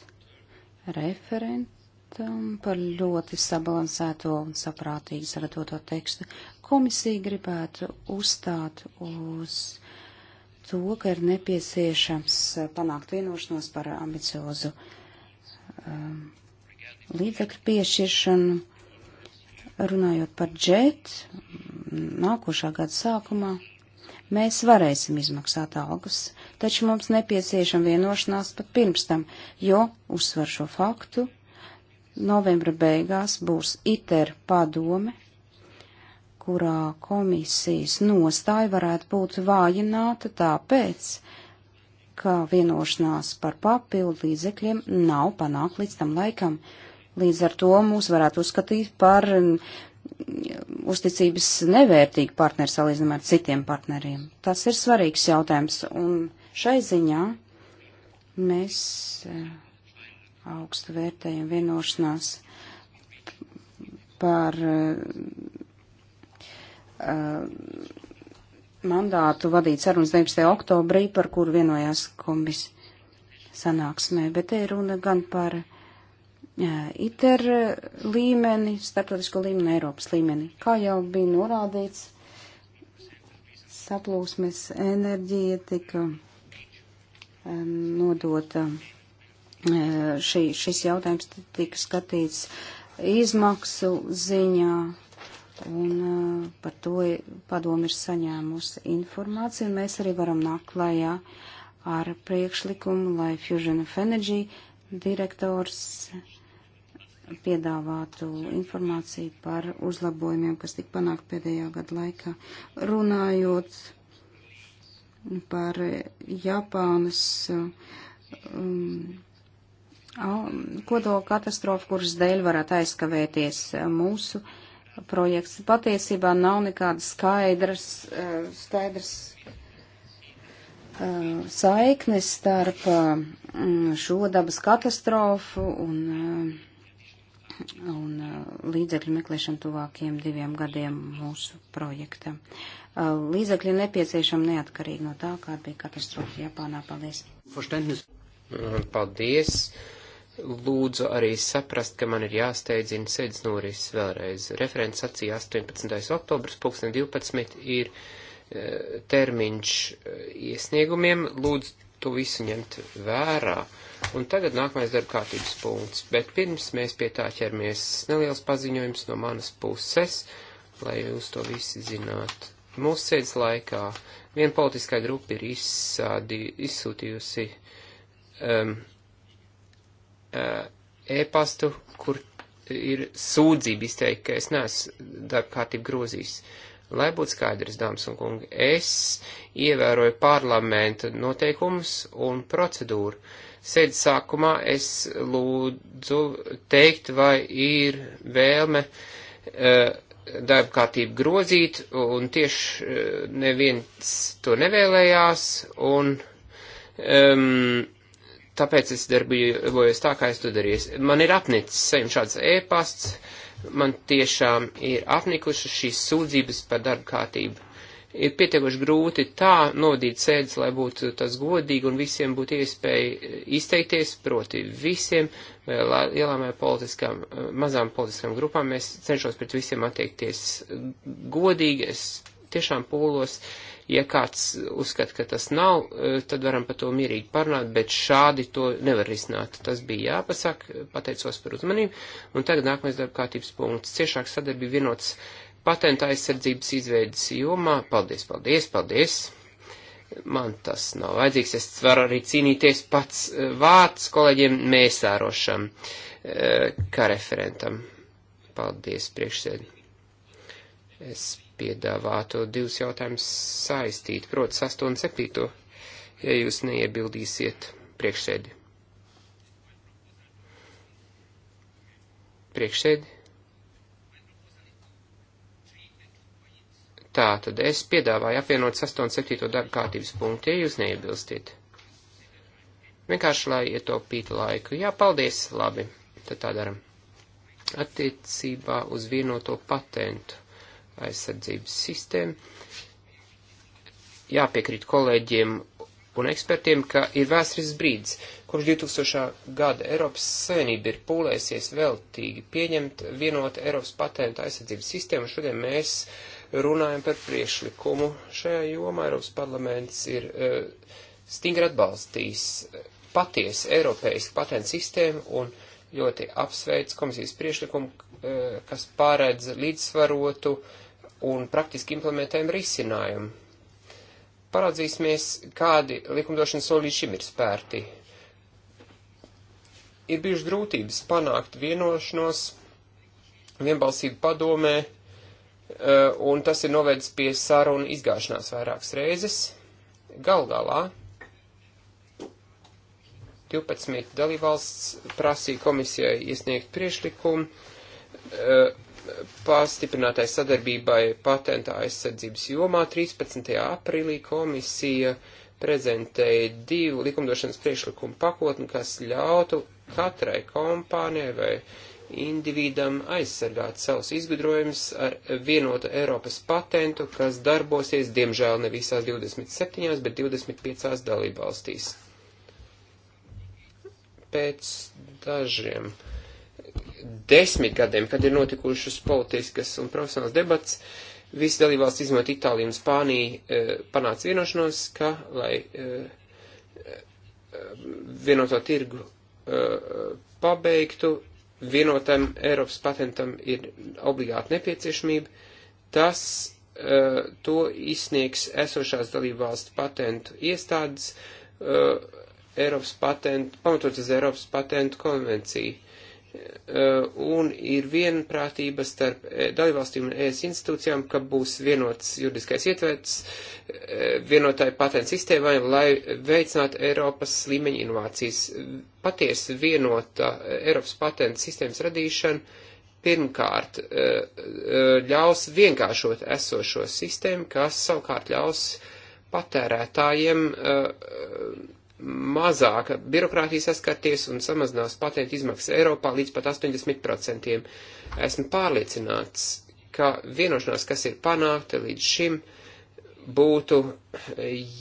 Referent referentam par ļoti sabalansēto un saprātīgi sagatavoto tekstu. Komisija gribētu uzstāt uz to, ka ir nepieciešams panākt vienošanos par ambiciozu um, līdzekļu piešķiršanu. Runājot par džet, nākošā gada sākumā mēs varēsim izmaksāt algas, taču mums nepieciešama vienošanās pat pirms tam, jo uzsver šo faktu, Novembra beigās būs ITER padome, kurā komisijas nostāja varētu būt vājināta tāpēc, ka vienošanās par papildu līdzekļiem nav panākt līdz tam laikam. Līdz ar to mūs varētu uzskatīt par uzticības nevērtīgu partneri salīdzinām ar citiem partneriem. Tas ir svarīgs jautājums, un šai ziņā mēs augstu vērtējumu vienošanās par uh, mandātu vadīt sarunas 19. oktobrī, par kuru vienojās komis sanāksmē, bet te ir runa gan par uh, ITER līmeni, starptautisko līmeni, Eiropas līmeni. Kā jau bija norādīts, saplūsmes enerģija tika um, nodota. Uh, šī, šis jautājums tika skatīts izmaksu ziņā, un par to padomu ir saņēmusi informāciju, un mēs arī varam nākt klajā ar priekšlikumu, lai Fusion of Energy direktors piedāvātu informāciju par uzlabojumiem, kas tika panākt pēdējā gada laikā. Runājot par Japānas um, kodola katastrofa, kuras dēļ varētu aizkavēties eh, mūsu projekts. Patiesībā nav nekādas skaidras, eh, skaidras eh, saiknes starp mm, šo dabas katastrofu un, un līdzekļu meklēšanu tuvākiem diviem gadiem mūsu projektam. Līdzekļi nepieciešami neatkarīgi no tā, kāda bija katastrofa Japānā. Paldies! Paldies! lūdzu arī saprast, ka man ir jāsteidzina sēdz noris vēlreiz. Referents sacīja 18. oktobrs, 2012 ir e, termiņš e, iesniegumiem, lūdzu to visu ņemt vērā. Un tagad nākamais darba kārtības punkts, bet pirms mēs pie tā ķermies neliels paziņojums no manas puses, lai jūs to visi zinātu. Mūsu sēdz laikā viena politiskā grupa ir izsādi, izsūtījusi um, Uh, e-pastu, kur ir sūdzība izteikta, ka es neesmu darba kārtību grozījis. Lai būtu skaidrs, dāmas un kungi, es ievēroju parlamenta noteikumus un procedūru. Sēdz sākumā es lūdzu teikt, vai ir vēlme uh, darba kārtību grozīt, un tieši uh, neviens to nevēlējās, un um, tāpēc es darbojos tā, kā es to darīju. Man ir apnicis saņemt šāds ēpasts, man tiešām ir apnikušas šīs sūdzības par darba kārtību. Ir pietiekoši grūti tā novadīt sēdes, lai būtu tas godīgi un visiem būtu iespēja izteikties, proti visiem, eh, lielām vai politiskām, eh, mazām politiskām grupām. Es cenšos pret visiem attiekties godīgi, es tiešām pūlos. Uh, Ja kāds uzskata, ka tas nav, e, tad varam par to mierīgi parunāt, bet šādi to nevar risināt. Tas bija jāpasaka, pateicos par uzmanību. Un tagad nākamais darba kārtības punkts. Ciešāk sadarbība vienots patenta aizsardzības izveidas jomā. Paldies, paldies, paldies! Man tas nav vajadzīgs, es varu arī cīnīties pats e, vārds kolēģiem mēsārošam, e, kā referentam. Paldies, priekšsēdi. Es piedāvātu divus jautājumus saistīt, proti 6 un 7, ja jūs neiebildīsiet priekšsēdi. Priekšsēdi. Tā, tad es piedāvāju apvienot 6 un 7 darba kārtības punktu, ja jūs neiebilstiet. Vienkārši, lai ietaupītu laiku. Jā, paldies, labi, tad tā daram. Attiecībā uz vienoto patentu aizsardzības sistēmu. Jāpiekrīt kolēģiem un ekspertiem, ka ir vēsturis brīdis. Kopš 2000. gada Eiropas Savienība ir pūlēsies veltīgi pieņemt vienotu Eiropas patentu aizsardzības sistēmu. Šodien mēs runājam par priešlikumu. Šajā jomā Eiropas parlaments ir uh, stingri atbalstījis patiesu Eiropeisku patentu sistēmu un ļoti apsveic komisijas priešlikumu, uh, kas pārēdz līdzsvarotu uh, un praktiski implementējam risinājumu. Parādzīsimies, kādi likumdošanas soļi šim ir spērti. Ir bijušas grūtības panākt vienošanos, vienbalsību padomē, eh, un tas ir novedis pie sarunu izgāšanās vairākas reizes. Gal galā 12 dalībvalsts prasīja komisijai iesniegt priešlikumu, eh, pastiprinātai sadarbībai patentā aizsardzības jomā 13. aprīlī komisija prezentēja divu likumdošanas priekšlikumu pakotni, kas ļautu katrai kompānijai vai individam aizsargāt savus izgudrojumus ar vienotu Eiropas patentu, kas darbosies, diemžēl, ne visās 27, bet 25 dalībvalstīs. Pēc dažiem uh, desmit gadiem, kad ir notikušas politiskas un profesionāls debats, visi dalībvalsts izmantot Itāliju un Spāniju e, panāca vienošanos, ka, lai e, e, vienoto tirgu pabeigtu, vienotam Eiropas patentam ir obligāti nepieciešamība. Tas to izsniegs esošās dalībvalstu patentu iestādes Eiropas patentu, pamatot uz Eiropas patentu konvenciju Eh, un ir vienprātība starp eh, dalībvalstīm un ES institūcijām, ka būs vienots juridiskais ietverts eh, vienotāju patentu sistēmai, lai veicinātu Eiropas līmeņa inovācijas. Patiesi vienota Eiropas patentu sistēmas radīšana pirmkārt ļaus vienkāršot esošo sistēmu, kas savukārt ļaus patērētājiem mazāka birokrātija saskarties un samazinās patentu izmaksas Eiropā līdz pat 80%. Esmu pārliecināts, ka vienošanās, kas ir panākta līdz šim, būtu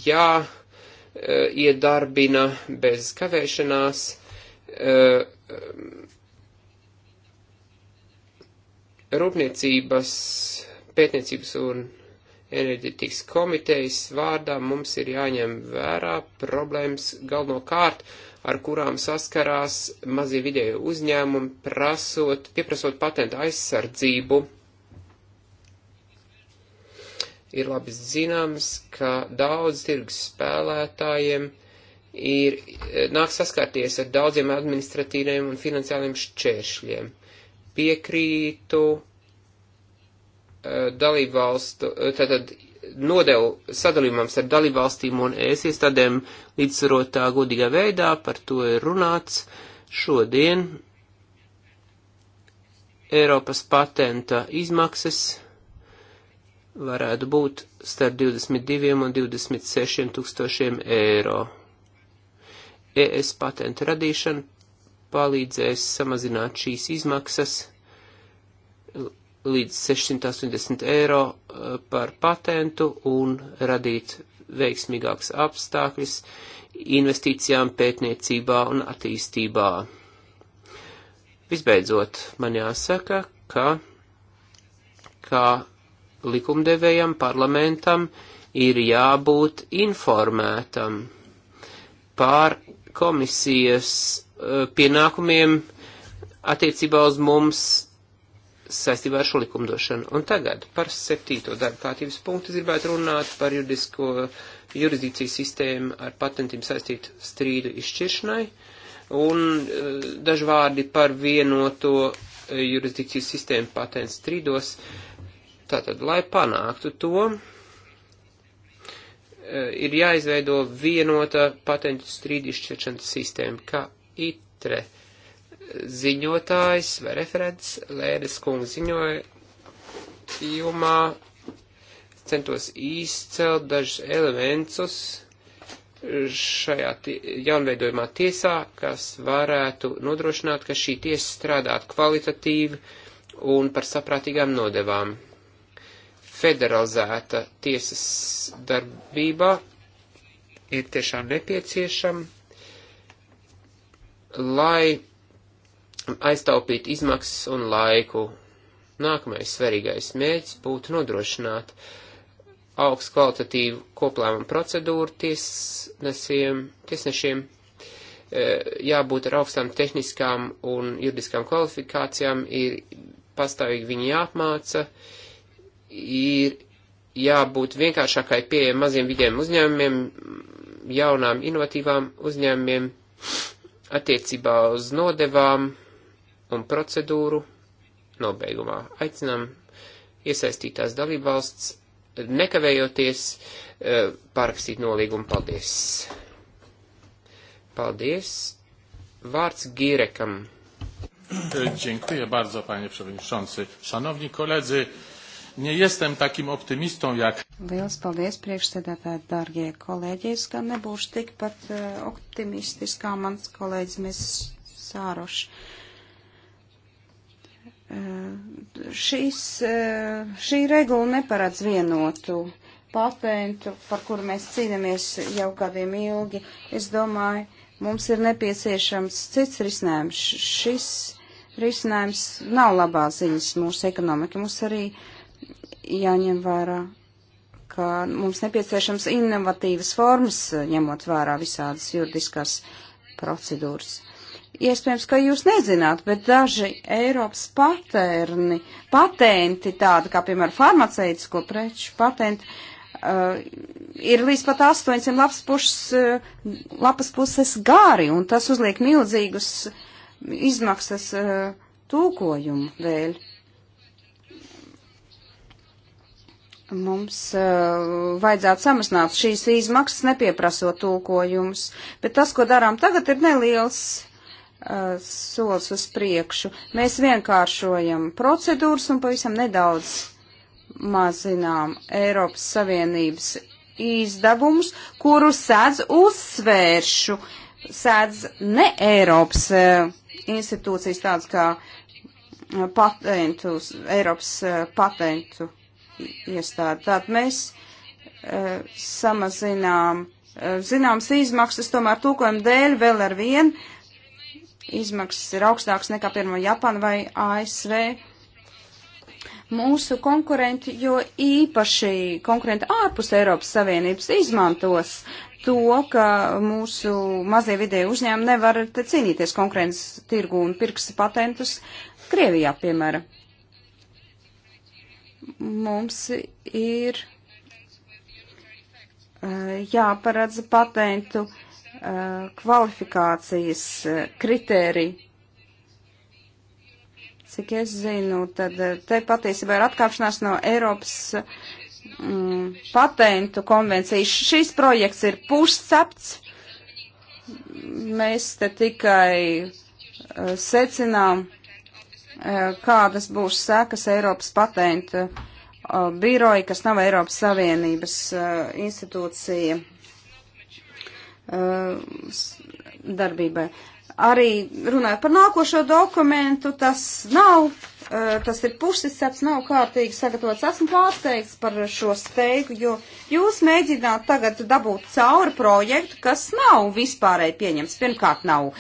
jāiedarbina e, bez kavēšanās. E, rūpniecības, pētniecības un enerģetikas komitejas vārdā mums ir jāņem vērā problēmas galvenokārt, ar kurām saskarās mazie vidēji uzņēmumi, prasot, pieprasot patentu aizsardzību. Ir labi zināms, ka daudz tirgus spēlētājiem ir, nāk saskarties ar daudziem administratīviem un finansiāliem šķēršļiem. Piekrītu Eh, dalību valstu, eh, tātad nodevu sadalījumam starp dalību valstīm un ES iestādēm līdzsvarotā godīgā veidā, par to ir runāts šodien. Eiropas patenta izmaksas varētu būt starp 22 un 26 tūkstošiem eiro. ES patenta radīšana palīdzēs samazināt šīs izmaksas līdz 680 eiro eh, par patentu un radīt veiksmīgāks apstākļus investīcijām pētniecībā un attīstībā. Visbeidzot, man jāsaka, ka kā likumdevējam parlamentam ir jābūt informētam pār komisijas eh, pienākumiem attiecībā uz mums saistībā ar šo likumdošanu. Un tagad par septīto darba kārtības punktu es gribētu runāt par juridisko jurisdikcijas sistēmu ar patentiem saistītu strīdu izšķiršanai un eh, daži vārdi par vienoto eh, jurisdikcijas sistēmu patents strīdos. Tātad, lai panāktu to, eh, ir jāizveido vienota patentu strīdu izšķiršanas sistēma, kā ITRE. Uh, ziņotājs vai referents Lēdes kunga ziņojumā centos izcelt dažus elementus šajā jaunveidojumā tiesā, kas varētu nodrošināt, ka šī tiesa strādātu kvalitatīvi un par saprātīgām nodevām. Federalizēta tiesas darbība ir tiešām nepieciešama, lai aiztaupīt izmaksas un laiku. Nākamais svarīgais mēģis būtu nodrošināt augstu kvalitatīvu koplēmumu procedūru tiesnesiem, tiesnešiem, e, jābūt ar augstām tehniskām un juridiskām kvalifikācijām, ir pastāvīgi viņi jāapmāca, ir jābūt vienkāršākai pieejai maziem vidiem uzņēmumiem, jaunām inovatīvām uzņēmumiem attiecībā uz nodevām un procedūru nobeigumā. Aicinām iesaistītās dalībvalsts nekavējoties eh, parakstīt nolīgumu. Paldies! Paldies! Vārds Gīrekam. E, dziękuję bardzo, panie przewodniczący. Szanowni koledzy, nie jestem takim optymistą jak. Liels paldies, priekšsēdētāji, dārgie kolēģi. Es gan nebūšu tikpat e, optimistiskā mans kolēģis, mēs sāroši. Uh, Eh, šis, eh, šī regula neparedz vienotu patentu, par kuru mēs cīnāmies jau gadiem ilgi. Es domāju, mums ir nepieciešams cits risinājums. Šis risinājums nav labā ziņas mūsu ekonomika. Mums arī jāņem vērā, ka mums nepieciešams innovatīvas formas, ņemot vērā visādas juridiskās procedūras iespējams, ka jūs nezināt, bet daži Eiropas patērni, patenti, tādi kā, piemēram, farmaceitisko preču patenti, uh, ir līdz pat 800 lapas, pušas, uh, lapas puses gāri, un tas uzliek milzīgus izmaksas uh, tūkojumu dēļ. Mums uh, vajadzētu samazināt šīs izmaksas, nepieprasot tulkojumus, bet tas, ko darām tagad, ir neliels Uh, solis uz priekšu. Mēs vienkāršojam procedūras un pavisam nedaudz mazinām Eiropas Savienības izdevumus, kurus sēdz uzsvēršu, sēdz ne Eiropas uh, institūcijas tādas kā uh, patentus, Eiropas patentu iestādi. Tātad mēs samazinām zināmas izmaksas, tomēr tūkojam dēļ vēl ar vienu izmaksas ir augstākas nekā, piemēram, Japāna vai ASV. Mūsu konkurenti, jo īpaši konkurenti ārpus Eiropas Savienības izmantos to, ka mūsu mazie vidēji uzņēmumi nevar te cīnīties konkurences tirgu un pirks patentus Krievijā, piemēram. Mums ir eh, jāparedz patentu Eh, kvalifikācijas eh, kritēriji. Cik es zinu, tad eh, te patiesībā ir atkāpšanās no Eiropas mm, patentu konvencijas. Šis projekts ir puscepts. Mēs te tikai uh, secinām, uh, kādas būs sekas Eiropas patentu uh, biroja, kas nav Eiropas Savienības uh, institūcija Uh, darbībai. Arī runājot par nākošo dokumentu, tas nav, uh, tas ir pušsisats, nav kārtīgi sagatavots. Esmu pārsteigts par šo steigu, jo jūs mēģināt tagad dabūt cauri projektu, kas nav vispārēji pieņems. Pirmkārt, nav.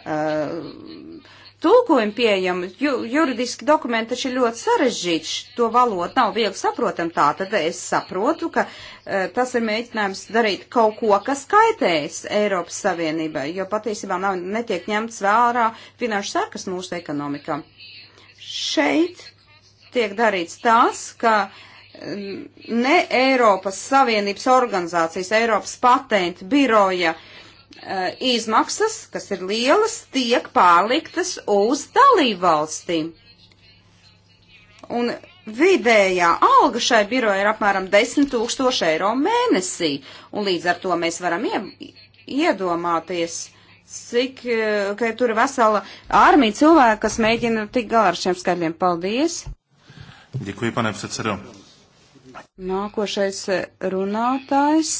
Uh, tulkojumi pieejami, ju, juridiski dokumenti taču ir ļoti sarežģīti, to valodu nav viegli saprotam tā, tad es saprotu, ka e, tas ir mēģinājums darīt kaut ko, kas kaitējas Eiropas Savienībai, jo patiesībā nav, netiek ņemts vērā finanšu sekas mūsu ekonomikā. Šeit tiek darīts tas, ka ne Eiropas Savienības organizācijas, Eiropas patentu biroja uh, Eh, izmaksas, kas ir lielas, tiek pārliktas uz dalībvalstīm. Un vidējā alga šai biroja ir apmēram 10 tūkstoši eiro mēnesī, un līdz ar to mēs varam ie, iedomāties, cik, eh, ka tur ir vesela armija cilvēku, kas mēģina tik galā ar šiem skaitļiem. Paldies! Děkuji, pane předsedo. Nākošais eh, runātājs.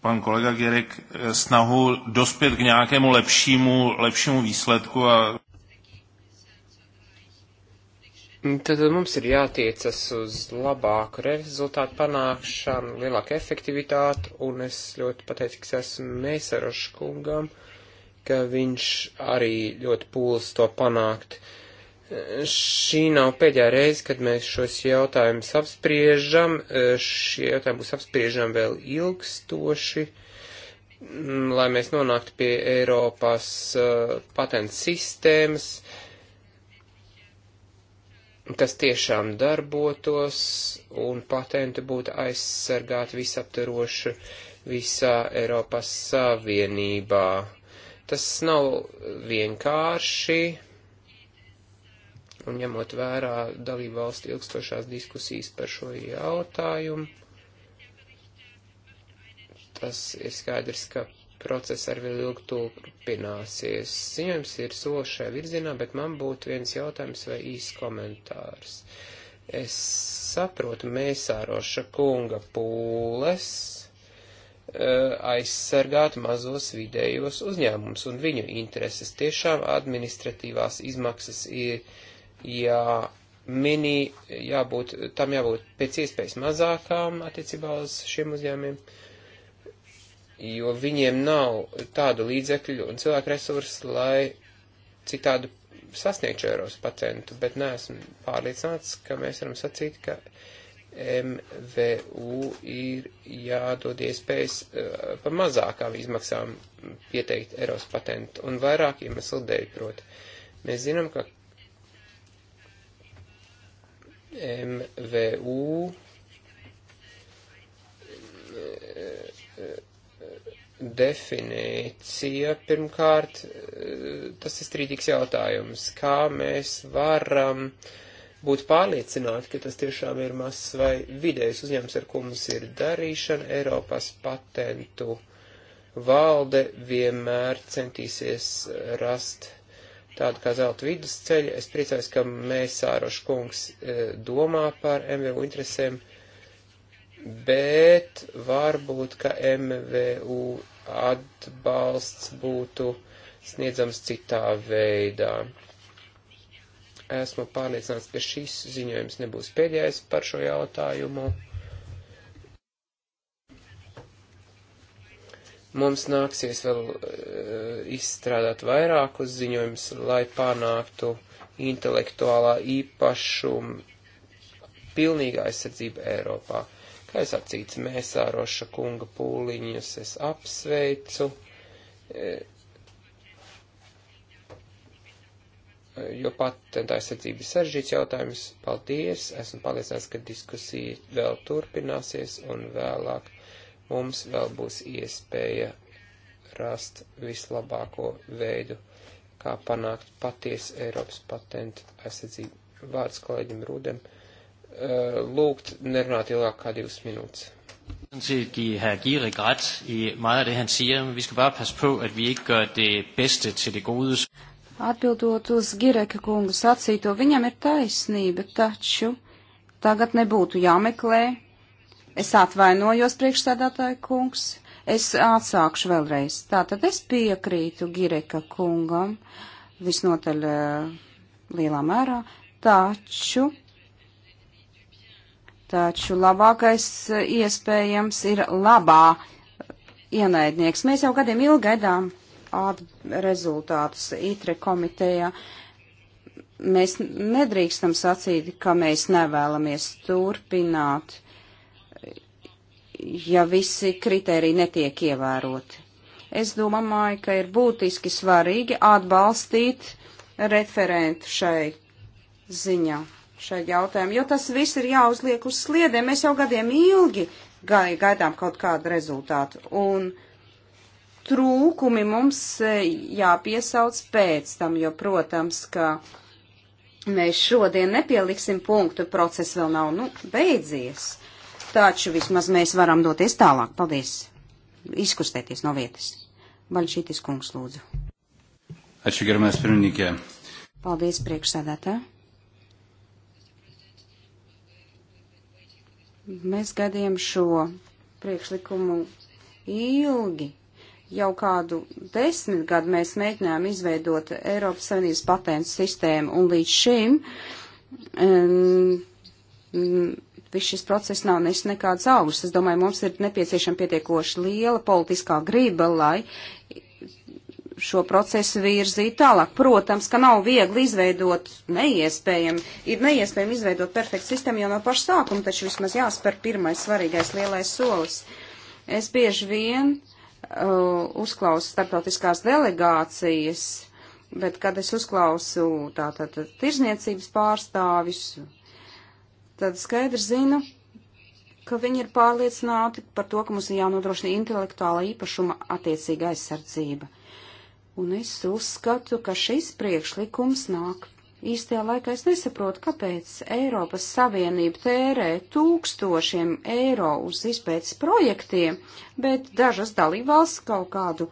pan kolega Gerek eh, snahu dospět k nějakému lepšímu, lepšímu výsledku a Tad mums ir jātiecas uz labāku rezultātu panākšanu, lielāku efektivitāti, un es ļoti pateicīgs esmu Mēsaroškungam, ka viņš arī ļoti pūlas to panākt. Uh, Šī nav pēdējā reize, kad mēs šos jautājumus apspriežam. E, šie jautājumi būs apspriežam vēl ilgstoši, lai mēs nonāktu pie Eiropas e, patents sistēmas, kas tiešām darbotos un patenti būtu aizsargāti visaptaroši visā Eiropas Savienībā. Tas nav vienkārši un ņemot vērā dalību valstu ilgstošās diskusijas par šo jautājumu, tas ir skaidrs, ka process ar vēl ilgi turpināsies. Ziņojums ir solis šajā virzienā, bet man būtu viens jautājums vai īsts komentārs. Es saprotu mēsāroša kunga pūles eh, aizsargāt mazos vidējos uzņēmumus un viņu intereses. Tiešām administratīvās izmaksas ir jā, mini jābūt, tam jābūt pēc iespējas mazākām attiecībā uz šiem uzņēmumiem, jo viņiem nav tādu līdzekļu un cilvēku resursu, lai citādi sasniegšu Eiropas patentu, bet neesmu pārliecināts, ka mēs varam sacīt, ka MVU ir jādod iespējas eh, par mazākām izmaksām pieteikt Eiropas patentu un vairāk iemeslu dēļ, proti. Mēs zinām, ka MVU definīcija pirmkārt, tas ir strīdīgs jautājums, kā mēs varam būt pārliecināti, ka tas tiešām ir mazs vai vidējs uzņēmums, ar ko mums ir darīšana. Eiropas patentu valde vienmēr centīsies rast tādu kā zelta vidusceļu. Es priecājos, ka mēs, Sāroš kungs, e, domā par MVU interesēm, bet varbūt, ka MVU atbalsts būtu sniedzams citā veidā. Esmu pārliecināts, ka šis ziņojums nebūs pēdējais par šo jautājumu. Mums nāksies vēl eh, izstrādāt vairākus ziņojumus, lai panāktu intelektuālā īpašuma pilnīga aizsardzība Eiropā. Kā es atcīts, mēs āroša kunga pūliņus es apsveicu, eh, jo patenta aizsardzība ir saržģīts jautājums. Paldies, esmu pārliecināts, ka diskusija vēl turpināsies un vēlāk mums vēl būs iespēja rast vislabāko veidu, kā panākt patiesu Eiropas patentu aizsardzību. Vārds kolēģim Rūdem. Uh, lūgt nerunāt ilgāk kā divas minūtes. Sådan set give herr Gierig ret i meget af det, han siger, men vi skal bare passe på, at vi ikke gør det bedste til det gode. Atbildot uz Gireka kungu sacīto, viņam ir taisnība, taču tagad nebūtu jāmeklē Es atvainojos priekšsēdētāju kungs. Es atsākšu vēlreiz. Tātad es piekrītu Gireka kungam visnotaļ uh, lielā mērā, taču, taču labākais eh, iespējams ir labā eh, ienaidnieks. Mēs jau gadiem ilgi gaidām rezultātus ITRE komitejā. Mēs nedrīkstam sacīt, ka mēs nevēlamies turpināt ja visi kriteriji netiek ievēroti. Es domāju, ka ir būtiski svarīgi atbalstīt referentu šai ziņā, šai jautājumu, jo tas viss ir jāuzliek uz sliedēm. Mēs jau gadiem ilgi gaidām kaut kādu rezultātu. Un, trūkumi mums e, jāpiesauc pēc tam, jo, protams, ka mēs šodien nepieliksim punktu, process vēl nav nu, beidzies taču vismaz mēs varam doties tālāk. Paldies! Izkustēties no vietas. Baļšītis kungs, lūdzu. Ačiū, gerbiamas pirmininkė. Paldies, priekšsēdētā. Mēs gadiem šo priekšlikumu ilgi jau kādu desmit gadu mēs mēģinājām izveidot Eiropas Savienības patentu sistēmu, un līdz šim um, viss šis process nav nes nekāds augsts. Es domāju, mums ir nepieciešama pietiekoši liela politiskā grība, lai šo procesu virzīt tālāk. Protams, ka nav viegli izveidot neiespējami, ir neiespējami izveidot perfektu sistēmu jau no paša sākuma, taču vismaz jāspēr pirmais svarīgais lielais solis. Es bieži vien uh, uzklausu starptautiskās delegācijas, bet kad es uzklausu tātad tirzniecības pārstāvis, tad skaidri zinu, ka viņi ir pārliecināti par to, ka mums ir jānodrošina intelektuāla īpašuma attiecīga aizsardzība. Un es uzskatu, ka šis priekšlikums nāk īstajā laikā. Es nesaprotu, kāpēc Eiropas Savienība tērē tūkstošiem eiro uz izpētes projektiem, bet dažas dalībvalsts kaut kādu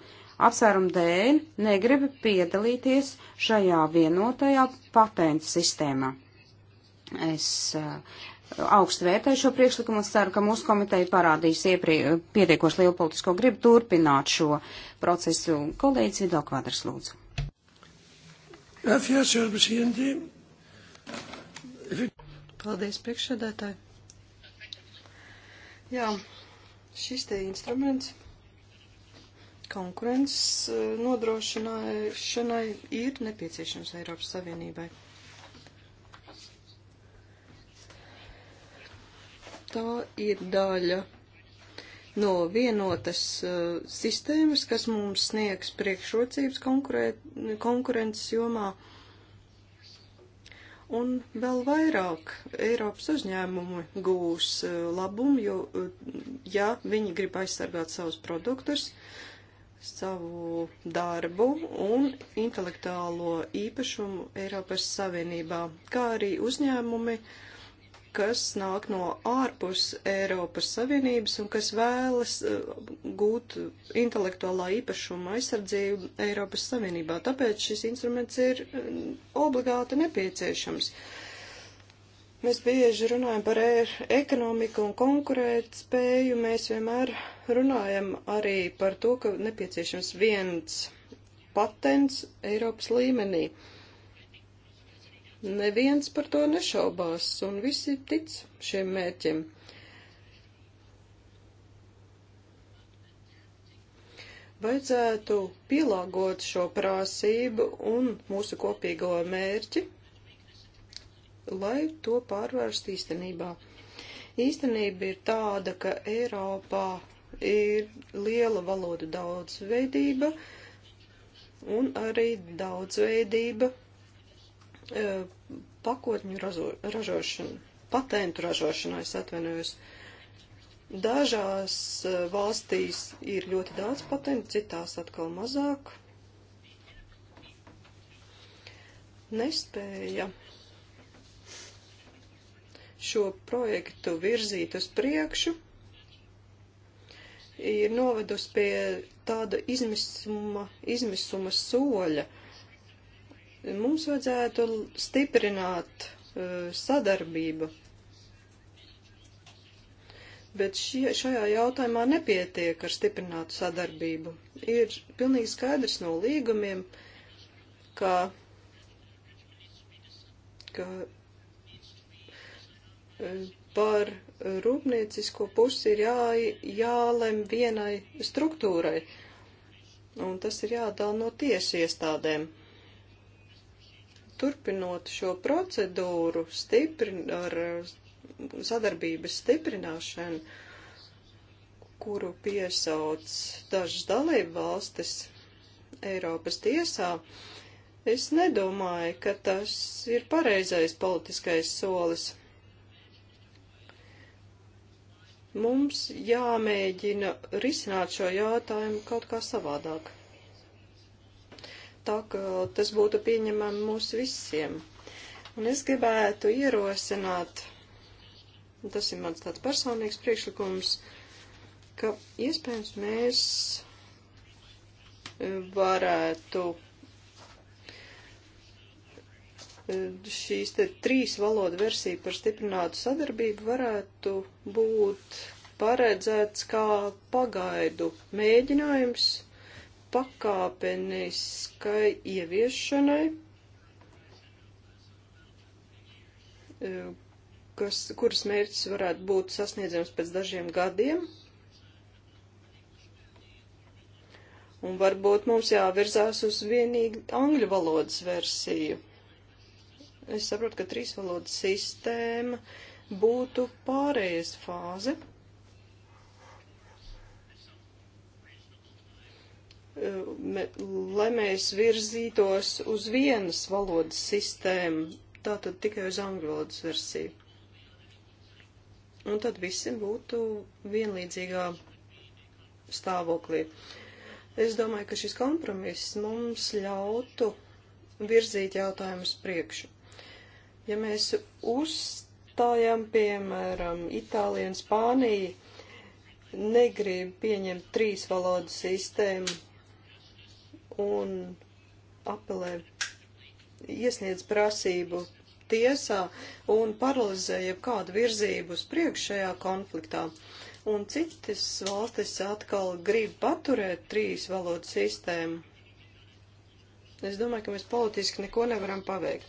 apsvērumu dēļ negrib piedalīties šajā vienotajā patentu sistēmā. Es uh, augstu vērtēju šo priekšlikumu un ceru, ka mūsu komiteja parādīs ieprie, pietiekoši lielu politisko gribu turpināt šo procesu. Kolēģis Vido Kvadrs, lūdzu. Gracias, señor presidente. Paldies, priekšsēdētāji. Jā, šis te instruments konkurences uh, nodrošināšanai ir nepieciešams Eiropas Savienībai. tā ir daļa no vienotas uh, sistēmas, kas mums sniegs priekšrocības konkurences jomā. Un vēl vairāk Eiropas uzņēmumi gūs uh, labumu, jo, uh, ja viņi grib aizsargāt savus produktus, savu darbu un intelektuālo īpašumu Eiropas Savienībā, kā arī uzņēmumi uh, kas nāk no ārpus Eiropas Savienības un kas vēlas eh, gūt intelektuālā īpašuma aizsardzību Eiropas Savienībā. Tāpēc šis instruments ir eh, obligāti nepieciešams. Mēs bieži runājam par e-, ekonomiku un konkurēt spēju. Mēs vienmēr runājam arī par to, ka nepieciešams viens patents Eiropas līmenī. Uh, Neviens par to nešaubās, un visi tic šiem mērķiem. Vajadzētu pielāgot šo prasību un mūsu kopīgo mērķi, lai to pārvērst īstenībā. Īstenība ir tāda, ka Eiropā ir liela valodu daudzveidība un arī daudzveidība pakotņu razo, ražošanu, patentu ražošanai, es atvenojos. Dažās valstīs ir ļoti daudz patentu, citās atkal mazāk. Nespēja šo projektu virzīt uz priekšu ir novedusi pie tāda izmisuma, izmisuma soļa, Mums vajadzētu stiprināt e, sadarbību. Bet šie, šajā jautājumā nepietiek ar stiprinātu sadarbību. Ir pilnīgi skaidrs no līgumiem, ka, ka e, par rūpniecisko pusi ir jā, jālem vienai struktūrai, un tas ir jādala no tieši iestādēm turpinot šo procedūru stiprin, ar uh, sadarbības stiprināšanu, kuru piesauc dažas dalību valstis Eiropas tiesā, es nedomāju, ka tas ir pareizais politiskais solis. Mums jāmēģina risināt šo jautājumu kaut kā savādāk tā, ka tas būtu pieņemami mums visiem. Un es gribētu ierosināt, tas ir mans tāds personīgs priekšlikums, ka iespējams mēs eh, varētu eh, šīs te trīs valodu versija par stiprinātu sadarbību varētu būt paredzēts kā pagaidu mēģinājums pakāpeniskai ieviešanai, e, kas, kuras mērķis varētu būt sasniedzams pēc dažiem gadiem. Un varbūt mums jāvirzās uz vienīgi angļu valodas versiju. Es saprotu, ka trīs valodas sistēma būtu pārējais fāze. me, lai mēs virzītos uz vienas valodas sistēmu, tātad tikai uz angļu valodas versiju. Un tad visi būtu vienlīdzīgā stāvoklī. Es domāju, ka šis kompromiss mums ļautu virzīt jautājumus priekšu. Ja mēs uzstājam, piemēram, Itāliju un Spāniju, negrib pieņemt trīs valodu sistēmu, un apelē iesniedz prasību tiesā un paralizē jebkādu virzību uz priekšu šajā konfliktā. Un citas valstis atkal grib paturēt trīs valodu sistēmu. Es domāju, ka mēs politiski neko nevaram paveikt.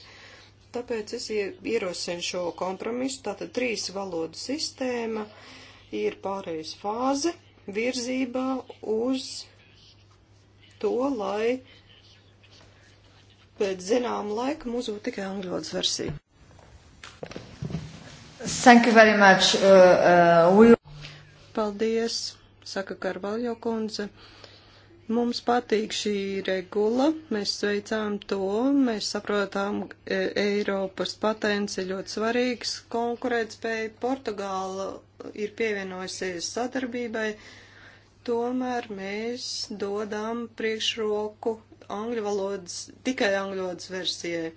Tāpēc es ierosinu šo kompromisu. Tātad trīs valodu sistēma ir pārējais fāze virzībā uz to, lai pēc zinām laika mums būtu tikai angļu valodas versija. Thank you very much. Uh, uh, we... Paldies, saka Karvaljo kundze. Mums patīk šī regula, mēs sveicām to, mēs saprotām, e, Eiropas patents ir ļoti svarīgs, konkurētspēja Portugāla ir pievienojusies sadarbībai. Uh, tomēr mēs dodam priekšroku angļu valodas, tikai angļu valodas versijai.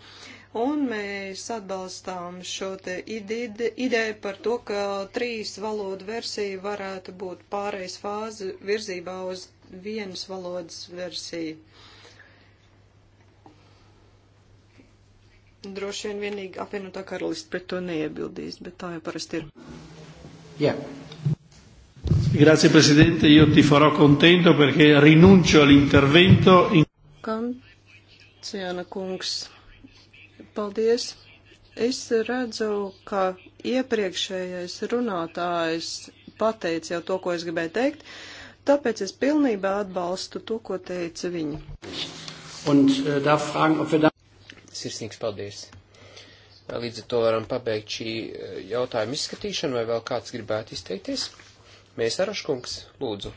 Un mēs atbalstām šo te ideju ide par to, ka trīs valodu versija varētu būt pārējais fāze virzībā uz vienas valodas versiju. Droši vien vienīgi apvienotā karalista pret to neiebildīs, bet tā jau parasti ir. Yeah. Grazie Presidente, io ti farò contento perché rinuncio all'intervento. In... Kanciana kungs, paldies. Es redzu, ka iepriekšējais runātājs pateica jau to, ko es gribēju teikt, tāpēc es pilnībā atbalstu to, ko teica viņa. Un, uh, eh, da fragen, ob wir da... Sirsnīgs paldies. Līdz ar to varam pabeigt šī eh, jautājuma izskatīšanu, vai vēl kāds gribētu izteikties? Mēs araškungs, lūdzu.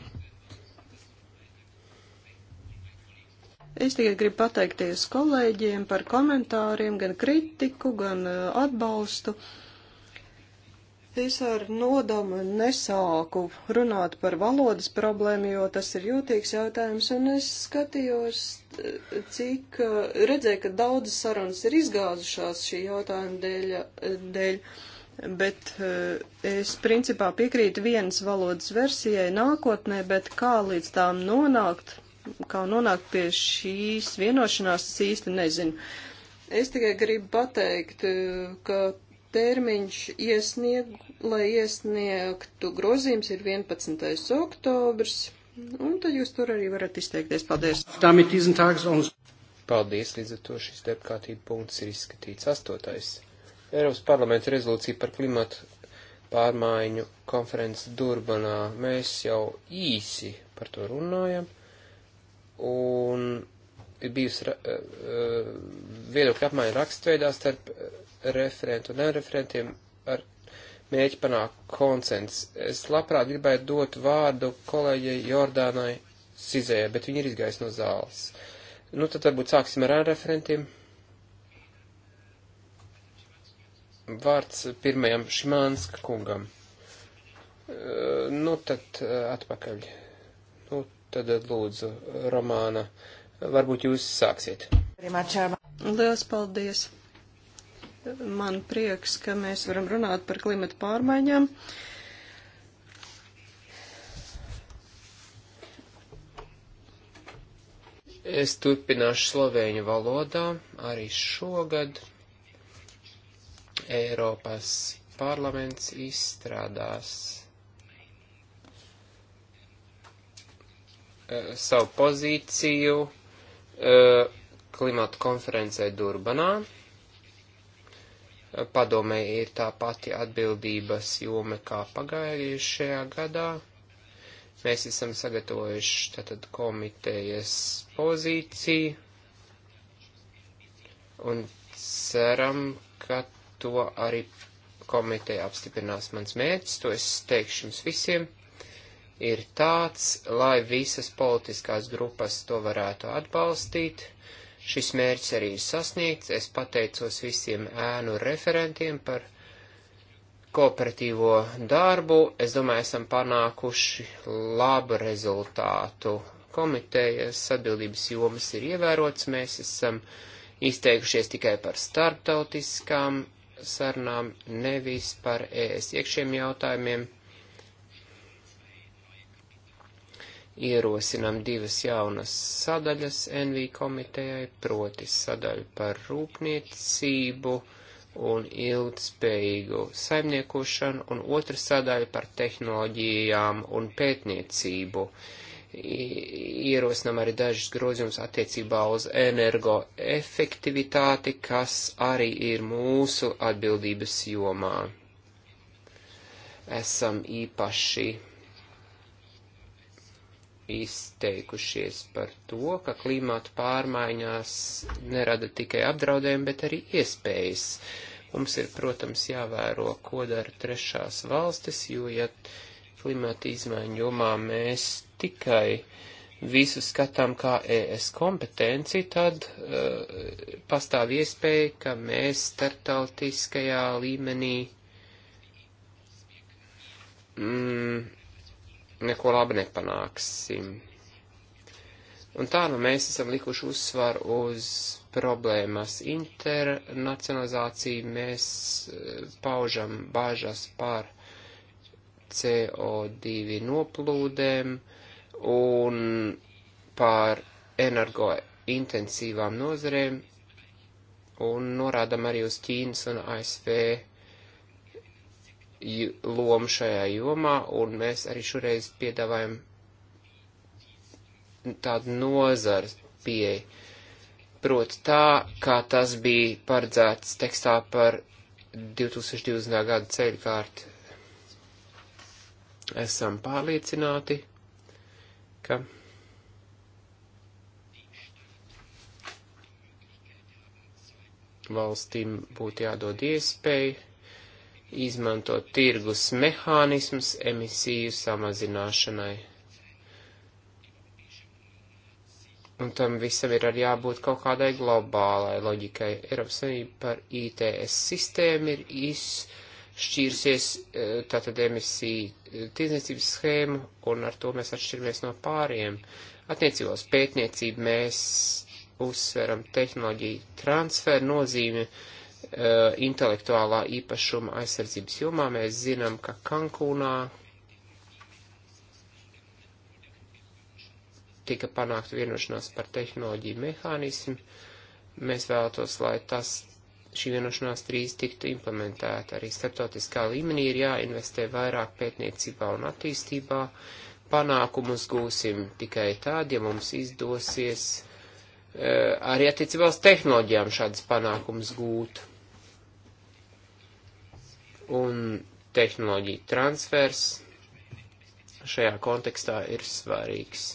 Es tikai gribu pateikties kolēģiem par komentāriem, gan kritiku, gan atbalstu. Es ar nodomu nesāku runāt par valodas problēmu, jo tas ir jūtīgs jautājums, un es skatījos, cik redzēju, ka daudzas sarunas ir izgāzušās šī jautājuma dēļ. dēļ bet eh, es principā piekrītu vienas valodas versijai nākotnē, bet kā līdz tām nonākt, kā nonākt pie šīs vienošanās, es īsti nezinu. Es tikai gribu pateikt, eh, ka termiņš iesnieg, lai iesniegtu grozījums ir 11. oktobrs, un tad jūs tur arī varat izteikties. Paldies! Paldies, līdz ar to šis debkātība punkts ir izskatīts astotais. Eiropas parlamenta rezolūcija par klimatu pārmaiņu konferences Durbanā. Mēs jau īsi par to runājam, un ir bijusi eh, eh, viedokļa apmaiņa rakstveidā starp referentu un nereferentiem ar mēģi panākt konsens. Es labprāt gribētu dot vārdu kolēģei Jordānai Sizē, bet viņa ir izgājusi no zāles. Nu, tad varbūt sāksim ar referentiem. Vārds pirmajam Šimānska kungam. Nu tad eh, atpakaļ. Nu tad eh, lūdzu, Romāna, varbūt jūs sāksiet. Lielas paldies! Man prieks, ka mēs varam runāt par klimatu pārmaiņām. Es turpināšu slovēņu valodā arī šogad. Eiropas parlaments izstrādās eh, savu pozīciju eh, klimatu konferencē Durbanā. Eh, padomē ir tā pati atbildības joma kā pagājušajā gadā. Mēs esam sagatavojuši tātad komitejas pozīciju un ceram, ka to arī komiteja apstiprinās mans mērķis, to es teikšu jums visiem, ir tāds, lai visas politiskās grupas to varētu atbalstīt. Šis mērķis arī ir sasniegts. Es pateicos visiem ēnu referentiem par kooperatīvo darbu. Es domāju, esam panākuši labu rezultātu. Komitejas atbildības jomas ir ievērots. Mēs esam izteikušies tikai par starptautiskām sarunām, nevis par ES iekšiem jautājumiem. Ierosinām divas jaunas sadaļas NV komitejai, proti sadaļu par rūpniecību un ilgtspējīgu saimniekošanu, un otra sadaļa par tehnoloģijām un pētniecību. Uh, ierosinām arī dažus grozījumus attiecībā uz energoefektivitāti, kas arī ir mūsu atbildības jomā. Esam īpaši izteikušies par to, ka klimāta pārmaiņās nerada tikai apdraudējumi, bet arī iespējas. Mums ir, protams, jāvēro, ko dara trešās valstis, jo, ja klimata izmaiņu jomā mēs tikai visu skatām kā ES kompetenci, tad uh, pastāv iespēja, ka mēs startautiskajā līmenī mm, neko labi nepanāksim. Un tā nu mēs esam likuši uzsvaru uz problēmas internacionalizāciju, mēs eh, paužam bāžas par CO2 noplūdēm un par energointensīvām nozarēm un norādam arī uz Ķīnas un ASV lomu šajā jomā, un mēs arī šoreiz piedāvājam tādu nozars pieeju. Proti tā, kā tas bija paredzēts tekstā par 2020. gada ceļkārti esam pārliecināti, ka valstīm būtu jādod iespēja izmantot tirgus mehānismus emisiju samazināšanai. Un tam visam ir arī jābūt kaut kādai globālai loģikai. Eiropas Savienība par ITS sistēmu ir izsūtījusi šķīrsies eh, tātad emisiju eh, tirdzniecības schēma, un ar to mēs atšķirmies no pāriem. Attiecībos pētniecību mēs uzsveram tehnoloģiju transferu nozīmi eh, intelektuālā īpašuma aizsardzības jomā. Mēs zinām, ka Kankūnā tika panākta vienošanās par tehnoloģiju mehānismu. Mēs vēlētos, lai tas šī vienošanās drīz tiktu implementēta. Arī starptautiskā līmenī ir jāinvestē vairāk pētniecībā un attīstībā. Panākumus gūsim tikai tad, ja mums izdosies eh, arī attiecībā uz tehnoloģijām šādas panākumus gūt. Un tehnoloģija transfers šajā kontekstā ir svarīgs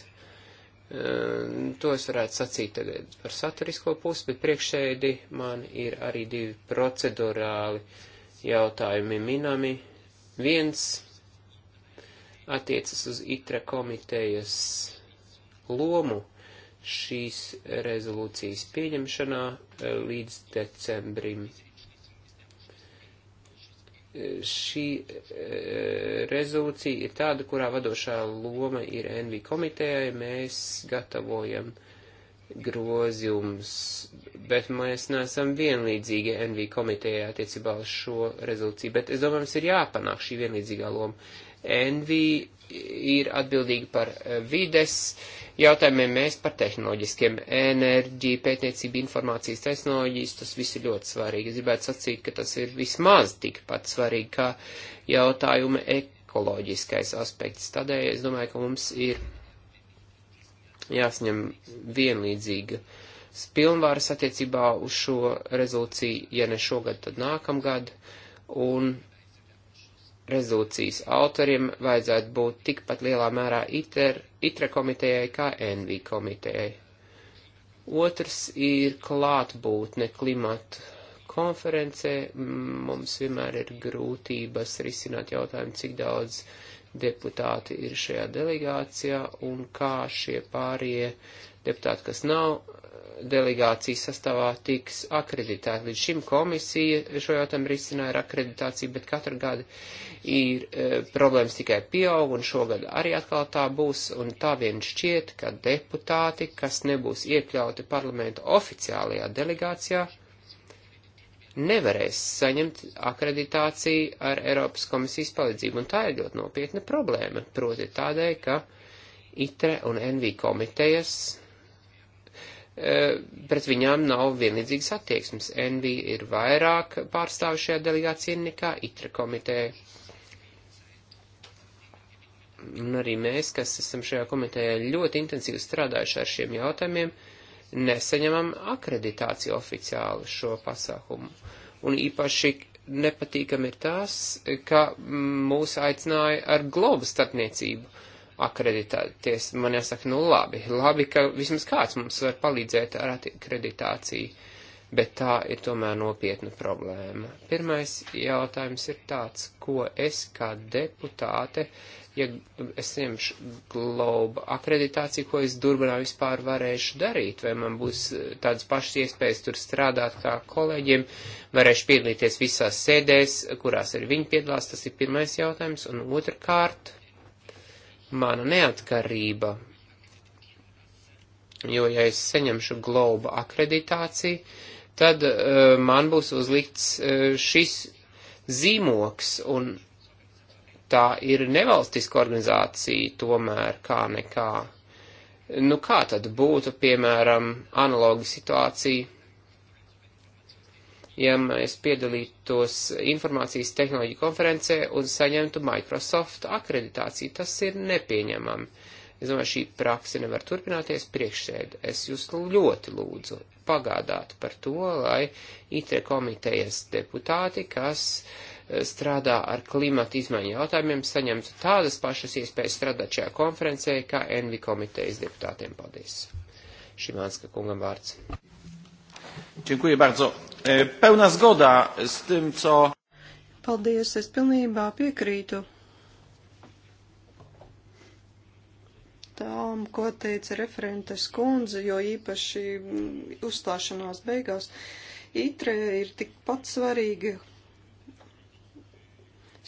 Ehm, to es varētu sacīt tagad par saturisko pusi, bet priekšēdi man ir arī divi procedurāli jautājumi minami. Viens attiecas uz ITRA komitejas lomu šīs rezolūcijas pieņemšanā eh, līdz decembrim šī e, rezolūcija ir tāda, kurā vadošā loma ir NV komitejai, mēs gatavojam grozījums, bet mēs neesam vienlīdzīgi NV komitejai attiecībā uz šo rezolūciju, bet es domāju, mums ir jāpanāk šī vienlīdzīgā loma. Envi ir atbildīgi par eh, vides jautājumiem, mēs par tehnoloģiskiem, enerģiju, pētniecību, informācijas tehnoloģijas, tas viss ir ļoti svarīgi. Es gribētu sacīt, ka tas ir vismaz tikpat svarīgi kā jautājuma ekoloģiskais aspekts. Tādēļ es domāju, ka mums ir jāsņem vienlīdzīga pilnvaras attiecībā uz šo rezolūciju, ja ne šogad, tad nākamgad. Un rezolūcijas autoriem vajadzētu būt tikpat lielā mērā ITER, ITRE komitejai kā NV komitejai. Otrs ir klātbūtne klimatu konferencē. Mums vienmēr ir grūtības risināt jautājumu, cik daudz deputāti ir šajā delegācijā un kā šie pārie deputāti, kas nav delegācijas sastāvā tiks akreditēta. Līdz šim komisija šo jautājumu risināja ar akreditāciju, bet katru gadu ir e, problēmas tikai pieaug, un šogad arī atkal tā būs, un tā vien šķiet, ka deputāti, kas nebūs iekļauti parlamenta oficiālajā delegācijā, nevarēs saņemt akreditāciju ar Eiropas komisijas palīdzību, un tā ir ļoti nopietna problēma, proti tādēļ, ka ITRE un NV komitejas Eh, pret viņām nav vienlīdzīgas attieksmes. NV ir vairāk pārstāvi šajā delegācijā nekā ITRA e komiteja. Un arī mēs, kas esam šajā komitejā ļoti intensīvi strādājuši ar šiem jautājumiem, nesaņemam akreditāciju oficiāli šo pasākumu. Un īpaši nepatīkam ir tas, ka mūs aicināja ar globu starpniecību. Uh, akreditāties. Man jāsaka, nu labi, labi, ka vismaz kāds mums var palīdzēt ar akreditāciju, bet tā ir tomēr nopietna problēma. Pirmais jautājums ir tāds, ko es kā deputāte, ja es ņemšu globa akreditāciju, ko es Durbanā vispār varēšu darīt, vai man būs eh, tādas pašas iespējas tur strādāt kā kolēģiem, varēšu piedalīties visās sēdēs, kurās arī viņi piedalās, tas ir pirmais jautājums, un otrkārt mana neatkarība. Jo, ja es saņemšu globa akreditāciju, tad uh, man būs uzlikts uh, šis zīmoks, un tā ir nevalstiska organizācija tomēr kā nekā. Nu, kā tad būtu, piemēram, analoga situācija ja mēs piedalītos informācijas tehnoloģiju konferencē un saņemtu Microsoft akreditāciju. Tas ir nepieņemami. Es domāju, šī praksa nevar turpināties priekšsēd. Es jūs ļoti lūdzu pagādāt par to, lai ITRE komitejas deputāti, kas eh, strādā ar klimata izmaiņu jautājumiem, saņemtu tādas pašas iespējas strādāt šajā konferencē, kā Envi komitejas deputātiem. Paldies! Šimanska kungam vārds. Dziękuję bardzo. E, pełna zgoda z tym, co. Paldies, es pilnībā piekrītu tām, ko teica referentes kundze, jo īpaši mm, uzstāšanās beigās. Itre ir tikpat svarīga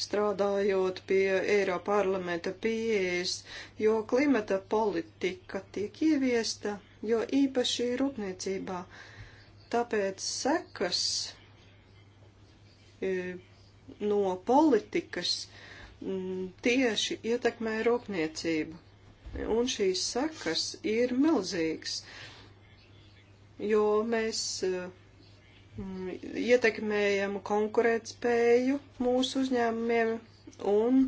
strādājot pie Eiropa parlamenta pieejas, jo klimata politika tiek ieviesta, jo īpaši rūpniecībā. Uh, Tāpēc sekas e, no politikas tieši ietekmē rūpniecību. Un šīs sekas ir milzīgas, jo mēs e, ietekmējam konkurētspēju mūsu uzņēmumiem un e,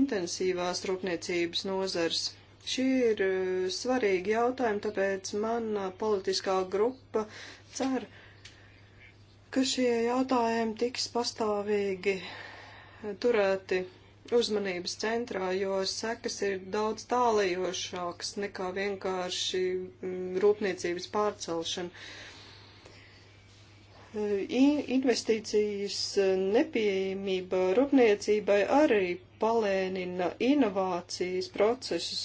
intensīvās rūpniecības nozars Šie ir e, svarīgi jautājumi, tāpēc mana e, politiskā grupa cer, ka šie jautājumi tiks pastāvīgi e, turēti uzmanības centrā, jo sekas ir daudz tālajošākas nekā vienkārši rūpniecības pārcelšana. Investīcijas nepieejamība rūpniecībai arī palēnina inovācijas procesus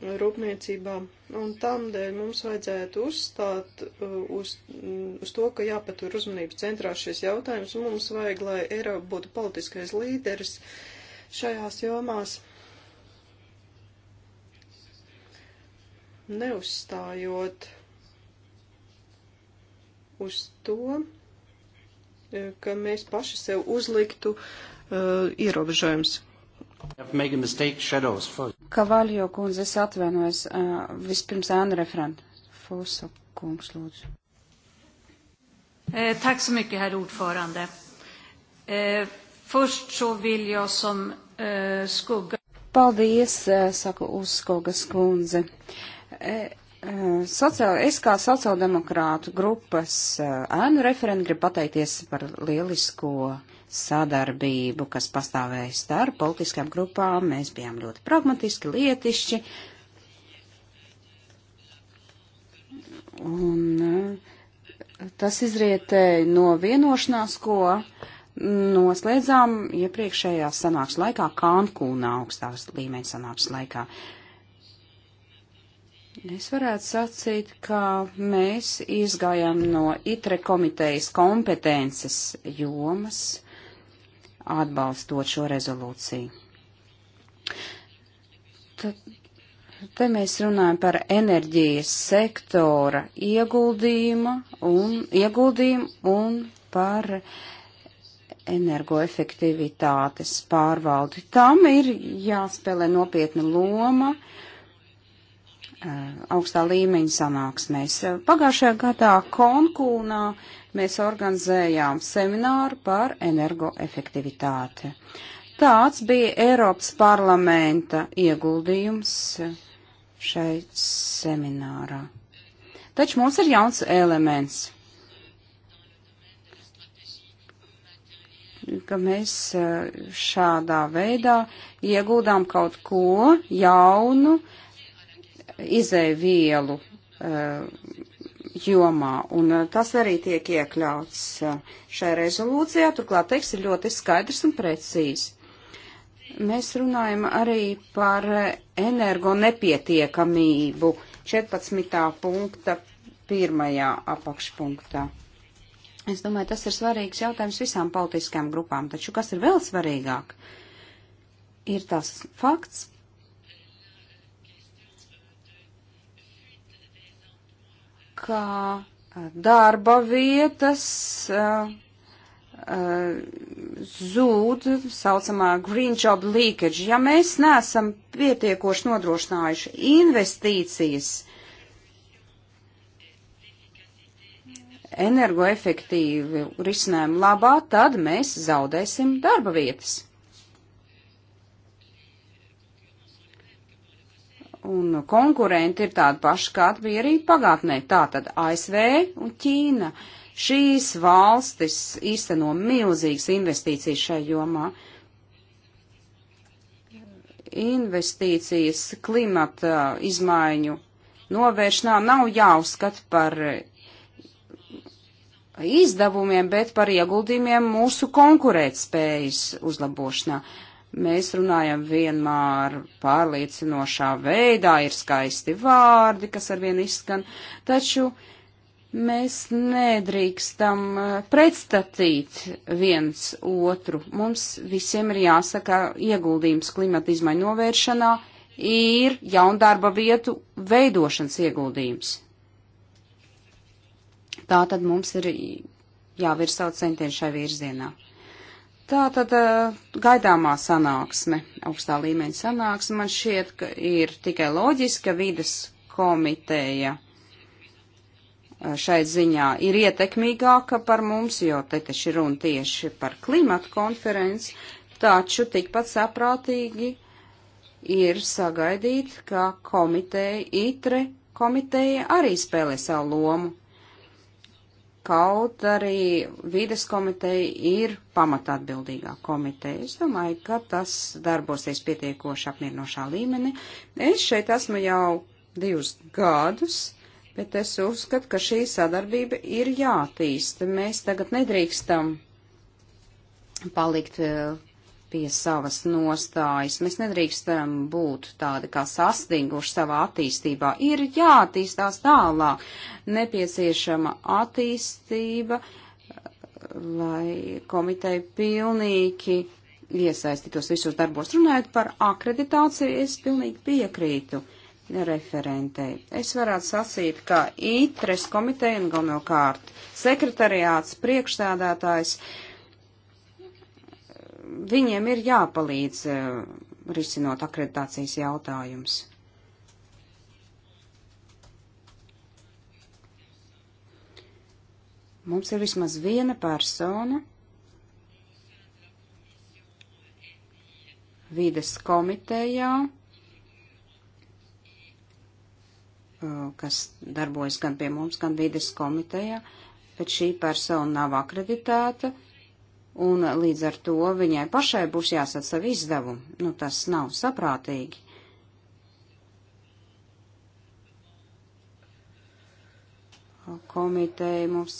rūpniecībā. Un tādēļ mums vajadzētu uzstāt uh, uz, mm, uz to, ka jāpatur uzmanības centrā šis jautājums, un mums vajag, lai Eiropa būtu politiskais līderis šajās jomās, neuzstājot uz to, uh, ka mēs paši sev uzliktu uh, ierobežojums. Have made a mistake, shadows first. Kavaļo kundze, es atvainojos, uh, vispirms ēnu referentu. Fosa kungs, lūdzu. Eh, tack så mycket, herr ordförande. Eh, först så vill jag som eh, skugga... Paldies, eh, saka Uzskogas kundze. Eh, Sociāli, es kā sociāldemokrātu grupas ēnu referenti gribu pateikties par lielisko sadarbību, kas pastāvēja starp politiskām grupām. Mēs bijām ļoti pragmatiski, lietišķi. Un eh, tas izrietēja no vienošanās, ko noslēdzām iepriekšējā sanāks laikā Kankūnā augstās līmeņa sanāks laikā. Es varētu sacīt, ka mēs izgājām no itre komitejas kompetences jomas atbalstot šo rezolūciju. Tad, te mēs runājam par enerģijas sektora ieguldījumu un, ieguldījumu un par energoefektivitātes pārvaldi. Tam ir jāspēlē nopietna loma eh, augstā līmeņa sanāksmēs. Pagājušajā gadā Konkūnā uh, mēs organizējām semināru par energoefektivitāti. Tāds bija Eiropas parlamenta ieguldījums šai seminārā. Taču mums ir jauns elements, ka mēs e, šādā veidā ieguldām kaut ko jaunu izēvielu uh, jomā, un eh, tas arī tiek iekļauts eh, šajā rezolūcijā, turklāt teiks ir ļoti skaidrs un precīzi. Mēs runājam arī par eh, energo nepietiekamību 14. punkta pirmajā apakšpunktā. Es domāju, tas ir svarīgs jautājums visām politiskajām grupām, taču kas ir vēl svarīgāk, ir tas fakts, kā darba vietas uh, uh, zūd saucamā green job leakage. Ja mēs neesam pietiekoši nodrošinājuši investīcijas energoefektīvu risinājumu labā, tad mēs zaudēsim darba vietas. un konkurenti ir tādi paši, kādi bija arī pagātnē. Tātad ASV un Ķīna. Šīs valstis īsteno milzīgas investīcijas šajā jomā. Investīcijas klimata izmaiņu novēršanā nav jāuzskata par izdevumiem, bet par ieguldījumiem mūsu konkurētspējas uzlabošanā. Uh, mēs runājam vienmēr pārliecinošā veidā, ir skaisti vārdi, kas arvien izskan, taču mēs nedrīkstam eh, pretstatīt viens otru. Mums visiem ir jāsaka ieguldījums klimata izmaiņu novēršanā ir jaundarba vietu veidošanas ieguldījums. Tā tad mums ir jāvirsā centieni šai virzienā. Tā tad eh, gaidāmā sanāksme, augstā līmeņa sanāksme, man šķiet, ka ir tikai loģiski, ka vides komiteja eh, šai ziņā ir ietekmīgāka par mums, jo te taču ir runa tieši par klimatu konferenci, taču tikpat saprātīgi ir sagaidīt, ka komiteja, itre komiteja arī spēlē savu lomu kaut arī vides komiteja ir pamatā atbildīgā komiteja. Es domāju, ka tas darbosies pietiekoši apmierinošā līmenī. Es šeit esmu jau divus gadus, bet es uzskatu, ka šī sadarbība ir jātīsta. Mēs tagad nedrīkstam palikt eh, pie savas nostājas. Mēs nedrīkstam būt tādi kā sastinguši savā attīstībā. Ir jāattīstās tālāk. Nepieciešama attīstība, lai komiteja pilnīgi iesaistītos visos darbos. Runājot par akreditāciju, es pilnīgi piekrītu referentei. Es varētu sacīt, ka ITRES komiteja un galvenokārt sekretariāts, priekšstādātājs, uh, viņiem ir jāpalīdz eh, risinot akreditācijas jautājums. Mums ir vismaz viena persona vides komitejā, eh, kas darbojas gan pie mums, gan vides komitejā, bet šī persona nav akreditēta, un līdz ar to viņai pašai būs jāsat savu izdevumu. Nu, tas nav saprātīgi. Komiteja mums,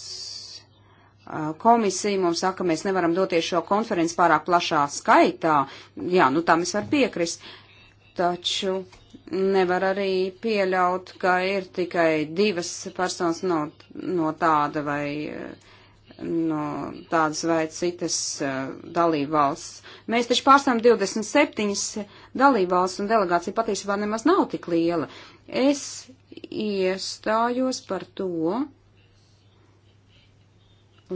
komisija mums saka, mēs nevaram doties šo konferenci pārāk plašā skaitā. Jā, nu tam es varu piekrist. Taču nevar arī pieļaut, ka ir tikai divas personas no, no tāda vai uh, no tādas vai citas uh, dalībvalsts. Mēs taču pārstāvam 27 dalībvalsts un delegācija patiesībā nemaz nav tik liela. Es iestājos par to,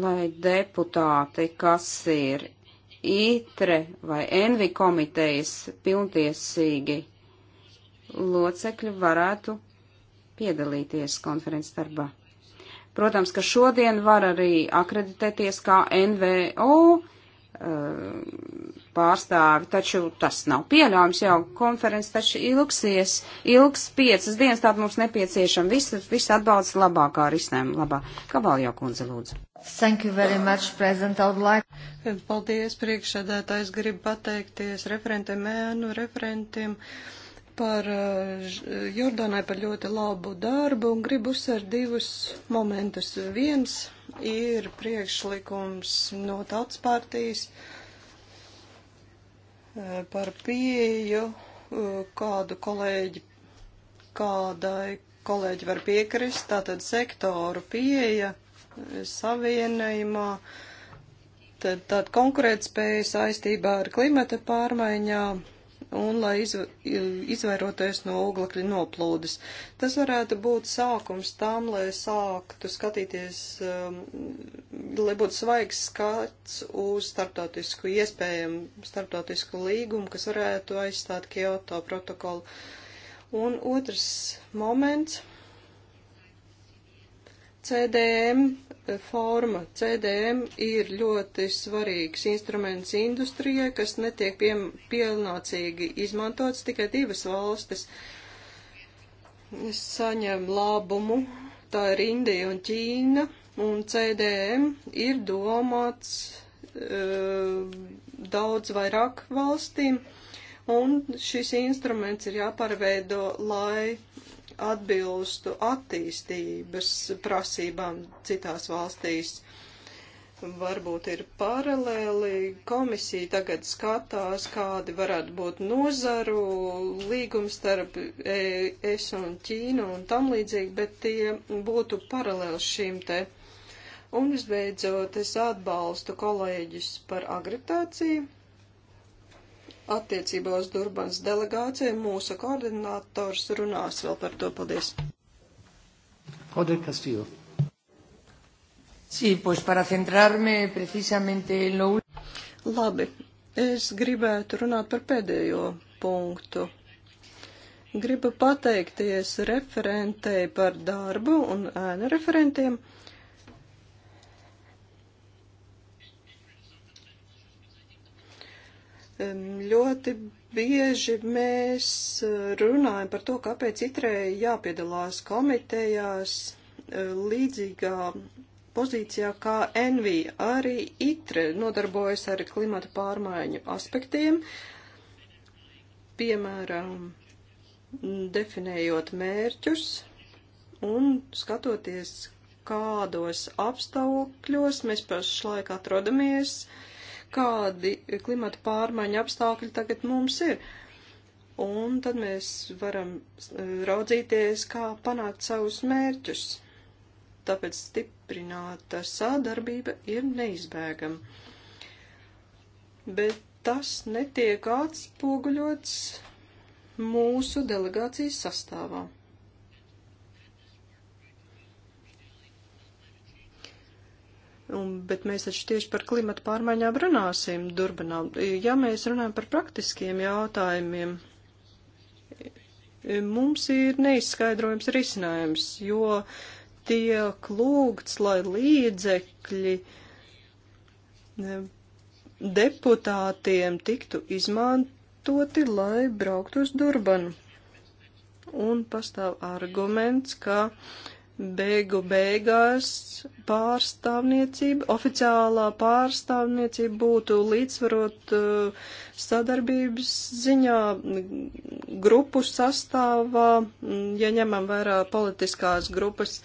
lai deputāti, kas ir ITRE vai ENVI komitejas pilntiesīgi locekļi, varētu piedalīties konferences darbā. Protams, ka šodien var arī akreditēties kā NVO eh, pārstāvi, taču tas nav pieļaujams jau konferences, taču ilgsies, ilgs piecas dienas, tātad mums nepieciešama viss, viss atbalsts labākā risinājuma labā. Kabaljo kundze, lūdzu. Thank you very much, President. I would like. Paldies, priekšsēdētājs, gribu pateikties referentiem, mēnu referentiem. Uh, par eh, eh, Jordānai par ļoti labu darbu un gribu uzsvērt divus momentus. Viens ir priekšlikums no tautas partijas eh, par pieju, kādu kolēģi, kādai kolēģi var piekrist, tātad sektoru pieeja savienojumā, tad, tad konkurētspēja saistībā ar klimata pārmaiņām un lai izvairoties no oglekļa noplūdes. Tas varētu būt sākums tam, lai sāktu skatīties, um, lai būtu svaigs skats uz starptautisku iespējamu starptautisku līgumu, kas varētu aizstāt Kyoto protokolu. Un otrs moments CDM eh, forma. CDM ir ļoti svarīgs instruments industrijai, kas netiek piem, pienācīgi izmantots tikai divas valstis. Saņem labumu, tā ir Indija un Ķīna, un CDM ir domāts e, daudz vairāk valstīm, un šis instruments ir jāpārveido, lai atbilstu attīstības prasībām citās valstīs. Varbūt ir paralēli. Komisija tagad skatās, kādi varētu būt nozaru līgumi starp es un Ķīnu un tam līdzīgi, bet tie būtu paralēli šīm te. Un visbeidzot, es atbalstu kolēģis par agritāciju attiecībā uz Durbans delegāciju. Mūsu koordinators runās vēl par to. Paldies. Joder Castillo. Sí, pues para centrarme precisamente en lo Labi, es gribētu runāt par pēdējo punktu. Gribu pateikties referentei par darbu un ēnu referentiem. Uh, Ļoti bieži mēs eh, runājam par to, kāpēc itrē jāpiedalās komitejās eh, līdzīgā pozīcijā kā NV. Arī itre nodarbojas ar klimata pārmaiņu aspektiem, piemēram, definējot mērķus un skatoties, kādos apstākļos mēs pašlaik atrodamies, uh, kādi klimata pārmaiņu apstākļi tagad mums ir. Un tad mēs varam eh, raudzīties, kā panākt savus mērķus. Tāpēc stiprināta sadarbība ir neizbēgama. Bet tas netiek atspoguļots mūsu delegācijas sastāvā. Un, bet mēs taču tieši par klimatu pārmaiņām runāsim Durbanā. Ja mēs runājam par praktiskiem jautājumiem, mums ir neizskaidrojums risinājums, jo tiek lūgts, lai līdzekļi deputātiem tiktu izmantoti, lai brauktu uz Durbanu. Un pastāv arguments, ka uh, beigu beigās pārstāvniecība, oficiālā pārstāvniecība būtu līdzsvarot uh, sadarbības ziņā, grupu sastāvā, mm, ja ņemam vērā politiskās grupas,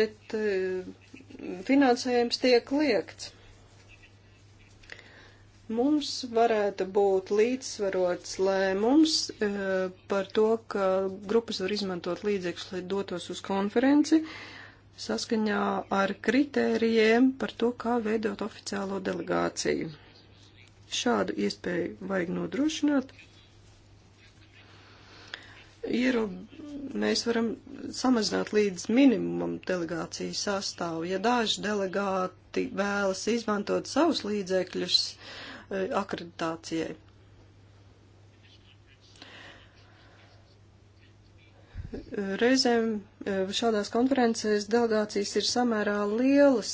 bet uh, finansējums tiek liekts mums varētu būt līdzsvarots lēmums e, par to, ka grupas var izmantot līdzekļus, lai dotos uz konferenci saskaņā ar kritērijiem par to, kā veidot oficiālo delegāciju. Šādu iespēju vajag nodrošināt. Iero, mēs varam samazināt līdz minimumam delegāciju sastāvu. Ja daži delegāti vēlas izmantot savus līdzekļus, uh, Eh, akreditācijai. Reizēm eh, šādās konferencēs delegācijas ir samērā lielas,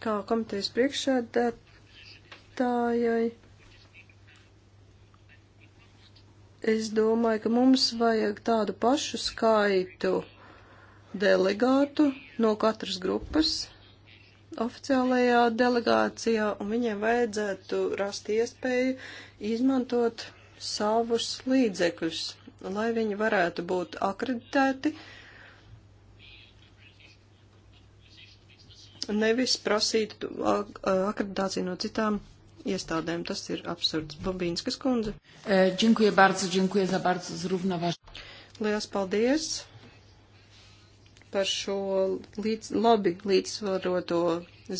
kā komitejas priekšsēdētājai. Es domāju, ka mums vajag tādu pašu skaitu delegātu no katras grupas, oficiālajā delegācijā, un viņiem vajadzētu rast iespēju izmantot savus līdzekļus, lai viņi varētu būt akreditēti, nevis prasīt akreditāciju no citām iestādēm. Tas ir absurds. Bobīnskas kundze. E, džinkuja bardzo, džinkuja za bardzo zruvnavaž. Lielas paldies! par šo līdz, labi līdzsvaroto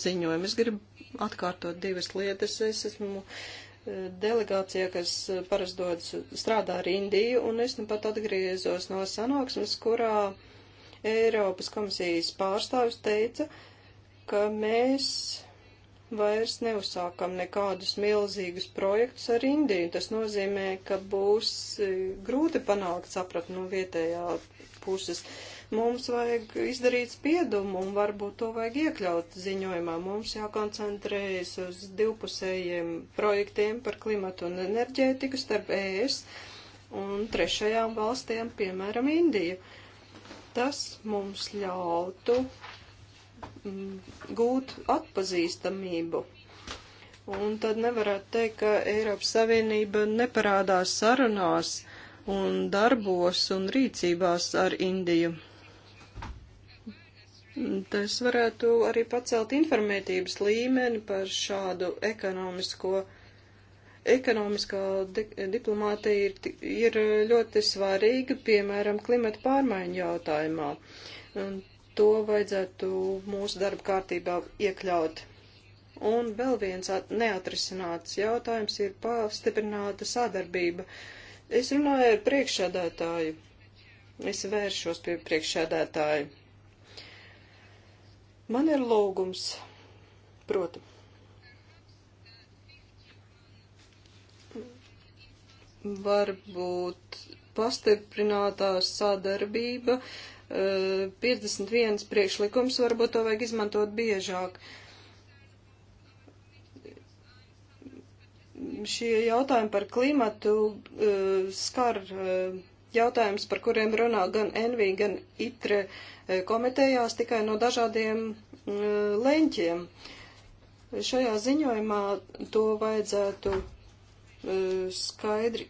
ziņojumu. Es gribu atkārtot divas lietas. Es esmu eh, delegācijā, kas eh, parasti dodas strādā ar Indiju, un es nu pat atgriezos no sanāksmes, kurā Eiropas komisijas pārstāvis teica, ka mēs vairs neuzsākam nekādus milzīgus projektus ar Indiju. Tas nozīmē, ka būs eh, grūti panākt sapratni no vietējā puses. Uh, Mums vajag izdarīt spiedumu un varbūt to vajag iekļaut ziņojumā. Mums jākoncentrējas uz divpusējiem projektiem par klimatu un enerģētiku starp ES un trešajām valstiem, piemēram, Indiju. Tas mums ļautu mm, gūt atpazīstamību. Un tad nevarētu teikt, ka Eiropas Savienība neparādās sarunās un darbos un rīcībās ar Indiju. Tas varētu arī pacelt informētības līmeni par šādu ekonomisko, ekonomiskā di diplomātija ir, ir ļoti svarīga, piemēram, klimata pārmaiņu jautājumā. Un to vajadzētu mūsu darba kārtībā iekļaut. Un vēl viens neatrisināts jautājums ir pastiprināta sadarbība. Es runāju ar priekšsēdētāju. Es vēršos pie priekšsēdētāju Man ir lūgums, proti. Varbūt pastiprinātā sadarbība, 51 eh, priekšlikums, varbūt to vajag izmantot biežāk. Šie jautājumi par klimatu eh, skar eh, jautājums, par kuriem runā gan NV, gan ITRE e, komitejās tikai no dažādiem e, leņķiem. Šajā ziņojumā to vajadzētu e, skaidri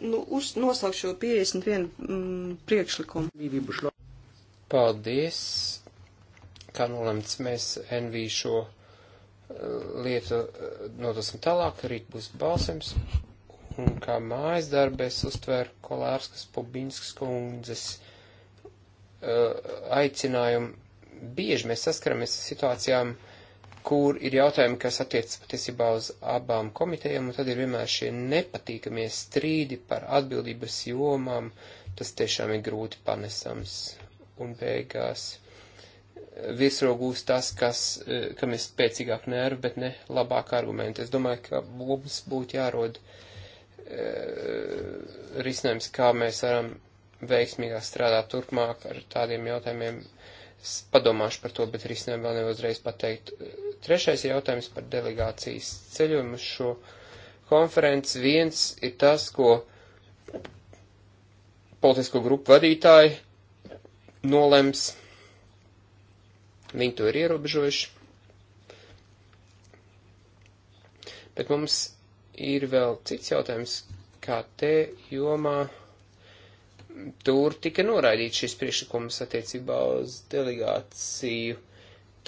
nu, uz, nosaukt šo 51 mm, priekšlikumu. Paldies, kā nolemts mēs NV šo lietu nodosim tālāk, rīt būs balsojums. Un kā mājas darbu es uztvēru Kolārskas Pubiņskas kundzes uh, aicinājumu. Bieži mēs saskaramies ar situācijām, kur ir jautājumi, kas attiecas patiesībā uz abām komitejām, un tad ir vienmēr šie nepatīkamie strīdi par atbildības jomām. Tas tiešām ir grūti panesams. Un beigās virsrogūs tas, kas, uh, kam ir spēcīgāk nervi, bet ne labāk argumenti. Es domāju, ka mums būtu jārod uh, Eh, risinājums, kā mēs varam veiksmīgāk strādāt turpmāk ar tādiem jautājumiem. Es padomāšu par to, bet risinājumu vēl neuzreiz pateikt. Trešais jautājums par delegācijas ceļojumu uz šo konferenci. Viens ir tas, ko politisko grupu vadītāji nolems. Viņi to ir ierobežojuši. Bet mums ir vēl cits jautājums, kā te jomā tur tika noraidīts šis priekšlikums attiecībā uz delegāciju.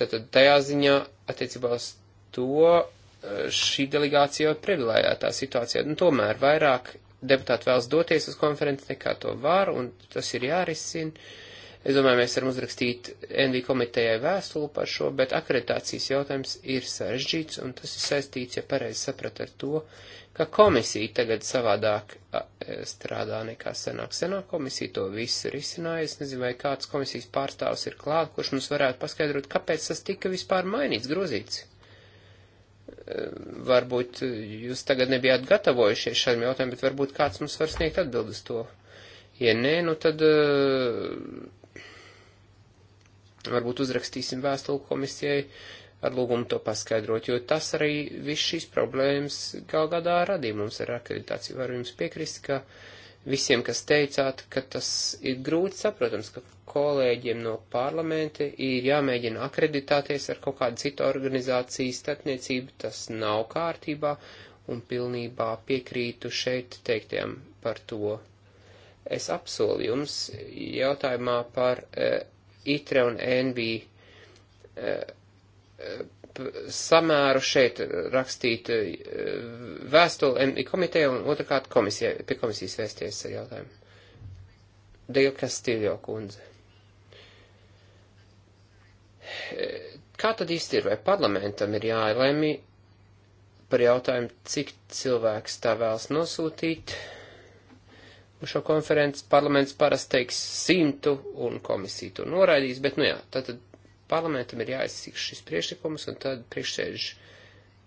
Tātad tajā ziņā attiecībā uz to eh, šī delegācija jau ir privilēģētā situācijā. Un nu, tomēr vairāk deputāti vēlas doties uz konferenci nekā to var, un tas ir jārisina. Es domāju, mēs varam uzrakstīt NV komitejai vēstuli par šo, bet akreditācijas jautājums ir sarežģīts, un tas ir saistīts, ja pareizi saprat ar to, ka komisija tagad savādāk e, strādā nekā senāk. Senāk komisija to visu risināja. Es nezinu, vai kāds komisijas pārstāvs ir klāt, kurš mums varētu paskaidrot, kāpēc tas tika vispār mainīts, grozīts. E, varbūt e, jūs tagad nebijāt gatavojušies šādiem jautājumiem, bet varbūt kāds mums var sniegt atbildus to. Ja nē, nu tad uh, Varbūt uzrakstīsim vēstuli komisijai ar lūgumu to paskaidrot, jo tas arī viss šīs problēmas gal gadā radīja mums ar akreditāciju. Varu jums piekrist, ka visiem, kas teicāt, ka tas ir grūti saprotams, ka kolēģiem no parlamenta ir jāmēģina akreditāties ar kaut kādu citu organizāciju starpniecību, tas nav kārtībā un pilnībā piekrītu šeit teiktajam par to. Es apsolu jums jautājumā par e, ITRE un NB eh, eh, samēru šeit rakstīt eh, vēstuli NB komiteja un otrkārt komisija, pie komisijas vēsties ar jautājumu. Dēļ Kastīļo kundze. Kā tad īsti ir, vai parlamentam ir jālēmi par jautājumu, cik cilvēks tā vēlas nosūtīt? šo konferenci parlaments parasti teiks simtu un komisija to noraidīs, bet nu jā, tātad parlamentam ir jāizsīk šis priekšlikums un tad priekšsēž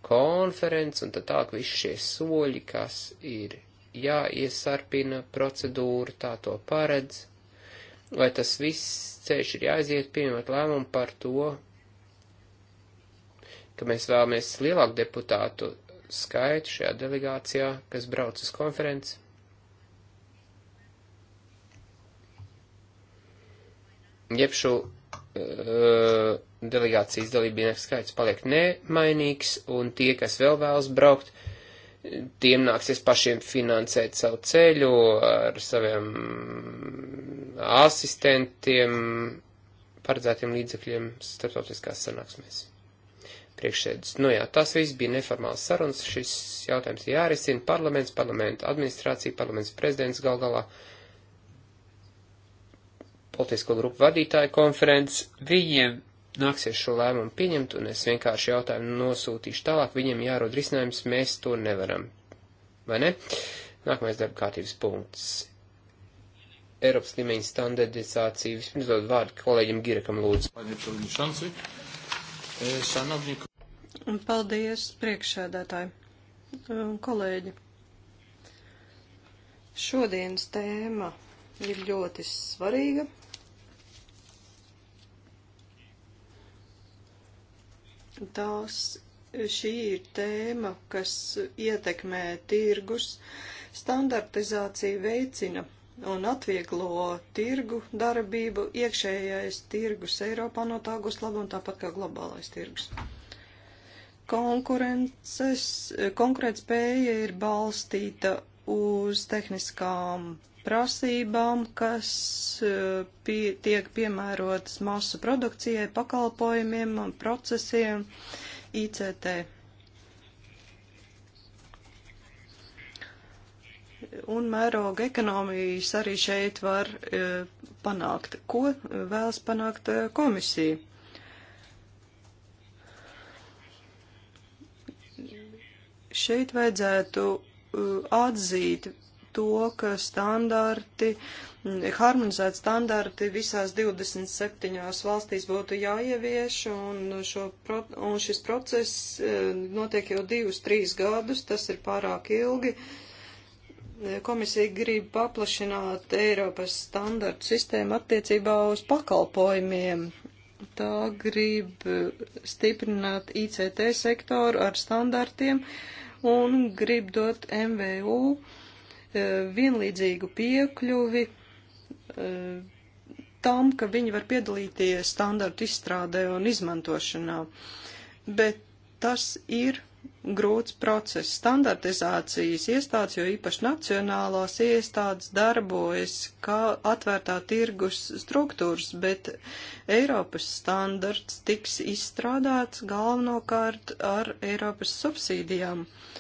konferences un tad tālāk visi šie soļi, kas ir jāiesarpina, procedūra tā to paredz, vai tas viss ceļš ir jāiziet pieņemot lēmumu par to, ka mēs vēlamies lielāku deputātu skaitu šajā delegācijā, kas brauc uz konferenci Jebšu uh, delegācijas dalībnieku skaits paliek nemainīgs, un tie, kas vēl vēlas braukt, tiem nāksies pašiem finansēt savu ceļu ar saviem asistentiem, paredzētiem līdzekļiem starptautiskās sanāksmēs. Priekšsēdus. Nu jā, tas viss bija neformāls sarunas, šis jautājums jārisina parlaments, parlamenta administrācija, parlaments prezidents gal galā. Uh, politisko grupu vadītāju konferences, viņiem nāksies šo lēmumu pieņemt, un es vienkārši jautājumu nosūtīšu tālāk, viņiem jārod risinājums, mēs to nevaram. Vai ne? Nākamais darba kārtības punkts. Eiropas līmeņa standardizācija. Vispirms dod vārdu kolēģim Girekam lūdzu. E, Paldies, priekšsēdētāji. E, kolēģi, šodienas tēma ir ļoti svarīga Tās šī ir tēma, kas ietekmē tirgus, standartizācija veicina un atvieglo tirgu darbību, iekšējais tirgus Eiropā no tā gūst labu un tāpat kā globālais tirgus. Konkurences, konkurētspēja ir balstīta uz tehniskām prasībām, kas eh, pie, tiek piemērotas masu produkcijai, pakalpojumiem, procesiem, ICT. Un mēroga ekonomijas arī šeit var eh, panākt. Ko eh, vēlas panākt komisija? Šeit vajadzētu atzīt to, ka standarti, harmonizēti standarti visās 27 valstīs būtu jāievieš, un, šo, un šis process e, notiek jau divus, trīs gadus, tas ir pārāk ilgi. E, komisija grib paplašināt Eiropas standartu sistēmu attiecībā uz pakalpojumiem, tā grib stiprināt ICT sektoru ar standartiem un grib dot MVU E, vienlīdzīgu piekļuvi e, tam, ka viņi var piedalīties standartu izstrādē un izmantošanā. Bet tas ir grūts process. Standartizācijas iestādes, jo īpaši nacionālās iestādes darbojas kā atvērtā tirgus struktūras, bet Eiropas standarts tiks izstrādāts galvenokārt ar Eiropas subsīdijām. Uh,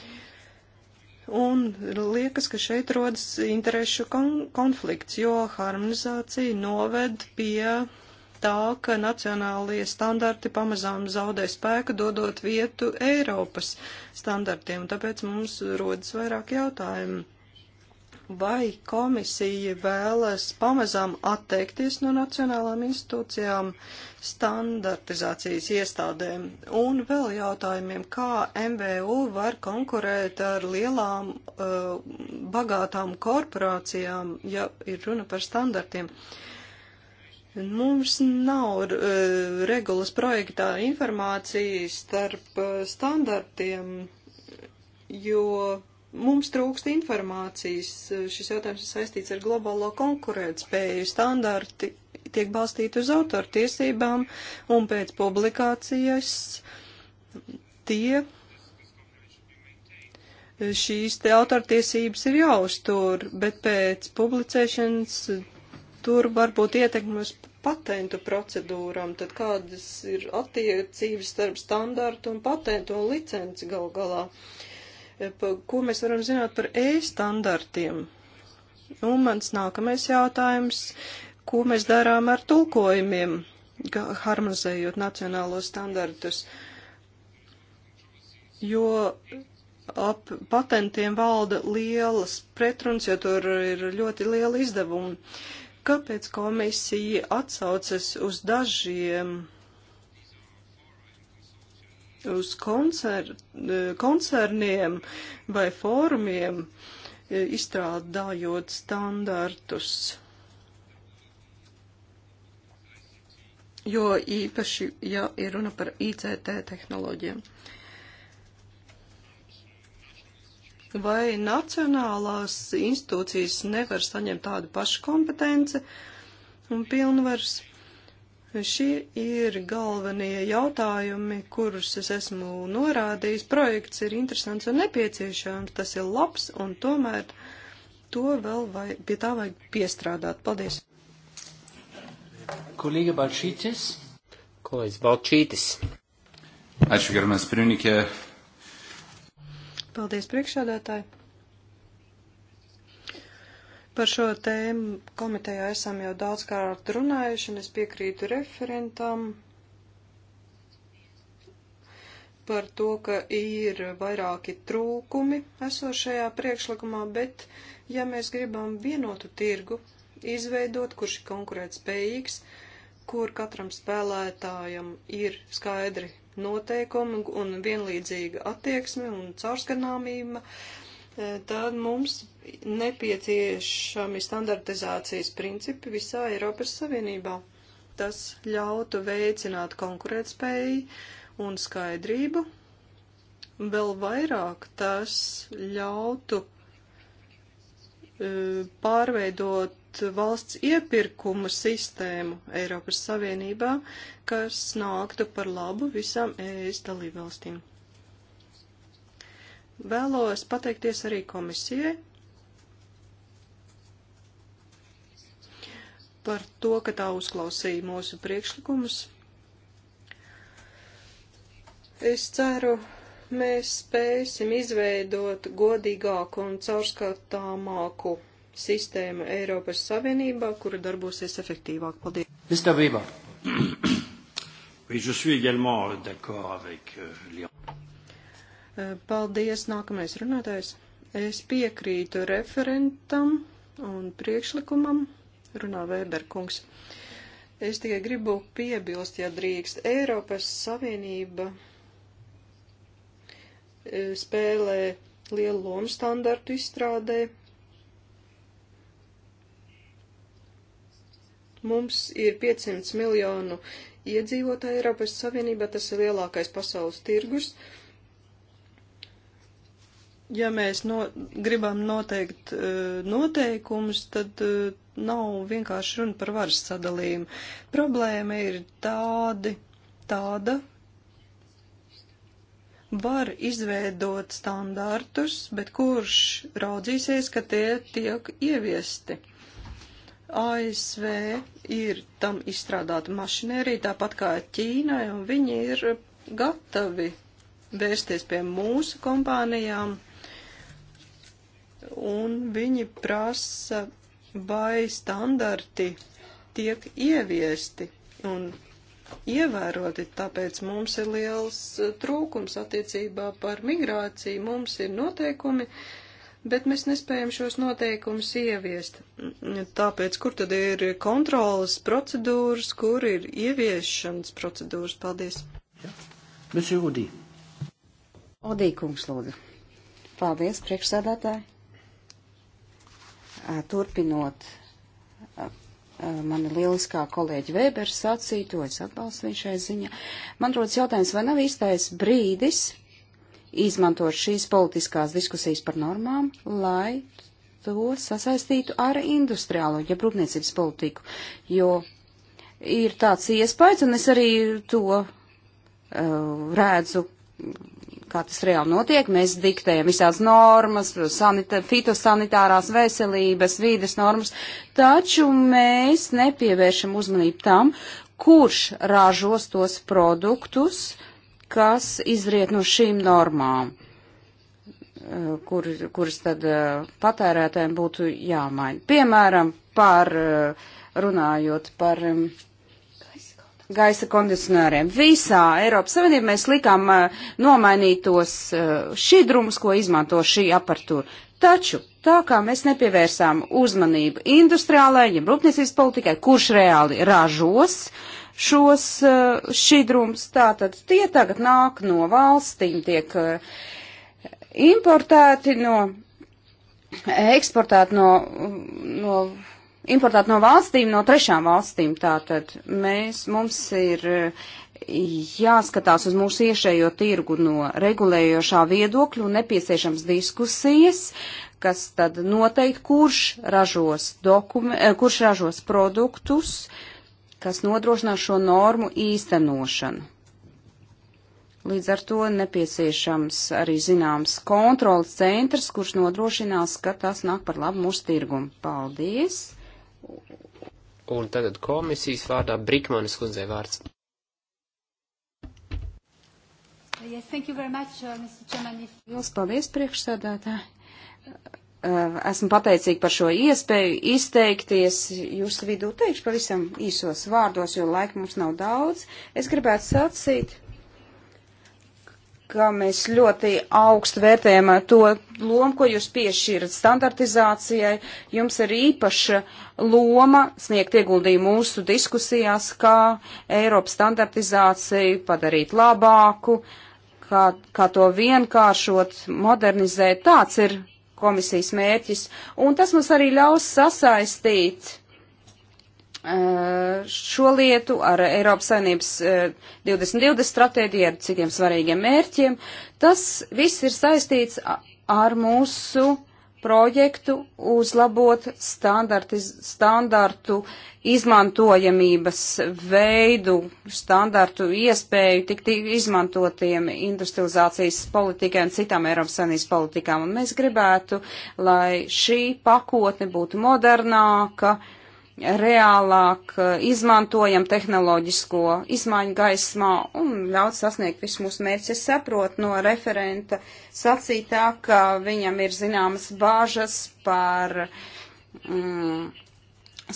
Un liekas, ka šeit rodas interešu kon konflikts, jo harmonizācija noved pie tā, ka nacionālie standarti pamazām zaudē spēku, dodot vietu Eiropas standartiem, un tāpēc mums rodas vairāk jautājumu vai komisija vēlas pamazām atteikties no nacionālām institūcijām, standartizācijas iestādēm un vēl jautājumiem, kā MVU var konkurēt ar lielām uh, bagātām korporācijām, ja ir runa par standartiem. Mums nav uh, regulas projektā informācijas starp uh, standartiem, jo Mums trūkst informācijas. Šis jautājums ir saistīts ar globālo konkurētspēju. Standarti tiek balstīti uz autortiesībām un pēc publikācijas tie šīs te autortiesības ir jāuztur, bet pēc publicēšanas tur var būt ietekmes patentu procedūram, tad kādas ir attiecības starp standartu un patentu un licenci gal galā. Uh, Eh, ko mēs varam zināt par e-standartiem. Un nu, mans nākamais jautājums, ko mēs darām ar tulkojumiem, harmonizējot nacionālos standartus, jo ap patentiem valda lielas pretruns, jo tur ir ļoti liela izdevuma. Kāpēc komisija atsaucas uz dažiem uz koncer, koncerniem vai fórumiem, e, izstrādājot standartus. Jo īpaši, ja ir runa par ICT tehnoloģiem. Vai nacionālās institūcijas nevar saņemt tādu pašu kompetenci un pilnvars? Šie ir galvenie jautājumi, kurus es esmu norādījis. Projekts ir interesants un nepieciešams, tas ir labs, un tomēr to vēl vai, pie tā vajag piestrādāt. Paldies! Kolīga Balčītis. Kolēģis Balčītis. Ačiū, garmēs pirmininkē. Paldies, priekšādātāji. Par šo tēmu komitejā esam jau daudzkārt runājuši, un es piekrītu referentam par to, ka ir vairāki trūkumi esošajā priekšlikumā, bet ja mēs gribam vienotu tirgu izveidot, kurš ir konkurētspējīgs, kur katram spēlētājam ir skaidri noteikumi un vienlīdzīga attieksme un caurskatāmība, E, tad mums nepieciešami standartizācijas principi visā Eiropas Savienībā. Tas ļautu veicināt konkurētspēju un skaidrību. Vēl vairāk tas ļautu e, pārveidot valsts iepirkuma sistēmu Eiropas Savienībā, kas nāktu par labu visām ES dalībvalstīm. Vēlos pateikties arī komisijai par to, ka tā uzklausīja mūsu priekšlikumus. Es ceru, mēs spēsim izveidot godīgāku un caurskatāmāku sistēmu Eiropas Savienībā, kura darbosies efektīvāk. Paldies! Mr. Weber. Oui, je suis également d'accord avec euh, Lyon. Paldies, nākamais runātājs. Es piekrītu referentam un priekšlikumam, runā Vēberkungs. Es tikai gribu piebilst, ja drīkst, Eiropas Savienība e, spēlē lielu lomu standartu izstrādē, mums ir 500 miljonu iedzīvotāju Eiropas Savienībā, tas ir lielākais pasaules tirgus. Uh, ja mēs no, gribam noteikt e, noteikumus, tad e, nav vienkārši runa par varas sadalījumu. Problēma ir tādi, tāda, var izveidot standartus, bet kurš raudzīsies, ka tie tiek ieviesti. ASV ir tam izstrādāta mašinērija, tāpat kā Ķīnai, un viņi ir gatavi vērsties pie mūsu kompānijām un viņi prasa, vai standarti tiek ieviesti un ievēroti, tāpēc mums ir liels eh, trūkums attiecībā par migrāciju, mums ir noteikumi, bet mēs nespējam šos noteikumus ieviest. Tāpēc, kur tad ir kontrolas procedūras, kur ir ieviešanas procedūras? Paldies! Ja. Monsieur Odī. Odī kungs lūdzu. Paldies, priekšsēdētāji! turpinot mani lieliskā kolēģi Weber sacīto, es atbalstu viņu šai ziņā. Man rodas jautājums, vai nav īstais brīdis izmantot šīs politiskās diskusijas par normām, lai to sasaistītu ar industriālo, ja rūpniecības politiku, jo ir tāds iespējas, un es arī to uh, redzu kā tas reāli notiek. Mēs diktējam visādas normas, sanita, fitosanitārās veselības, vīdes normas, taču mēs nepievēršam uzmanību tam, kurš ražos tos produktus, kas izriet no šīm normām, eh, kur, kuras tad eh, patērētājiem būtu jāmaina. Piemēram, par eh, runājot par gaisa kondicionāriem. Visā Eiropas Savienībā mēs likām uh, nomainīt tos uh, šķidrumus, ko izmanto šī aparatūra. Taču tā kā mēs nepievērsām uzmanību industriālajai, ja rūpniecības politikai, kurš reāli ražos šos uh, šķidrumus, tātad tie tagad nāk no valstīm, tiek uh, importēti no, eksportēti no, no importēt no valstīm, no trešām valstīm. Tātad mēs, mums ir e, jāskatās uz mūsu iešējo tirgu no regulējošā viedokļa un nepieciešams diskusijas, kas tad noteikti, kurš ražos, dokumen, e, kurš ražos produktus, kas nodrošinās šo normu īstenošanu. Līdz ar to nepieciešams arī zināms kontrolas centrs, kurš nodrošinās, ka tas nāk par labu mūsu tirgumu. Paldies! Un tagad komisijas vārdā Brikmanis kundzei vārds. Yes, thank you very much, uh, Mr. Chairman. If... Jūs paldies, priekšsēdētāji uh, esmu pateicīga par šo iespēju izteikties jūsu vidū. Teikšu pavisam īsos vārdos, jo laika mums nav daudz. Es gribētu sacīt, ka mēs ļoti augstu vērtējam to lomu, ko jūs piešķirat standartizācijai. Jums ir īpaša loma sniegt ieguldījumu mūsu diskusijās, kā Eiropas standartizāciju padarīt labāku, kā, kā to vienkāršot, modernizēt. Tāds ir komisijas mērķis. Un tas mums arī ļaus sasaistīt Eh, šo lietu ar Eiropas Savienības 2020 eh, stratēģiju, ar citiem svarīgiem mērķiem. Tas viss ir saistīts ar mūsu projektu uzlabot standartu izmantojamības veidu, standartu iespēju tikt izmantotiem industrializācijas politikai un citām Eiropas Savienības politikām. Un mēs gribētu, lai šī pakotne būtu modernāka, uh, reālāk eh, izmantojam tehnoloģisko izmaiņu gaismā un ļaut sasniegt visus mūsu mērķus. Es saprotu no referenta sacītā, ka viņam ir zināmas bāžas par mm,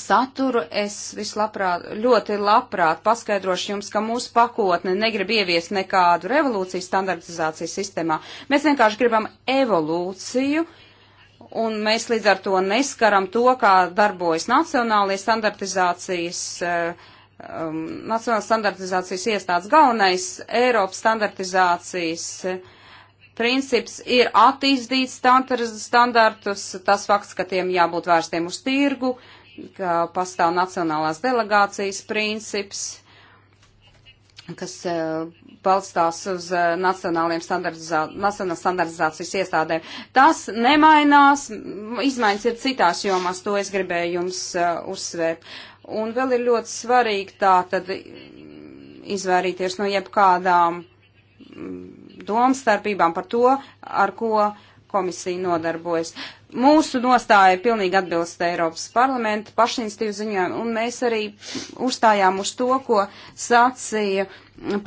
saturu. Es vislabprāt, ļoti labprāt paskaidrošu jums, ka mūsu pakotne negrib ieviest nekādu revolūciju standartizācijas sistēmā. Mēs vienkārši gribam evolūciju, uh, un mēs līdz ar to neskaram to, kā darbojas nacionālie standartizācijas, eh, um, nacionālās standartizācijas iestādes. Galvenais Eiropas standartizācijas eh, princips ir attīstīt standartus, tas fakts, ka tiem jābūt vērstiem uz tirgu, ka pastāv nacionālās delegācijas princips kas e, balstās uz e, nacionāliem standartizā, nacionālās standartizācijas iestādēm. Tas nemainās, izmaiņas ir citās jomās, to es gribēju jums e, uzsvērt. Un vēl ir ļoti svarīgi tā tad izvairīties no jebkādām mm, domstarpībām par to, ar ko komisija nodarbojas. Uh, mūsu nostāja pilnīgi atbilst Eiropas parlamenta pašinstīvu ziņām, un mēs arī uzstājām uz to, ko sacīja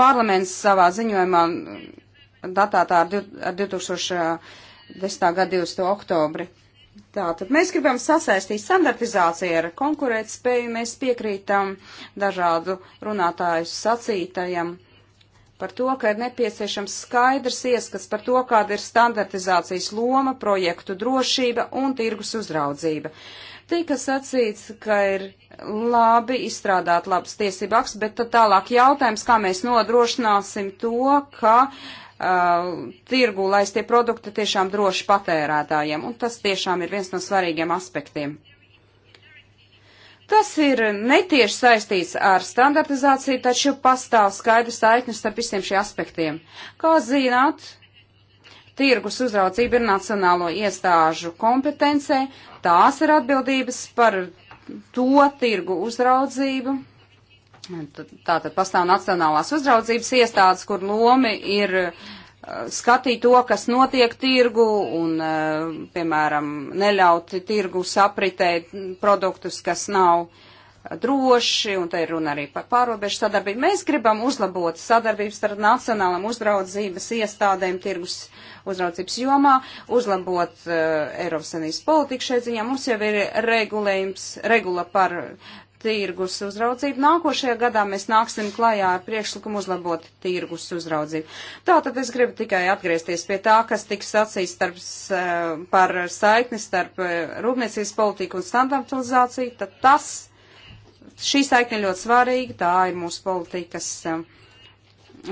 parlaments savā ziņojumā datētā ar 2010. gada 20. oktobri. Tātad mēs gribam sasaistīt standartizāciju ar konkurētspēju, mēs piekrītam dažādu runātāju sacītajam par to, ka ir nepieciešams skaidrs ieskats par to, kāda ir standartizācijas loma, projektu drošība un tirgus uzraudzība. Tika sacīts, ka ir labi izstrādāt labas tiesību akts, bet tad tālāk jautājums, kā mēs nodrošināsim to, ka uh, tirgu, lai tie produkti tiešām droši patērētājiem, un tas tiešām ir viens no svarīgiem aspektiem. Tas ir netieši saistīts ar standartizāciju, taču pastāv skaidrs saiknis starp visiem šiem aspektiem. Kā zināt, tirgus uzraudzība ir nacionālo iestāžu kompetencē, tās ir atbildības par to tirgu uzraudzību. Tātad pastāv nacionālās uzraudzības iestādes, kur lomi ir uh, skatīt to, kas notiek tirgu un, eh, piemēram, neļaut tirgu sapritēt produktus, kas nav eh, droši, un te ir runa arī par pārobežu sadarbību. Mēs gribam uzlabot sadarbības starp nacionālam uzraudzības iestādēm tirgus uzraudzības jomā, uzlabot uh, Eiropas Sanības politiku šeit ziņā. Mums jau ir regulējums, regula par tirgus uzraudzību. Nākošajā gadā mēs nāksim klajā ar priekšlikumu uzlabot tirgus uzraudzību. Tātad es gribu tikai atgriezties pie tā, kas tika sacīts starp, eh, par saikni starp eh, rūpniecības politiku un standartizāciju. Tad tas, šī saikne ļoti svarīga, tā ir mūsu politikas eh,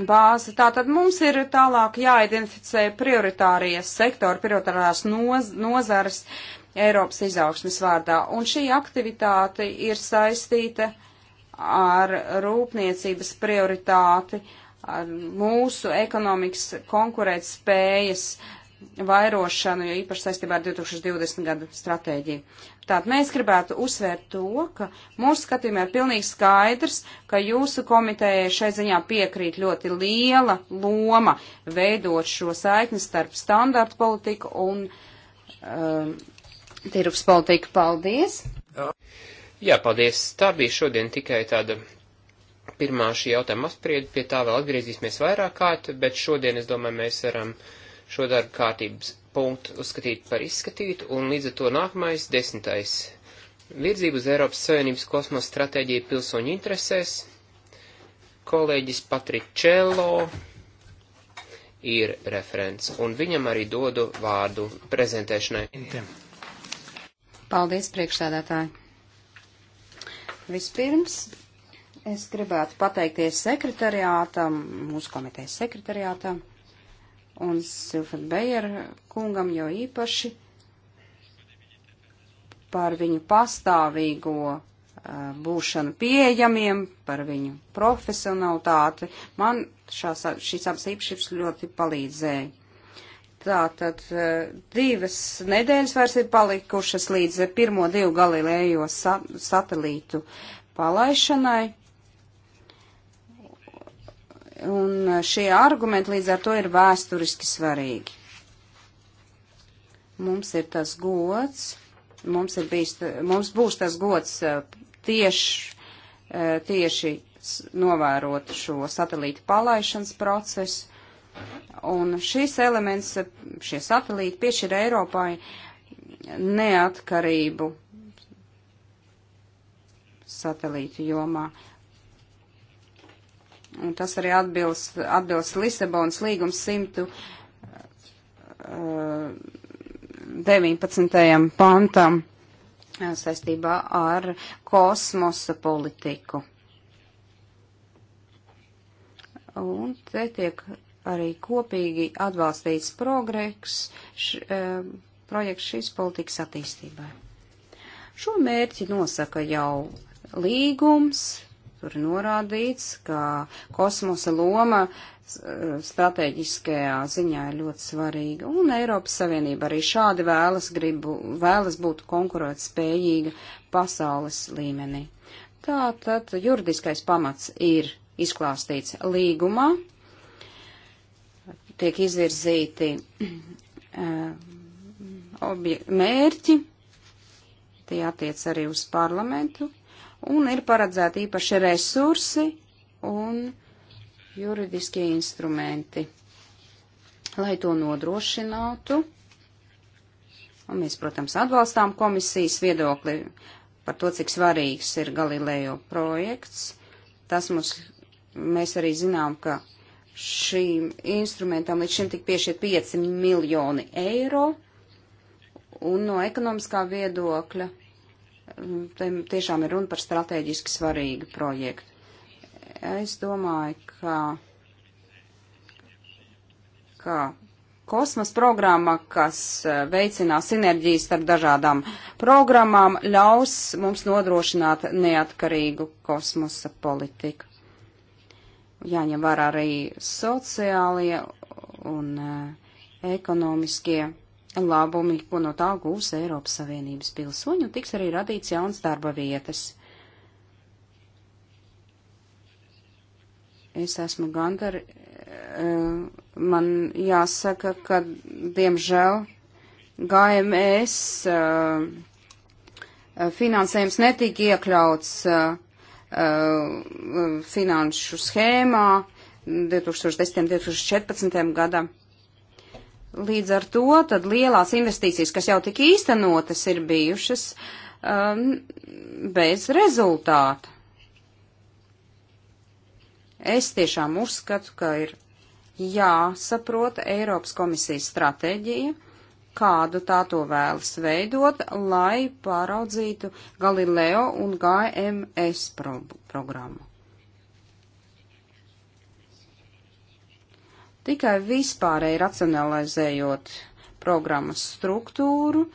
bāze. Tātad mums ir tālāk jāidentificē prioritārie sektori, prioritārās noz, nozares. Noz Eiropas izaugsmes vārdā. Un šī aktivitāte ir saistīta ar rūpniecības prioritāti, ar mūsu ekonomikas konkurēt spējas vairošanu, jo īpaši saistībā ar 2020. gadu stratēģiju. Tātad mēs gribētu uzsvērt to, ka mūsu skatījumā ir pilnīgi skaidrs, ka jūsu komitējai šai ziņā piekrīt ļoti liela loma veidot šo saikni starp standartu politiku un um, Tirgus politika, paldies! Jā, paldies! Tā bija šodien tikai tāda pirmā šī jautājuma apspriedi, pie tā vēl atgriezīsimies vairāk kārt, bet šodien, es domāju, mēs varam šo darbu kārtības punktu uzskatīt par izskatītu, un līdz ar to nākamais desmitais virzību uz Eiropas Savienības kosmosa stratēģiju pilsoņu interesēs. Kolēģis Patričello ir referents, un viņam arī dodu vārdu prezentēšanai. Intem. Paldies, priekšsēdētāji. Vispirms es gribētu pateikties sekretariātam, mūsu komitejas sekretariātam un Silfen Bejer kungam jau īpaši par viņu pastāvīgo būšanu pieejamiem, par viņu profesionalitāti. Man šās, šīs abas īpašības ļoti palīdzēja. Tātad e, divas nedēļas vairs ir palikušas līdz pirmo divu Galilējo sa satelītu palaišanai. Un šie argumenti līdz ar to ir vēsturiski svarīgi. Mums ir tas gods, mums, ir bijis, mums būs tas gods e, tieši, e, tieši novērot šo satelītu palaišanas procesu Un šis elements, šie satelīti piešķir Eiropai neatkarību satelītu jomā. Un tas arī atbilst, atbilst Lisabonas līgums 119. Uh, pantam uh, saistībā ar kosmosa politiku. Un te tiek arī kopīgi atbalstīts progreks, š, e, projekts šīs politikas attīstībai. Šo mērķi nosaka jau līgums, tur norādīts, ka kosmosa loma e, strateģiskajā ziņā ir ļoti svarīga, un Eiropas Savienība arī šādi vēlas, gribu, vēlas būt konkurēt spējīga pasaules līmenī. Tātad juridiskais pamats ir izklāstīts līgumā, tiek izvirzīti eh, mērķi, tie attiec arī uz parlamentu, un ir paredzēti īpaši resursi un juridiskie instrumenti, lai to nodrošinātu. Un mēs, protams, atbalstām komisijas viedokli par to, cik svarīgs ir Galileo projekts. Tas mums, mēs arī zinām, ka šīm instrumentām līdz šim tik piešķiet 5 miljoni eiro, un no ekonomiskā viedokļa mm, tiešām ir runa par strateģiski svarīgu projektu. Es domāju, ka, ka kosmas programma, kas eh, veicinās sinerģijas starp dažādām programmām, ļaus mums nodrošināt neatkarīgu kosmosa politiku jāņem vērā arī sociālie un eh, ekonomiskie labumi, ko no tā gūs Eiropas Savienības pilsoņi, un tiks arī radīts jauns darba vietas. Es esmu gandar, eh, man jāsaka, ka, diemžēl, GMS eh, finansējums netika iekļauts Uh, finanšu schēmā 2010. un 2014. gadam. Līdz ar to tad lielās investīcijas, kas jau tika īstenotas, ir bijušas um, bez rezultāta. Es tiešām uzskatu, ka ir jāsaprota Eiropas komisijas stratēģija kādu tā to vēlas veidot, lai pāraudzītu Galileo un GMS pro programmu. Tikai vispārēji racionalizējot programmas struktūru,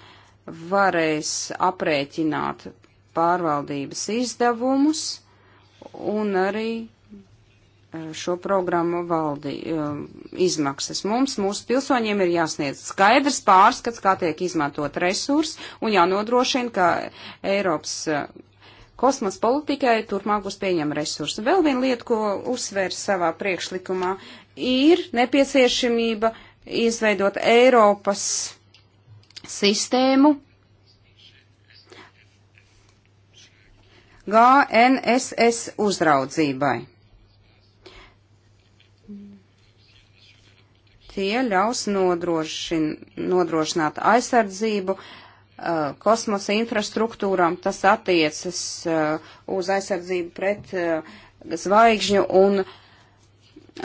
varēs aprēķināt pārvaldības izdevumus un arī Eh, šo programmu valdi eh, izmaksas. Mums, mūsu pilsoņiem, ir jāsniedz skaidrs pārskats, kā tiek izmantot resursi un jānodrošina, ka Eiropas eh, kosmas politikai turpmāk būs pieņem resursi. Vēl viena lieta, ko uzsver savā priekšlikumā, ir nepieciešamība izveidot Eiropas sistēmu GNSS uzraudzībai. Tie ļaus nodrošin, nodrošināt aizsardzību uh, kosmosa infrastruktūrām. Tas attiecas uh, uz aizsardzību pret uh, zvaigžņu un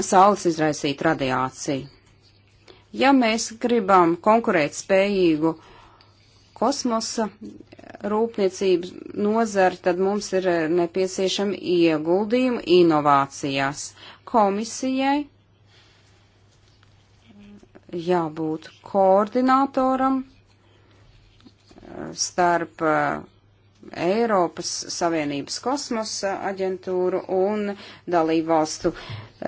saules izraisītu radiāciju. Ja mēs gribam konkurēt spējīgu kosmosa rūpniecības nozari, tad mums ir nepieciešami ieguldījumi inovācijās. Komisijai jābūt koordinatoram eh, starp eh, Eiropas Savienības kosmosa aģentūru un dalību valstu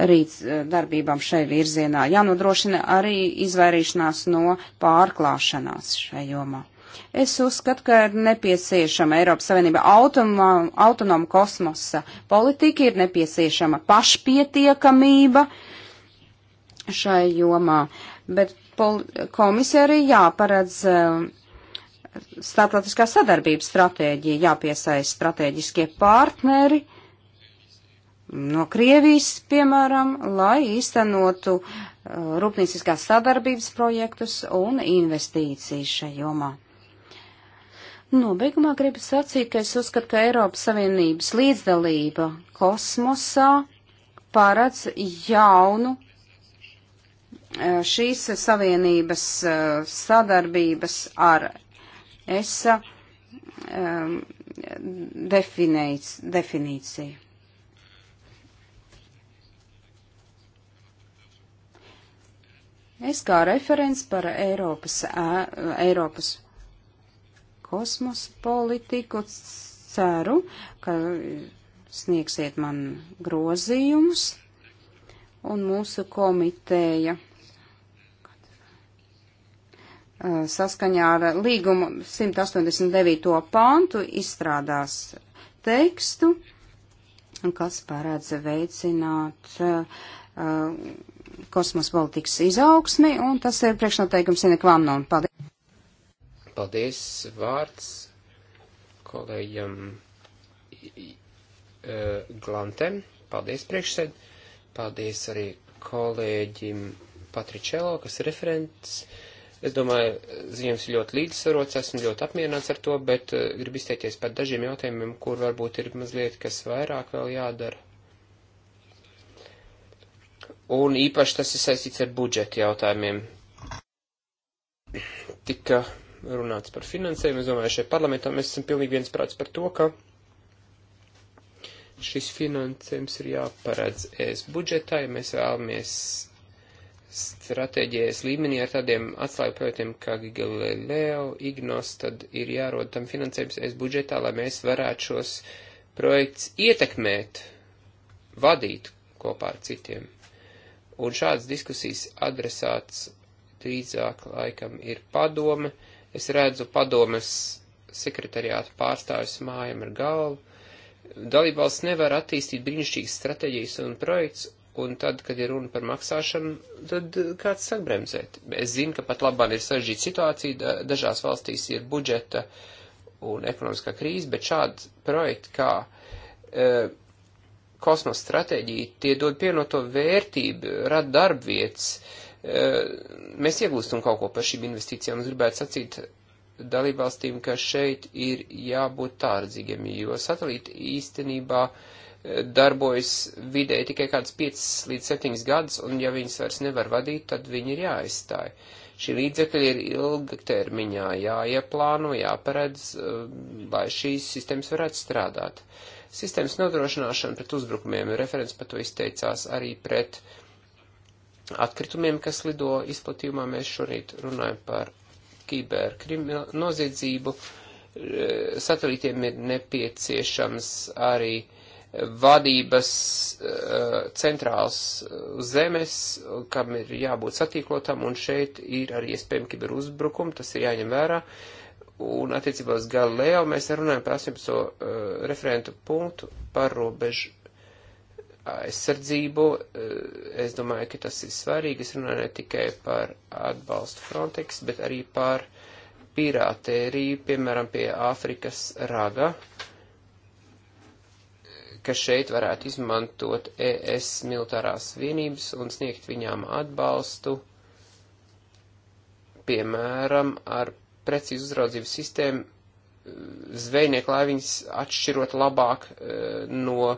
rīts eh, darbībām šai virzienā. Jānodrošina arī izvairīšanās no pārklāšanās šai jomā. Es uzskatu, ka ir nepieciešama Eiropas Savienība autonoma kosmosa politika, ir nepieciešama pašpietiekamība šai jomā. Uh, bet komisija arī jāparedz eh, starptautiskā sadarbības stratēģija, jāpiesaist strateģiskie partneri no Krievijas, piemēram, lai īstenotu eh, rūpnieciskās sadarbības projektus un investīcijas šajā jomā. Nobeigumā gribu sacīt, ka es uzskatu, ka Eiropas Savienības līdzdalība kosmosā paredz jaunu Eh, šīs savienības eh, sadarbības ar ESA eh, definīts, definīcija. Es kā referents par Eiropas, Eiropas kosmos politiku ceru, ka sniegsiet man grozījumus un mūsu komiteja saskaņā ar līgumu 189. pantu izstrādās tekstu, kas paredz veicināt uh, kosmos politikas izaugsmi, un tas ir priekšnoteikums Sinekvām non. Paldies. Paldies. Vārds kolēģiem uh, Glantem. Paldies priekšsēd. Paldies arī kolēģim Patričelo, kas ir referents. Uh, Es domāju, ziņojums ļoti līdzsvarots, esmu ļoti apmierināts ar to, bet eh, gribu izteikties par dažiem jautājumiem, kur varbūt ir mazliet kas vairāk vēl jādara. Un īpaši tas ir saistīts ar budžeta jautājumiem. Tika runāts par finansējumu, es domāju, šeit parlamentā mēs esam pilnīgi viensprāts par to, ka šis finansējums ir jāparedz ES budžetā, ja mēs vēlamies stratēģijas līmenī ar tādiem atslēgu projektiem kā Galileo, Ignos, tad ir jārod tam finansējums es budžetā, lai mēs varētu šos projekts ietekmēt, vadīt kopā ar citiem. Un šāds diskusijas adresāts drīzāk laikam ir padome. Es redzu padomes sekretariātu pārstāvis mājam ar galvu. Dalībvalsts nevar attīstīt brīnišķīgas stratēģijas un projekts un tad, kad ir runa par maksāšanu, tad kāds sāk bremzēt. Es zinu, ka pat labāk ir sarežģīta situācija, dažās valstīs ir budžeta un ekonomiskā krīze, bet šādi projekti kā e, kosmosa stratēģija, tie dod pienoto vērtību, rada darbvietas, e, mēs iegūstam kaut ko par šīm investīcijām, es gribētu sacīt dalībvalstīm, ka šeit ir jābūt tārdzīgiem, jo satelīti īstenībā e, darbojas vidē tikai kāds 5 līdz 7 gadus, un ja viņas vairs nevar vadīt, tad viņi ir jāaizstāj. Šī līdzekļa ir ilgtermiņā jāieplāno, jāparedz, um, lai šīs sistēmas varētu strādāt. Sistēmas nodrošināšana pret uzbrukumiem, referents par to izteicās arī pret atkritumiem, kas lido izplatījumā. Mēs šorīt runājam par kibernoziedzību. Satelītiem ir nepieciešams arī uh, vadības eh, centrāls zemes, kam ir jābūt satīklotam, un šeit ir arī iespējami kiberuzbrukumi, tas ir jāņem vērā. Un attiecībā uz Galileo mēs runājam par 18. Eh, referentu punktu par robežu eh, aizsardzību. Es domāju, ka tas ir svarīgi. Es runāju ne tikai par atbalstu Frontex, bet arī par pirātēriju, piemēram, pie Āfrikas raga. Uh, ka šeit varētu izmantot ES militārās vienības un sniegt viņām atbalstu, piemēram, ar precīzu uzraudzības sistēmu eh, zvejnieku laiviņas atšķirot labāk eh, no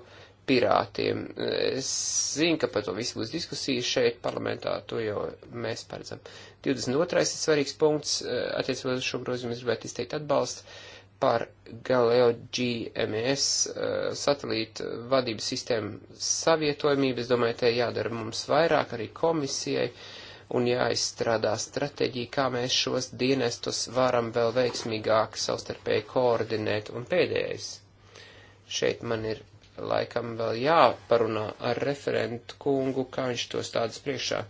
pirātiem. Eh, es zinu, ka par to visu būs diskusija šeit parlamentā, to jau mēs paredzam. 22. ir svarīgs punkts, attiecībā uz šo grozījumu es gribētu izteikt atbalstu par Galileo GMS eh, satelītu vadības sistēmu savietojamību. Es domāju, te jādara mums vairāk arī komisijai un jāizstrādā stratēģija, kā mēs šos dienestus varam vēl veiksmīgāk savstarpēji koordinēt. Un pēdējais. Šeit man ir laikam vēl jāparunā ar referentu kungu, kā viņš to stādas priekšā.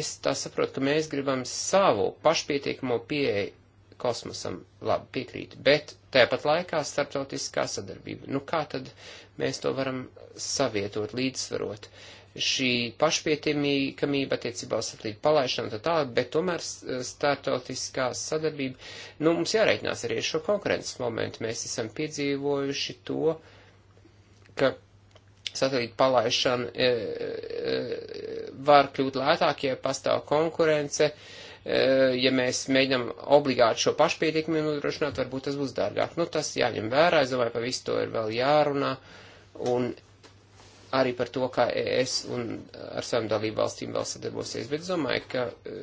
Es tā saprotu, ka mēs gribam savu pašpietiekamo pieeju kosmosam labi piekrīt, bet tāpat laikā starptautiskā sadarbība. Nu kā tad mēs to varam savietot, līdzsvarot? Šī pašpietiekamība attiecībā uz satelītu palaišanu tā tālāk, bet tomēr starptautiskā sadarbība, nu mums jāreikinās arī šo konkurences momentu. Mēs esam piedzīvojuši to, ka satelīta palaišana e, e, e, var kļūt lētāk, ja pastāv konkurence. E, E, ja mēs mēģinām obligāti šo pašpietiekamību nodrošināt, varbūt tas būs dārgāk. Nu, tas jāņem vērā, es domāju, pa visu to ir vēl jārunā, un arī par to, kā ES un ar savām dalību valstīm vēl sadarbosies, bet es domāju, ka e,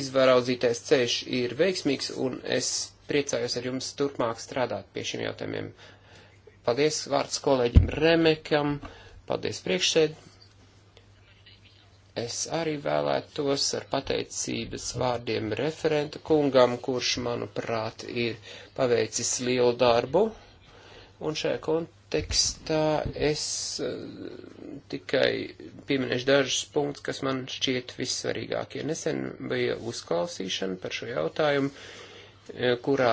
izvaraudzītais ceļš ir veiksmīgs, un es priecājos ar jums turpmāk strādāt pie šiem jautājumiem. Paldies vārds kolēģim Remekam, paldies priekšsēdētājiem. Es arī vēlētos ar pateicības vārdiem referenta kungam, kurš, manuprāt, ir paveicis lielu darbu. Un šajā kontekstā es eh, tikai pieminēšu dažus punktus, kas man šķiet vissvarīgākie. Nesen bija uzklausīšana par šo jautājumu, eh, kurā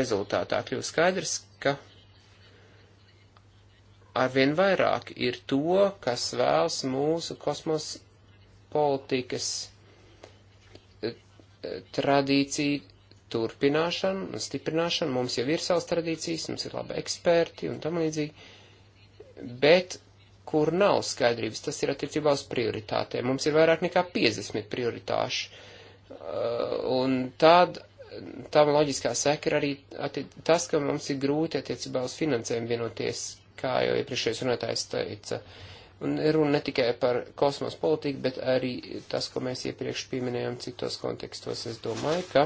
rezultātā kļūst skaidrs, ka arvien vairāk ir to, kas vēlas mūsu kosmos politikas eh, tradīciju turpināšanu un stiprināšanu. Mums jau ir savas tradīcijas, mums ir labi eksperti un tam līdzīgi, bet kur nav skaidrības, tas ir attiecībā uz prioritātēm. Mums ir vairāk nekā 50 prioritāšu. Eh, un tād tam loģiskā seka ir arī tas, ka mums ir grūti attiecībā uz finansēm vienoties, kā jau iepriekšējais runātājs teica. Un runa ne tikai par kosmos politiku, bet arī tas, ko mēs iepriekš pieminējām citos kontekstos. Es domāju, ka,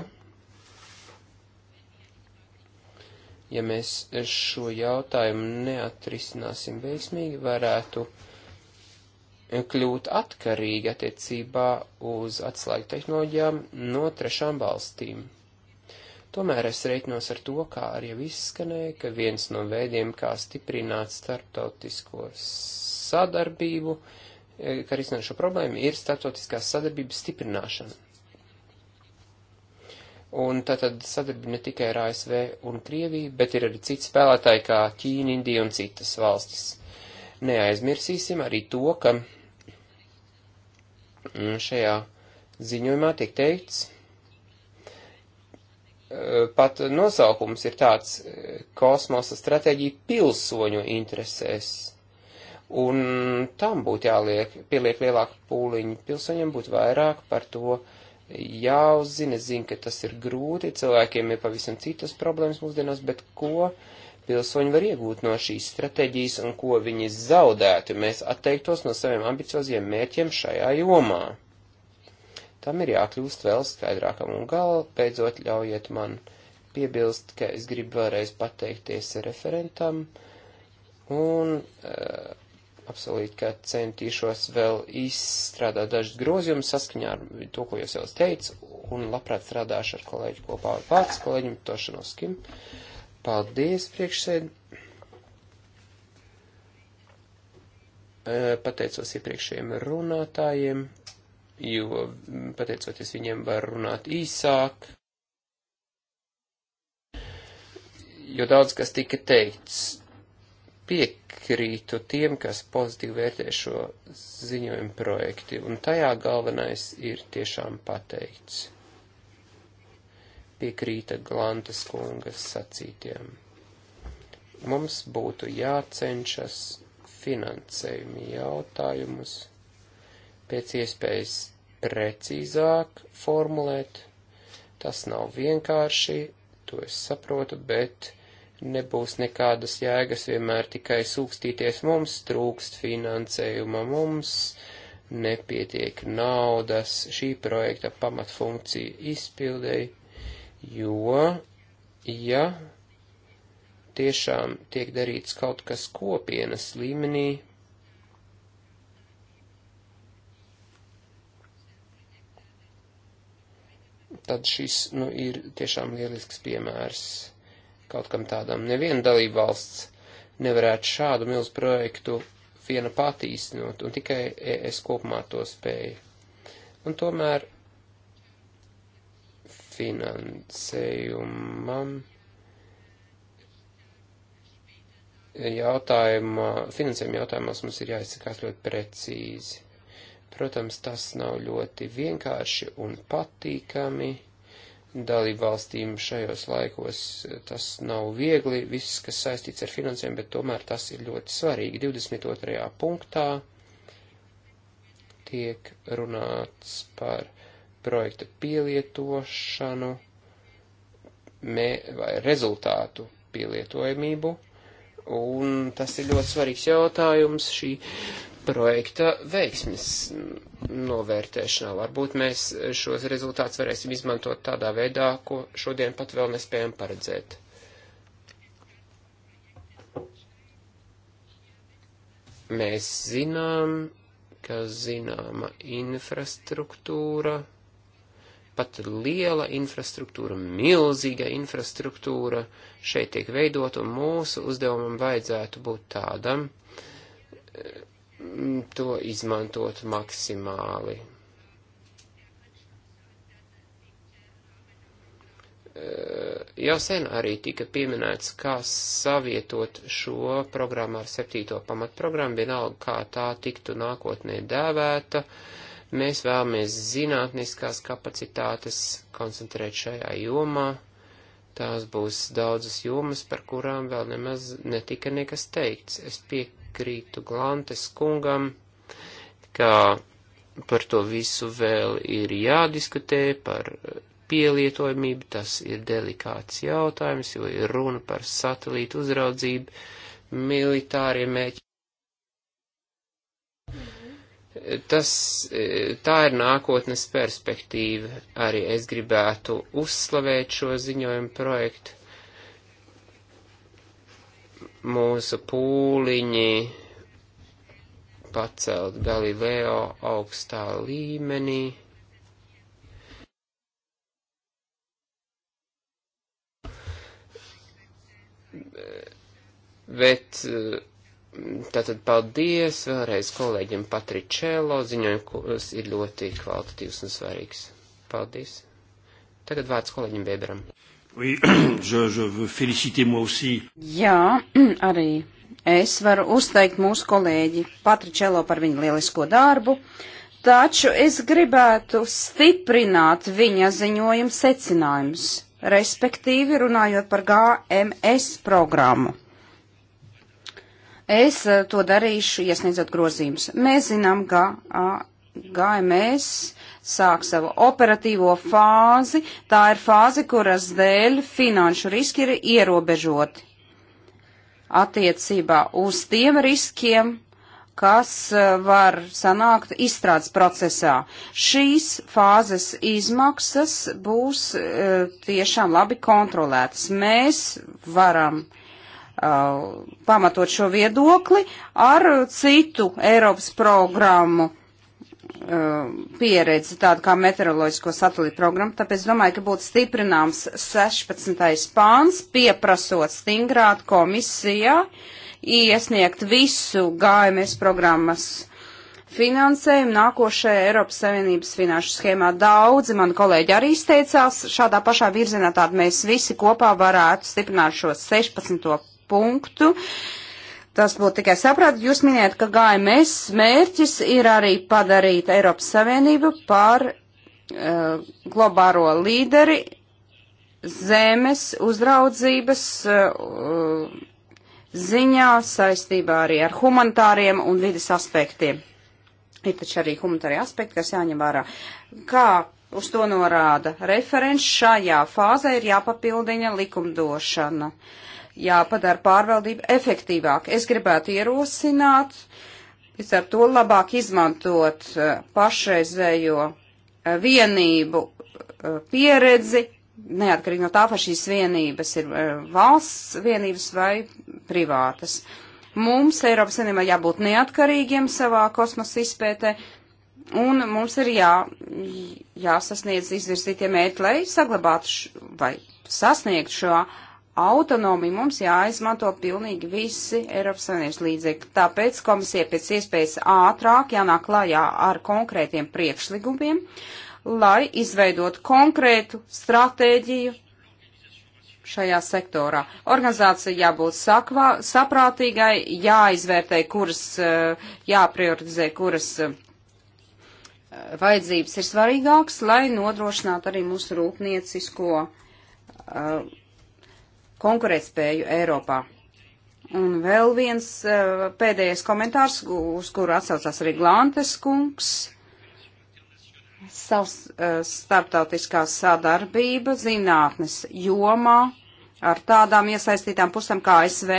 ja mēs šo jautājumu neatrisināsim veiksmīgi, varētu kļūt atkarīgi attiecībā uz atslēgu tehnoloģijām no trešām valstīm. Tomēr es reiķinos ar to, kā arī izskanēja, ka viens no veidiem, kā stiprināt starptautisko sadarbību, e, kā risināt šo problēmu, ir starptautiskās sadarbības stiprināšana. Un tātad sadarbība ne tikai ar ASV un Krieviju, bet ir arī citi spēlētāji kā Ķīna, Indija un citas valstis. Neaizmirsīsim arī to, ka mm, šajā ziņojumā tiek teikts, Eh, pat nosaukums ir tāds eh, - kosmosa stratēģija pilsoņu interesēs. Un tam būtu jāliek, pieliek lielāku pūliņu. Pilsoņiem būtu vairāk par to jāuzzina, zina, ka tas ir grūti, cilvēkiem ir pavisam citas problēmas mūsdienās, bet ko pilsoņi var iegūt no šīs stratēģijas un ko viņi zaudētu, ja mēs atteiktos no saviem ambicioziem mērķiem šajā jomā. Tam ir jākļūst vēl skaidrākam un gal, beidzot ļaujiet man piebilst, ka es gribu vēlreiz pateikties referentam un uh, apsolīt, ka centīšos vēl izstrādāt dažus grozījumus saskaņā ar to, ko jūs jau teicu, un labprāt strādāšu ar kolēģi kopā ar pārts kolēģim Tošanovskim. Paldies, priekšsēd. Eh, pateicos iepriekšējiem runātājiem jo mm, pateicoties viņiem var runāt īsāk, jo daudz kas tika teikts. Piekrītu tiem, kas pozitīvi vērtē šo ziņojumu projekti, un tajā galvenais ir tiešām pateikts. Piekrīta Glantas kungas sacītiem. Mums būtu jācenšas finansējumi jautājumus pēc iespējas precīzāk formulēt. Tas nav vienkārši, to es saprotu, bet nebūs nekādas jēgas vienmēr tikai sūkstīties mums, trūkst finansējuma mums, nepietiek naudas šī projekta pamatfunkcija izpildēji, jo, ja tiešām tiek darīts kaut kas kopienas līmenī, tad šis nu, ir tiešām lielisks piemērs kaut kam tādam. Neviena dalība valsts nevarētu šādu milzu projektu viena pati īstenot, un tikai es kopumā to spēju. Un tomēr finansējumam jautājumā, finansējuma jautājumās mums ir jāizsakās ļoti precīzi. Protams, tas nav ļoti vienkārši un patīkami. Dalību valstīm šajos laikos eh, tas nav viegli, viss, kas saistīts ar finansēm, bet tomēr tas ir ļoti svarīgi. 22. punktā tiek runāts par projekta pielietošanu mē, vai rezultātu pielietojamību, un tas ir ļoti svarīgs jautājums. Šī projekta veiksmes novērtēšanā. Varbūt mēs šos rezultātus varēsim izmantot tādā veidā, ko šodien pat vēl nespējam paredzēt. Mēs zinām, ka zināma infrastruktūra, pat liela infrastruktūra, milzīga infrastruktūra šeit tiek veidot, un mūsu uzdevumam vajadzētu būt tādam, Mm, to izmantot maksimāli. Eh, jau sen arī tika pieminēts, kā savietot šo programmu ar septīto pamatprogrammu, vienalga kā tā tiktu nākotnē dēvēta. Mēs vēlamies zinātniskās kapacitātes koncentrēt šajā jomā. Tās būs daudzas jomas, par kurām vēl nemaz netika nekas teikts. Es piekrītu piekrītu Glantes kungam, ka par to visu vēl ir jādiskutē, par pielietojamību, tas ir delikāts jautājums, jo ir runa par satelītu uzraudzību, militāriem mēķiem. Tas, tā ir nākotnes perspektīva. Arī es gribētu uzslavēt šo ziņojumu projektu mūsu pūliņi pacelt Galileo augstā līmenī. Bet tātad paldies vēlreiz kolēģim Patričēlo, ziņojumu, kas ir ļoti kvalitatīvs un svarīgs. Paldies. Tagad vārds kolēģim Bēberam. Oui, (clears throat) je, je veux féliciter moi aussi. Jā, (clears throat) arī es varu uzteikt mūsu kolēģi Patričelo par viņa lielisko darbu, taču es gribētu stiprināt viņa ziņojumu secinājumus, respektīvi runājot par GMS programmu. Es eh, to darīšu, iesniedzot grozījumus. Mēs zinām, ka GMS sāk savu operatīvo fāzi. Tā ir fāze, kuras dēļ finanšu riski ir ierobežoti attiecībā uz tiem riskiem, kas eh, var sanākt izstrādes procesā. Šīs fāzes izmaksas būs uh, tiešām labi kontrolētas. Mēs varam uh, pamatot šo viedokli ar citu Eiropas programmu Uh, pieredzi, tādu kā meteoroloģisko satelītu programmu, tāpēc domāju, ka būtu stiprināms 16. pāns, pieprasot stingrāt komisijā, iesniegt visu GMS programmas finansējumu nākošajā Eiropas Savienības finanšu schēmā. Daudzi mani kolēģi arī izteicās šādā pašā virzienā, tātad mēs visi kopā varētu stiprināt šo 16. punktu. Uh, Tas būtu tikai saprāt, jūs minējat, ka GMS mērķis ir arī padarīt Eiropas Savienību par uh, globālo līderi zemes uzraudzības uh, ziņā saistībā arī ar humanitāriem un vidas aspektiem. Ir taču arī humanitārie aspekti, kas jāņem vērā. Kā uz to norāda referents, šajā fāzē ir jāpapildiņa likumdošana. Uh, jāpadara pārvaldība efektīvāk. Es gribētu ierosināt, līdz ar to labāk izmantot eh, pašreizējo eh, vienību eh, pieredzi, neatkarīgi no tā, vai šīs vienības ir valsts vienības vai privātas. Mums Eiropas Savienībā jābūt neatkarīgiem savā kosmosa izpētē, un mums ir jā, jāsasniedz izvirzītie mērķi, lai saglabātu š, vai sasniegtu šo autonomiju mums jāizmanto pilnīgi visi Eiropas Savienības līdzekļi. Tāpēc komisija pēc iespējas ātrāk jānāk klajā ar konkrētiem priekšlikumiem, lai izveidot konkrētu stratēģiju šajā sektorā. Organizācija jābūt sakvā, saprātīgai, jāizvērtē, kuras eh, jāprioritizē, kuras eh, vajadzības ir svarīgākas, lai nodrošinātu arī mūsu rūpniecisko uh, konkurētspēju Eiropā. Un vēl viens eh, pēdējais komentārs, uz kuru atsaucās arī Glantes kungs. Savs eh, starptautiskā sadarbība zinātnes jomā ar tādām iesaistītām pusēm kā ASV,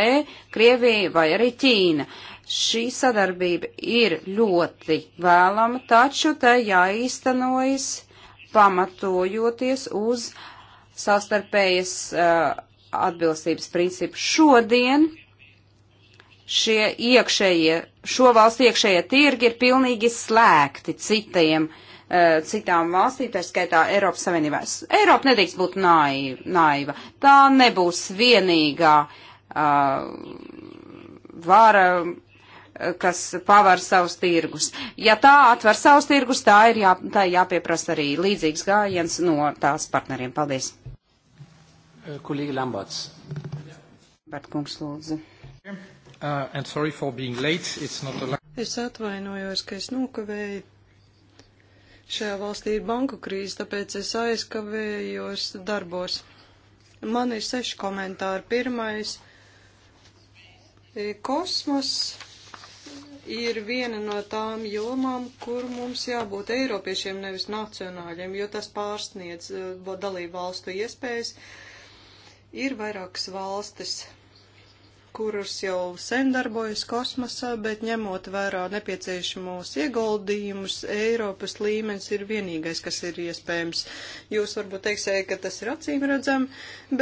Krievija vai arī Ķīna. Šī sadarbība ir ļoti vēlama, taču te jāīstenojas pamatojoties uz savstarpējas uh, eh, atbilstības principu. Šodien šie iekšējie, šo valstu iekšējie tirgi ir pilnīgi slēgti citiem, eh, citām valstīm, tā skaitā Eiropas Savienībā. Eiropa nedrīkst būt naiva. Tā nebūs vienīgā uh, vara eh, kas pavar savus tirgus. Ja tā atver savus tirgus, tā ir jā, tā jāpieprasa arī līdzīgs gājiens no tās partneriem. Paldies! Kolēģi Lamberts. Bartkungs lūdzu. Uh, es atvainojos, ka es nokavēju. Šajā valstī ir banku krīze, tāpēc es aizkavējos darbos. Man ir seši komentāri. Pirmais - kosmos ir viena no tām jomām, kur mums jābūt eiropiešiem, nevis nacionāļiem, jo tas pārsniedz uh, dalību valstu iespējas. Uh, Ir vairākas valstis, kuras jau sen darbojas kosmosā, bet ņemot vērā nepieciešamos ieguldījumus, Eiropas līmenis ir vienīgais, kas ir iespējams. Jūs varbūt teiksiet, ka tas ir acīm redzam,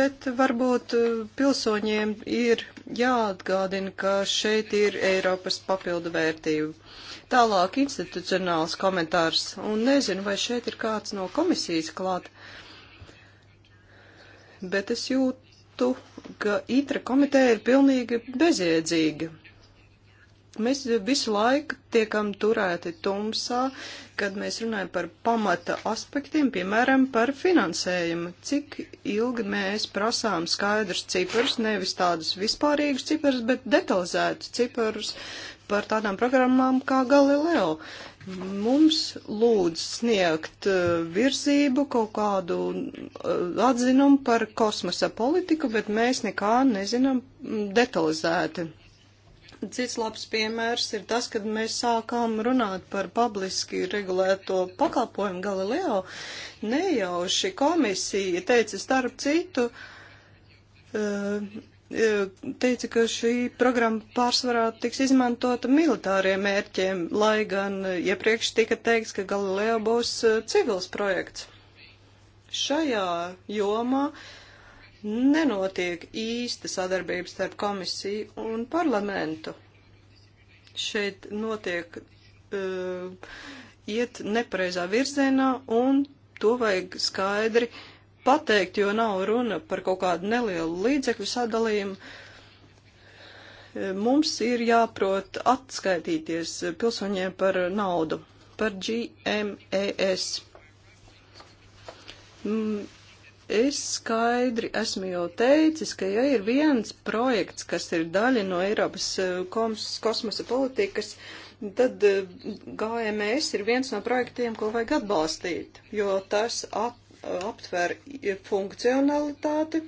bet varbūt uh, pilsoņiem ir jāatgādina, ka šeit ir Eiropas papildu vērtība. Tālāk institucionāls komentārs, un nezinu, vai šeit ir kāds no komisijas klāt bet es jūtu, ka itra komiteja ir pilnīgi bezjēdzīga. Mēs visu laiku tiekam turēti tumsā, kad mēs runājam par pamata aspektiem, piemēram, par finansējumu. Cik ilgi mēs prasām skaidrs cipars, nevis tādus vispārīgus cipars, bet detalizētus cipars par tādām programmām kā Galileo. Uh, mums lūdz sniegt uh, virzību kaut kādu uh, atzinumu par kosmosa politiku, bet mēs nekā nezinām mm, detalizēti. Cits labs piemērs ir tas, kad mēs sākām runāt par publiski regulēto pakalpojumu Galileo. Nejauši komisija teica starp citu, uh, E, teica, ka šī programma pārsvarā tiks izmantota militāriem mērķiem, lai gan iepriekš tika teikts, ka Galileo būs e, civils projekts. Šajā jomā nenotiek īsta sadarbība starp komisiju un parlamentu. Šeit notiek, uh, iet nepareizā virzienā un to vajag skaidri uh, pateikt, jo nav runa par kaut kādu nelielu līdzekļu sadalījumu. Mums ir jāprot atskaitīties pilsoņiem par naudu, par GMES. Mm, es skaidri esmu jau teicis, ka ja ir viens projekts, kas ir daļa no Eiropas eh, koms, kosmosa politikas, tad eh, GMS e ir viens no projektiem, ko vajag atbalstīt, jo tas at, aptver funkcionalitāti,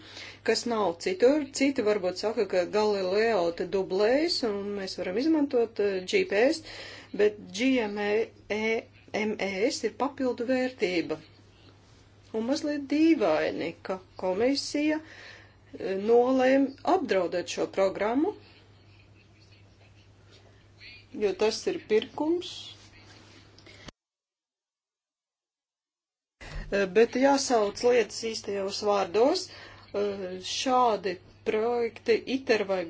kas nav citur. Citi varbūt saka, ka Galileo te dublējas un mēs varam izmantot eh, GPS, bet GMES e ir papildu vērtība. Un mazliet dīvaini, ka komisija eh, nolēma apdraudēt šo programmu, jo tas ir pirkums bet jāsauc lietas īstajos vārdos. Eh, šādi projekti, ITER vai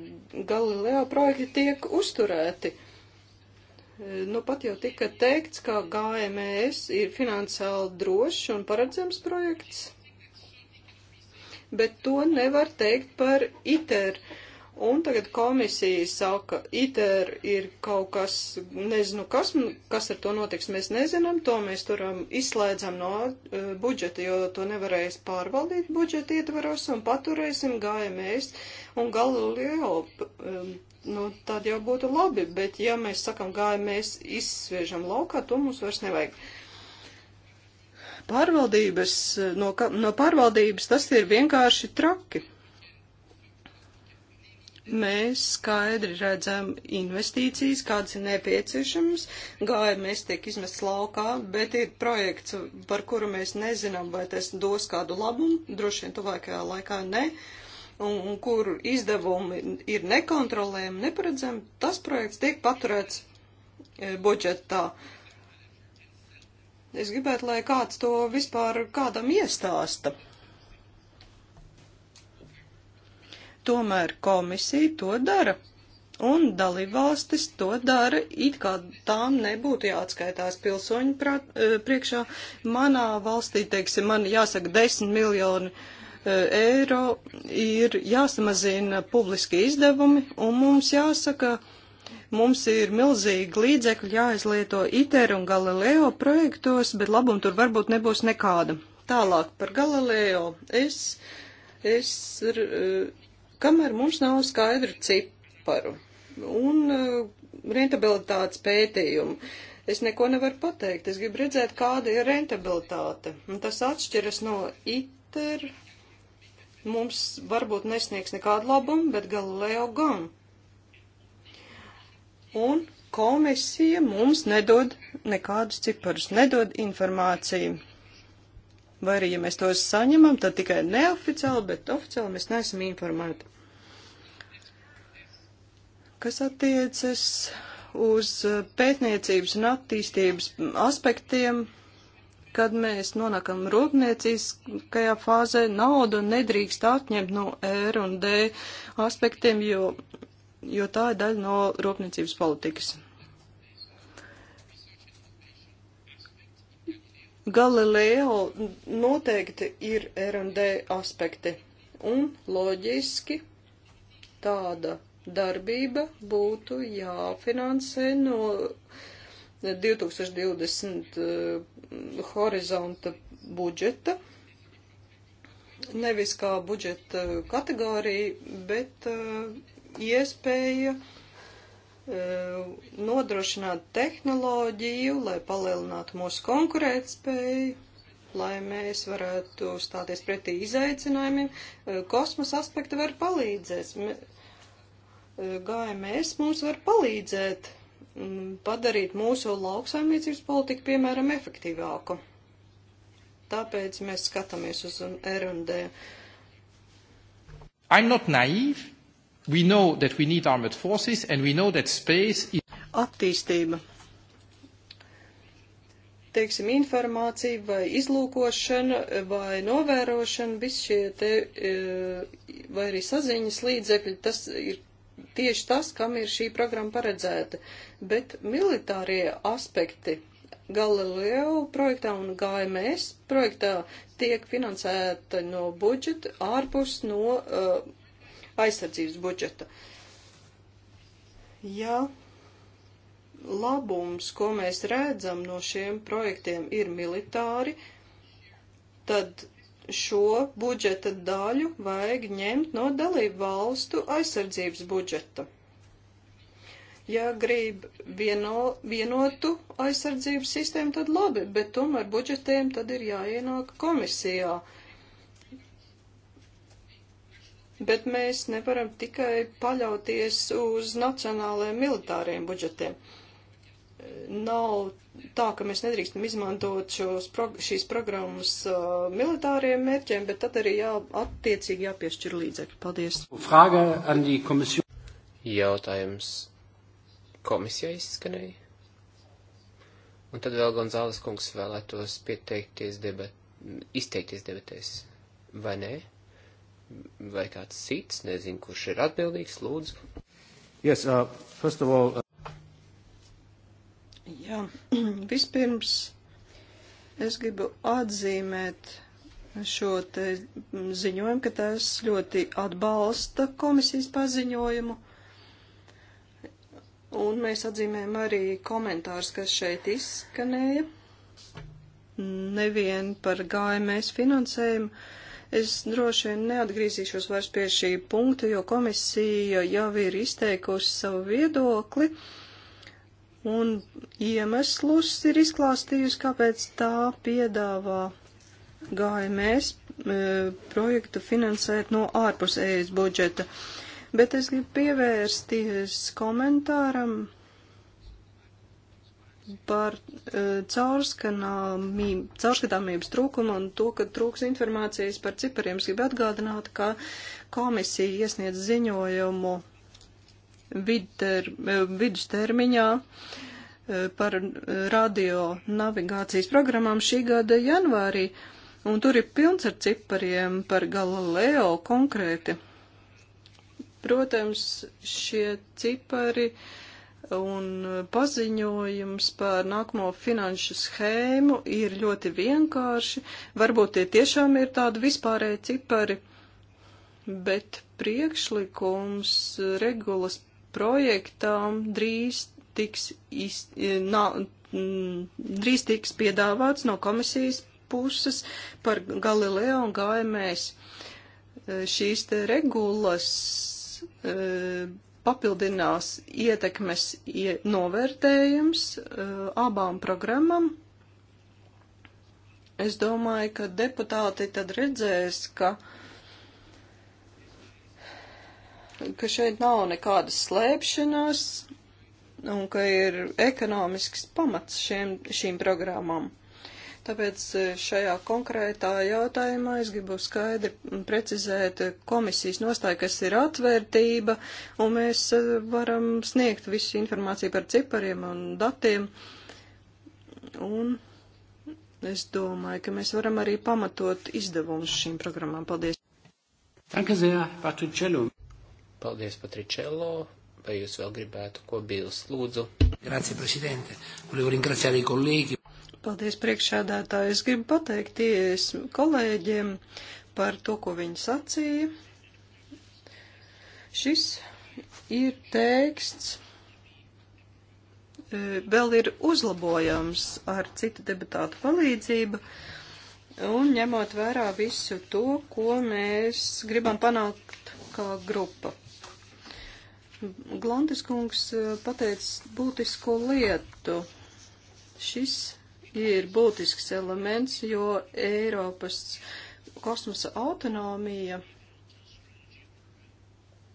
Galileo projekti tiek uzturēti. Eh, nu, pat jau tika teikts, ka GMS ir finansiāli drošs un paredzams projekts, bet to nevar teikt par ITER. Uh, Un tagad komisija saka, ITER ir kaut kas, nezinu, kas, kas ar to notiks, mēs nezinām, to mēs turam um, izslēdzam no uh, budžeta, jo to nevarēs pārvaldīt budžeta ietvaros un paturēsim GMS un Galileo. Um, nu, tad jau būtu labi, bet ja mēs sakam GMS izsviežam laukā, to mums vairs nevajag. Pārvaldības, no, no pārvaldības tas ir vienkārši traki mēs skaidri redzam investīcijas, kādas ir nepieciešamas, GMS tiek izmests laukā, bet ir projekts, par kuru mēs nezinām, vai tas dos kādu labumu, droši vien tuvākajā laikā ne, un, un kur izdevumi ir nekontrolējami, neparedzami, tas projekts tiek paturēts e, budžetā. Es gribētu, lai kāds to vispār kādam iestāsta. Tomēr komisija to dara. Un dalībvalstis to dara, it kā tām nebūtu jāatskaitās pilsoņu prāt, e, priekšā. Manā valstī, teiksim, man jāsaka 10 miljoni e, eiro ir jāsamazina publiski izdevumi, un mums jāsaka, mums ir milzīgi līdzekļi jāizlieto ITER un Galileo projektos, bet labum tur varbūt nebūs nekāda. Tālāk par Galileo. Es, es kamēr mums nav skaidru ciparu un uh, rentabilitātes pētījumu. Es neko nevaru pateikt. Es gribu redzēt, kāda ir rentabilitāte. Un tas atšķiras no ITER. Mums varbūt nesniegs nekādu labumu, bet Galileo gan. Un komisija mums nedod nekādus ciparus, nedod informāciju vai arī, ja mēs tos saņemam, tad tikai neoficiāli, bet oficiāli mēs neesam informēti. Kas attiecas uz pētniecības un attīstības aspektiem, kad mēs nonākam rūpnieciskajā fāzē, naudu nedrīkst atņemt no R un D aspektiem, jo, jo tā ir daļa no rūpniecības politikas. Galileo noteikti ir R&D aspekti, un loģiski tāda darbība būtu jāfinansē no 2020 uh, eh, horizonta budžeta, nevis kā budžeta kategorija, bet uh, iespēja uh, E, nodrošināt tehnoloģiju, lai palielinātu mūsu konkurētspēju, lai mēs varētu stāties pretī izaicinājumiem. E, kosmosa aspekti var palīdzēt. E, GMS mums var palīdzēt padarīt mūsu lauksaimniecības politiku, piemēram, efektīvāku. Tāpēc mēs skatāmies uz R&D. I'm not naive. We know that we need armored forces and we know that space is... Attīstība. Teiksim, informācija vai izlūkošana vai novērošana, viss šie te, e, vai arī saziņas līdzekļi, tas ir tieši tas, kam ir šī programma paredzēta. Bet militārie aspekti Galileo projektā un GMS projektā tiek finansēta no budžeta ārpus no uh, aizsardzības budžeta. Ja labums, ko mēs redzam no šiem projektiem, ir militāri, tad šo budžeta daļu vajag ņemt no dalību valstu aizsardzības budžeta. Ja grib vieno, vienotu aizsardzības sistēmu, tad labi, bet tomēr budžetiem tad ir jāienāk komisijā. Uh, bet mēs nevaram tikai paļauties uz nacionālajiem militāriem budžetiem. Nav tā, ka mēs nedrīkstam izmantot šos, šīs programmas uh, militāriem mērķiem, bet tad arī jā, attiecīgi jāpiešķir līdzekļi. Paldies. Jautājums komisijai izskanēja. Un tad vēl Gonzāles kungs vēlētos pieteikties debat, izteikties debatēs, vai nē? vai kāds cits, nezinu, kurš ir atbildīgs, lūdzu. Yes, uh, first of all. Uh... Jā, (clears throat) vispirms es gribu atzīmēt šo te ziņojumu, ka tas ļoti atbalsta komisijas paziņojumu. Un mēs atzīmējam arī komentārus, kas šeit izskanēja. Nevien par GMS finansējumu, uh, Es droši vien neatgriezīšos vairs pie šī punkta, jo komisija jau ir izteikusi savu viedokli un iemeslus ir izklāstījusi, kāpēc tā piedāvā GMS e, projektu finansēt no ārpus ES budžeta. Bet es gribu pievērsties komentāram par e, caurskatāmības trūkumu un to, ka trūks informācijas par cipariem. Es gribu atgādināt, ka komisija iesniedz ziņojumu vidter, e, vidustermiņā e, par radio navigācijas programmām šī gada janvārī, un tur ir pilns ar cipariem par Galileo konkrēti. Protams, šie cipari uh, un paziņojums par nākamo finanšu schēmu ir ļoti vienkārši. Varbūt tie tiešām ir tādi vispārēji cipari, bet priekšlikums regulas projektām drīz tiks, iz, nā, drīz tiks piedāvāts no komisijas puses par Galileo un GMS. Šīs te regulas e, papildinās ietekmes novērtējums uh, abām programmam. Es domāju, ka deputāti tad redzēs, ka, ka šeit nav nekādas slēpšanās un ka ir ekonomisks pamats šiem, šīm programmām. Tāpēc e, šajā konkrētā jautājumā es gribu skaidri precizēt komisijas nostāju, kas ir atvērtība, un mēs e, varam sniegt visu informāciju par cipariem un datiem. Un es domāju, ka mēs varam arī pamatot izdevumus šīm programmām. Paldies! Paldies, Patričello! Vai jūs vēl gribētu ko bilst, lūdzu? Grazie, Presidente. Volevo ringraziare i colleghi. Paldies priekšādātāji. Es gribu pateikties kolēģiem par to, ko viņi sacīja. Šis ir teksts, e, vēl ir uzlabojams ar citu debatātu palīdzību. Un ņemot vērā visu to, ko mēs gribam panākt kā grupa. Glantis kungs e, pateica būtisko lietu. Šis ir būtisks elements, jo Eiropas kosmosa autonomija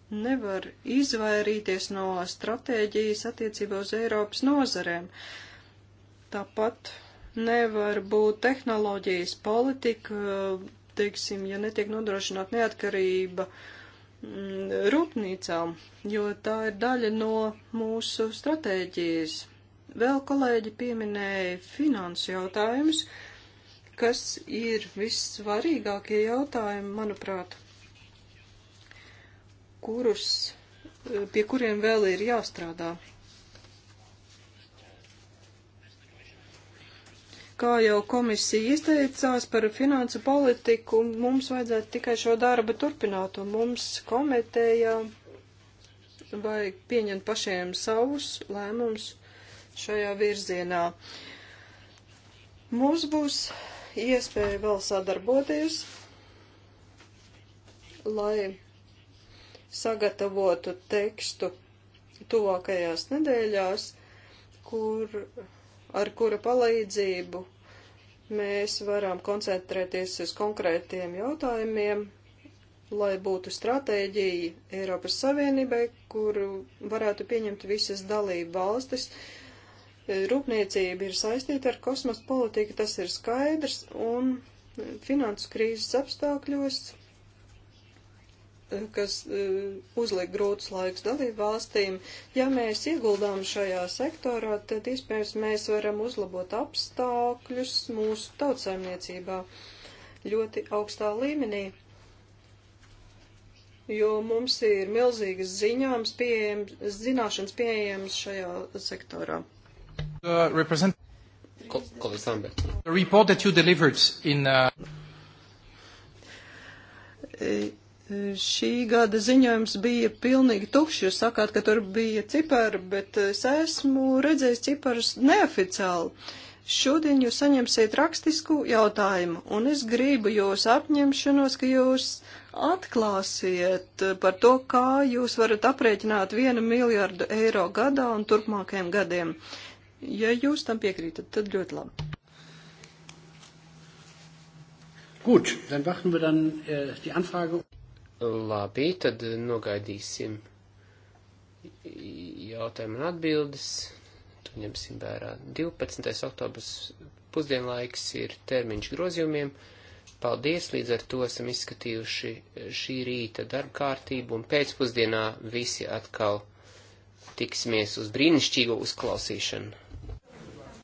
nevar izvairīties no stratēģijas attiecībā uz Eiropas nozarēm. Tāpat nevar būt tehnoloģijas politika, teiksim, ja netiek nodrošināta neatkarība mm, rūpnīcām, jo tā ir daļa no mūsu stratēģijas. Vēl kolēģi pieminēja finansu jautājumus, kas ir vissvarīgākie jautājumi, manuprāt, kurus, pie kuriem vēl ir jāstrādā. kā jau komisija izteicās par finansu politiku, mums vajadzētu tikai šo darbu turpināt, un mums komitējā vajag pieņemt pašiem savus lēmumus šajā virzienā. Mums būs iespēja vēl sadarboties, lai sagatavotu tekstu tuvākajās nedēļās, kur, ar kura palīdzību mēs varam koncentrēties uz konkrētiem jautājumiem, lai būtu stratēģija Eiropas Savienībai, kuru varētu pieņemt visas dalību valstis, uh, Rūpniecība ir saistīta ar kosmosa politiku, tas ir skaidrs, un finansu krīzes apstākļos, kas e, uzliek grūtus laikus dalību valstīm, ja mēs ieguldām šajā sektorā, tad iespējams mēs varam uzlabot apstākļus mūsu tautsaimniecībā ļoti augstā līmenī jo mums ir milzīgas ziņāms pieejams, zināšanas pieejams šajā sektorā. Uh, represent... Ko, ko The report that you delivered in... Uh... Šī gada ziņojums bija pilnīgi tukšs. Jūs sakāt, ka tur bija cipari, bet es esmu redzējis ciparus neoficiāli. Šodien jūs saņemsiet rakstisku jautājumu, un es gribu jūs apņemšanos, ka jūs atklāsiet par to, kā jūs varat aprēķināt vienu miljardu eiro gadā un turpmākajiem gadiem. Ja jūs tam piekrītat, tad ļoti labi. Gut, dann warten wir dann äh, die Anfrage. Labi, tad nogaidīsim jautājumu un atbildes. Tu ņemsim vērā 12. oktobrs pusdienlaiks ir termiņš grozījumiem. Paldies, līdz ar to esam izskatījuši šī rīta darba kārtību un pēcpusdienā visi atkal tiksimies uz brīnišķīgo uzklausīšanu.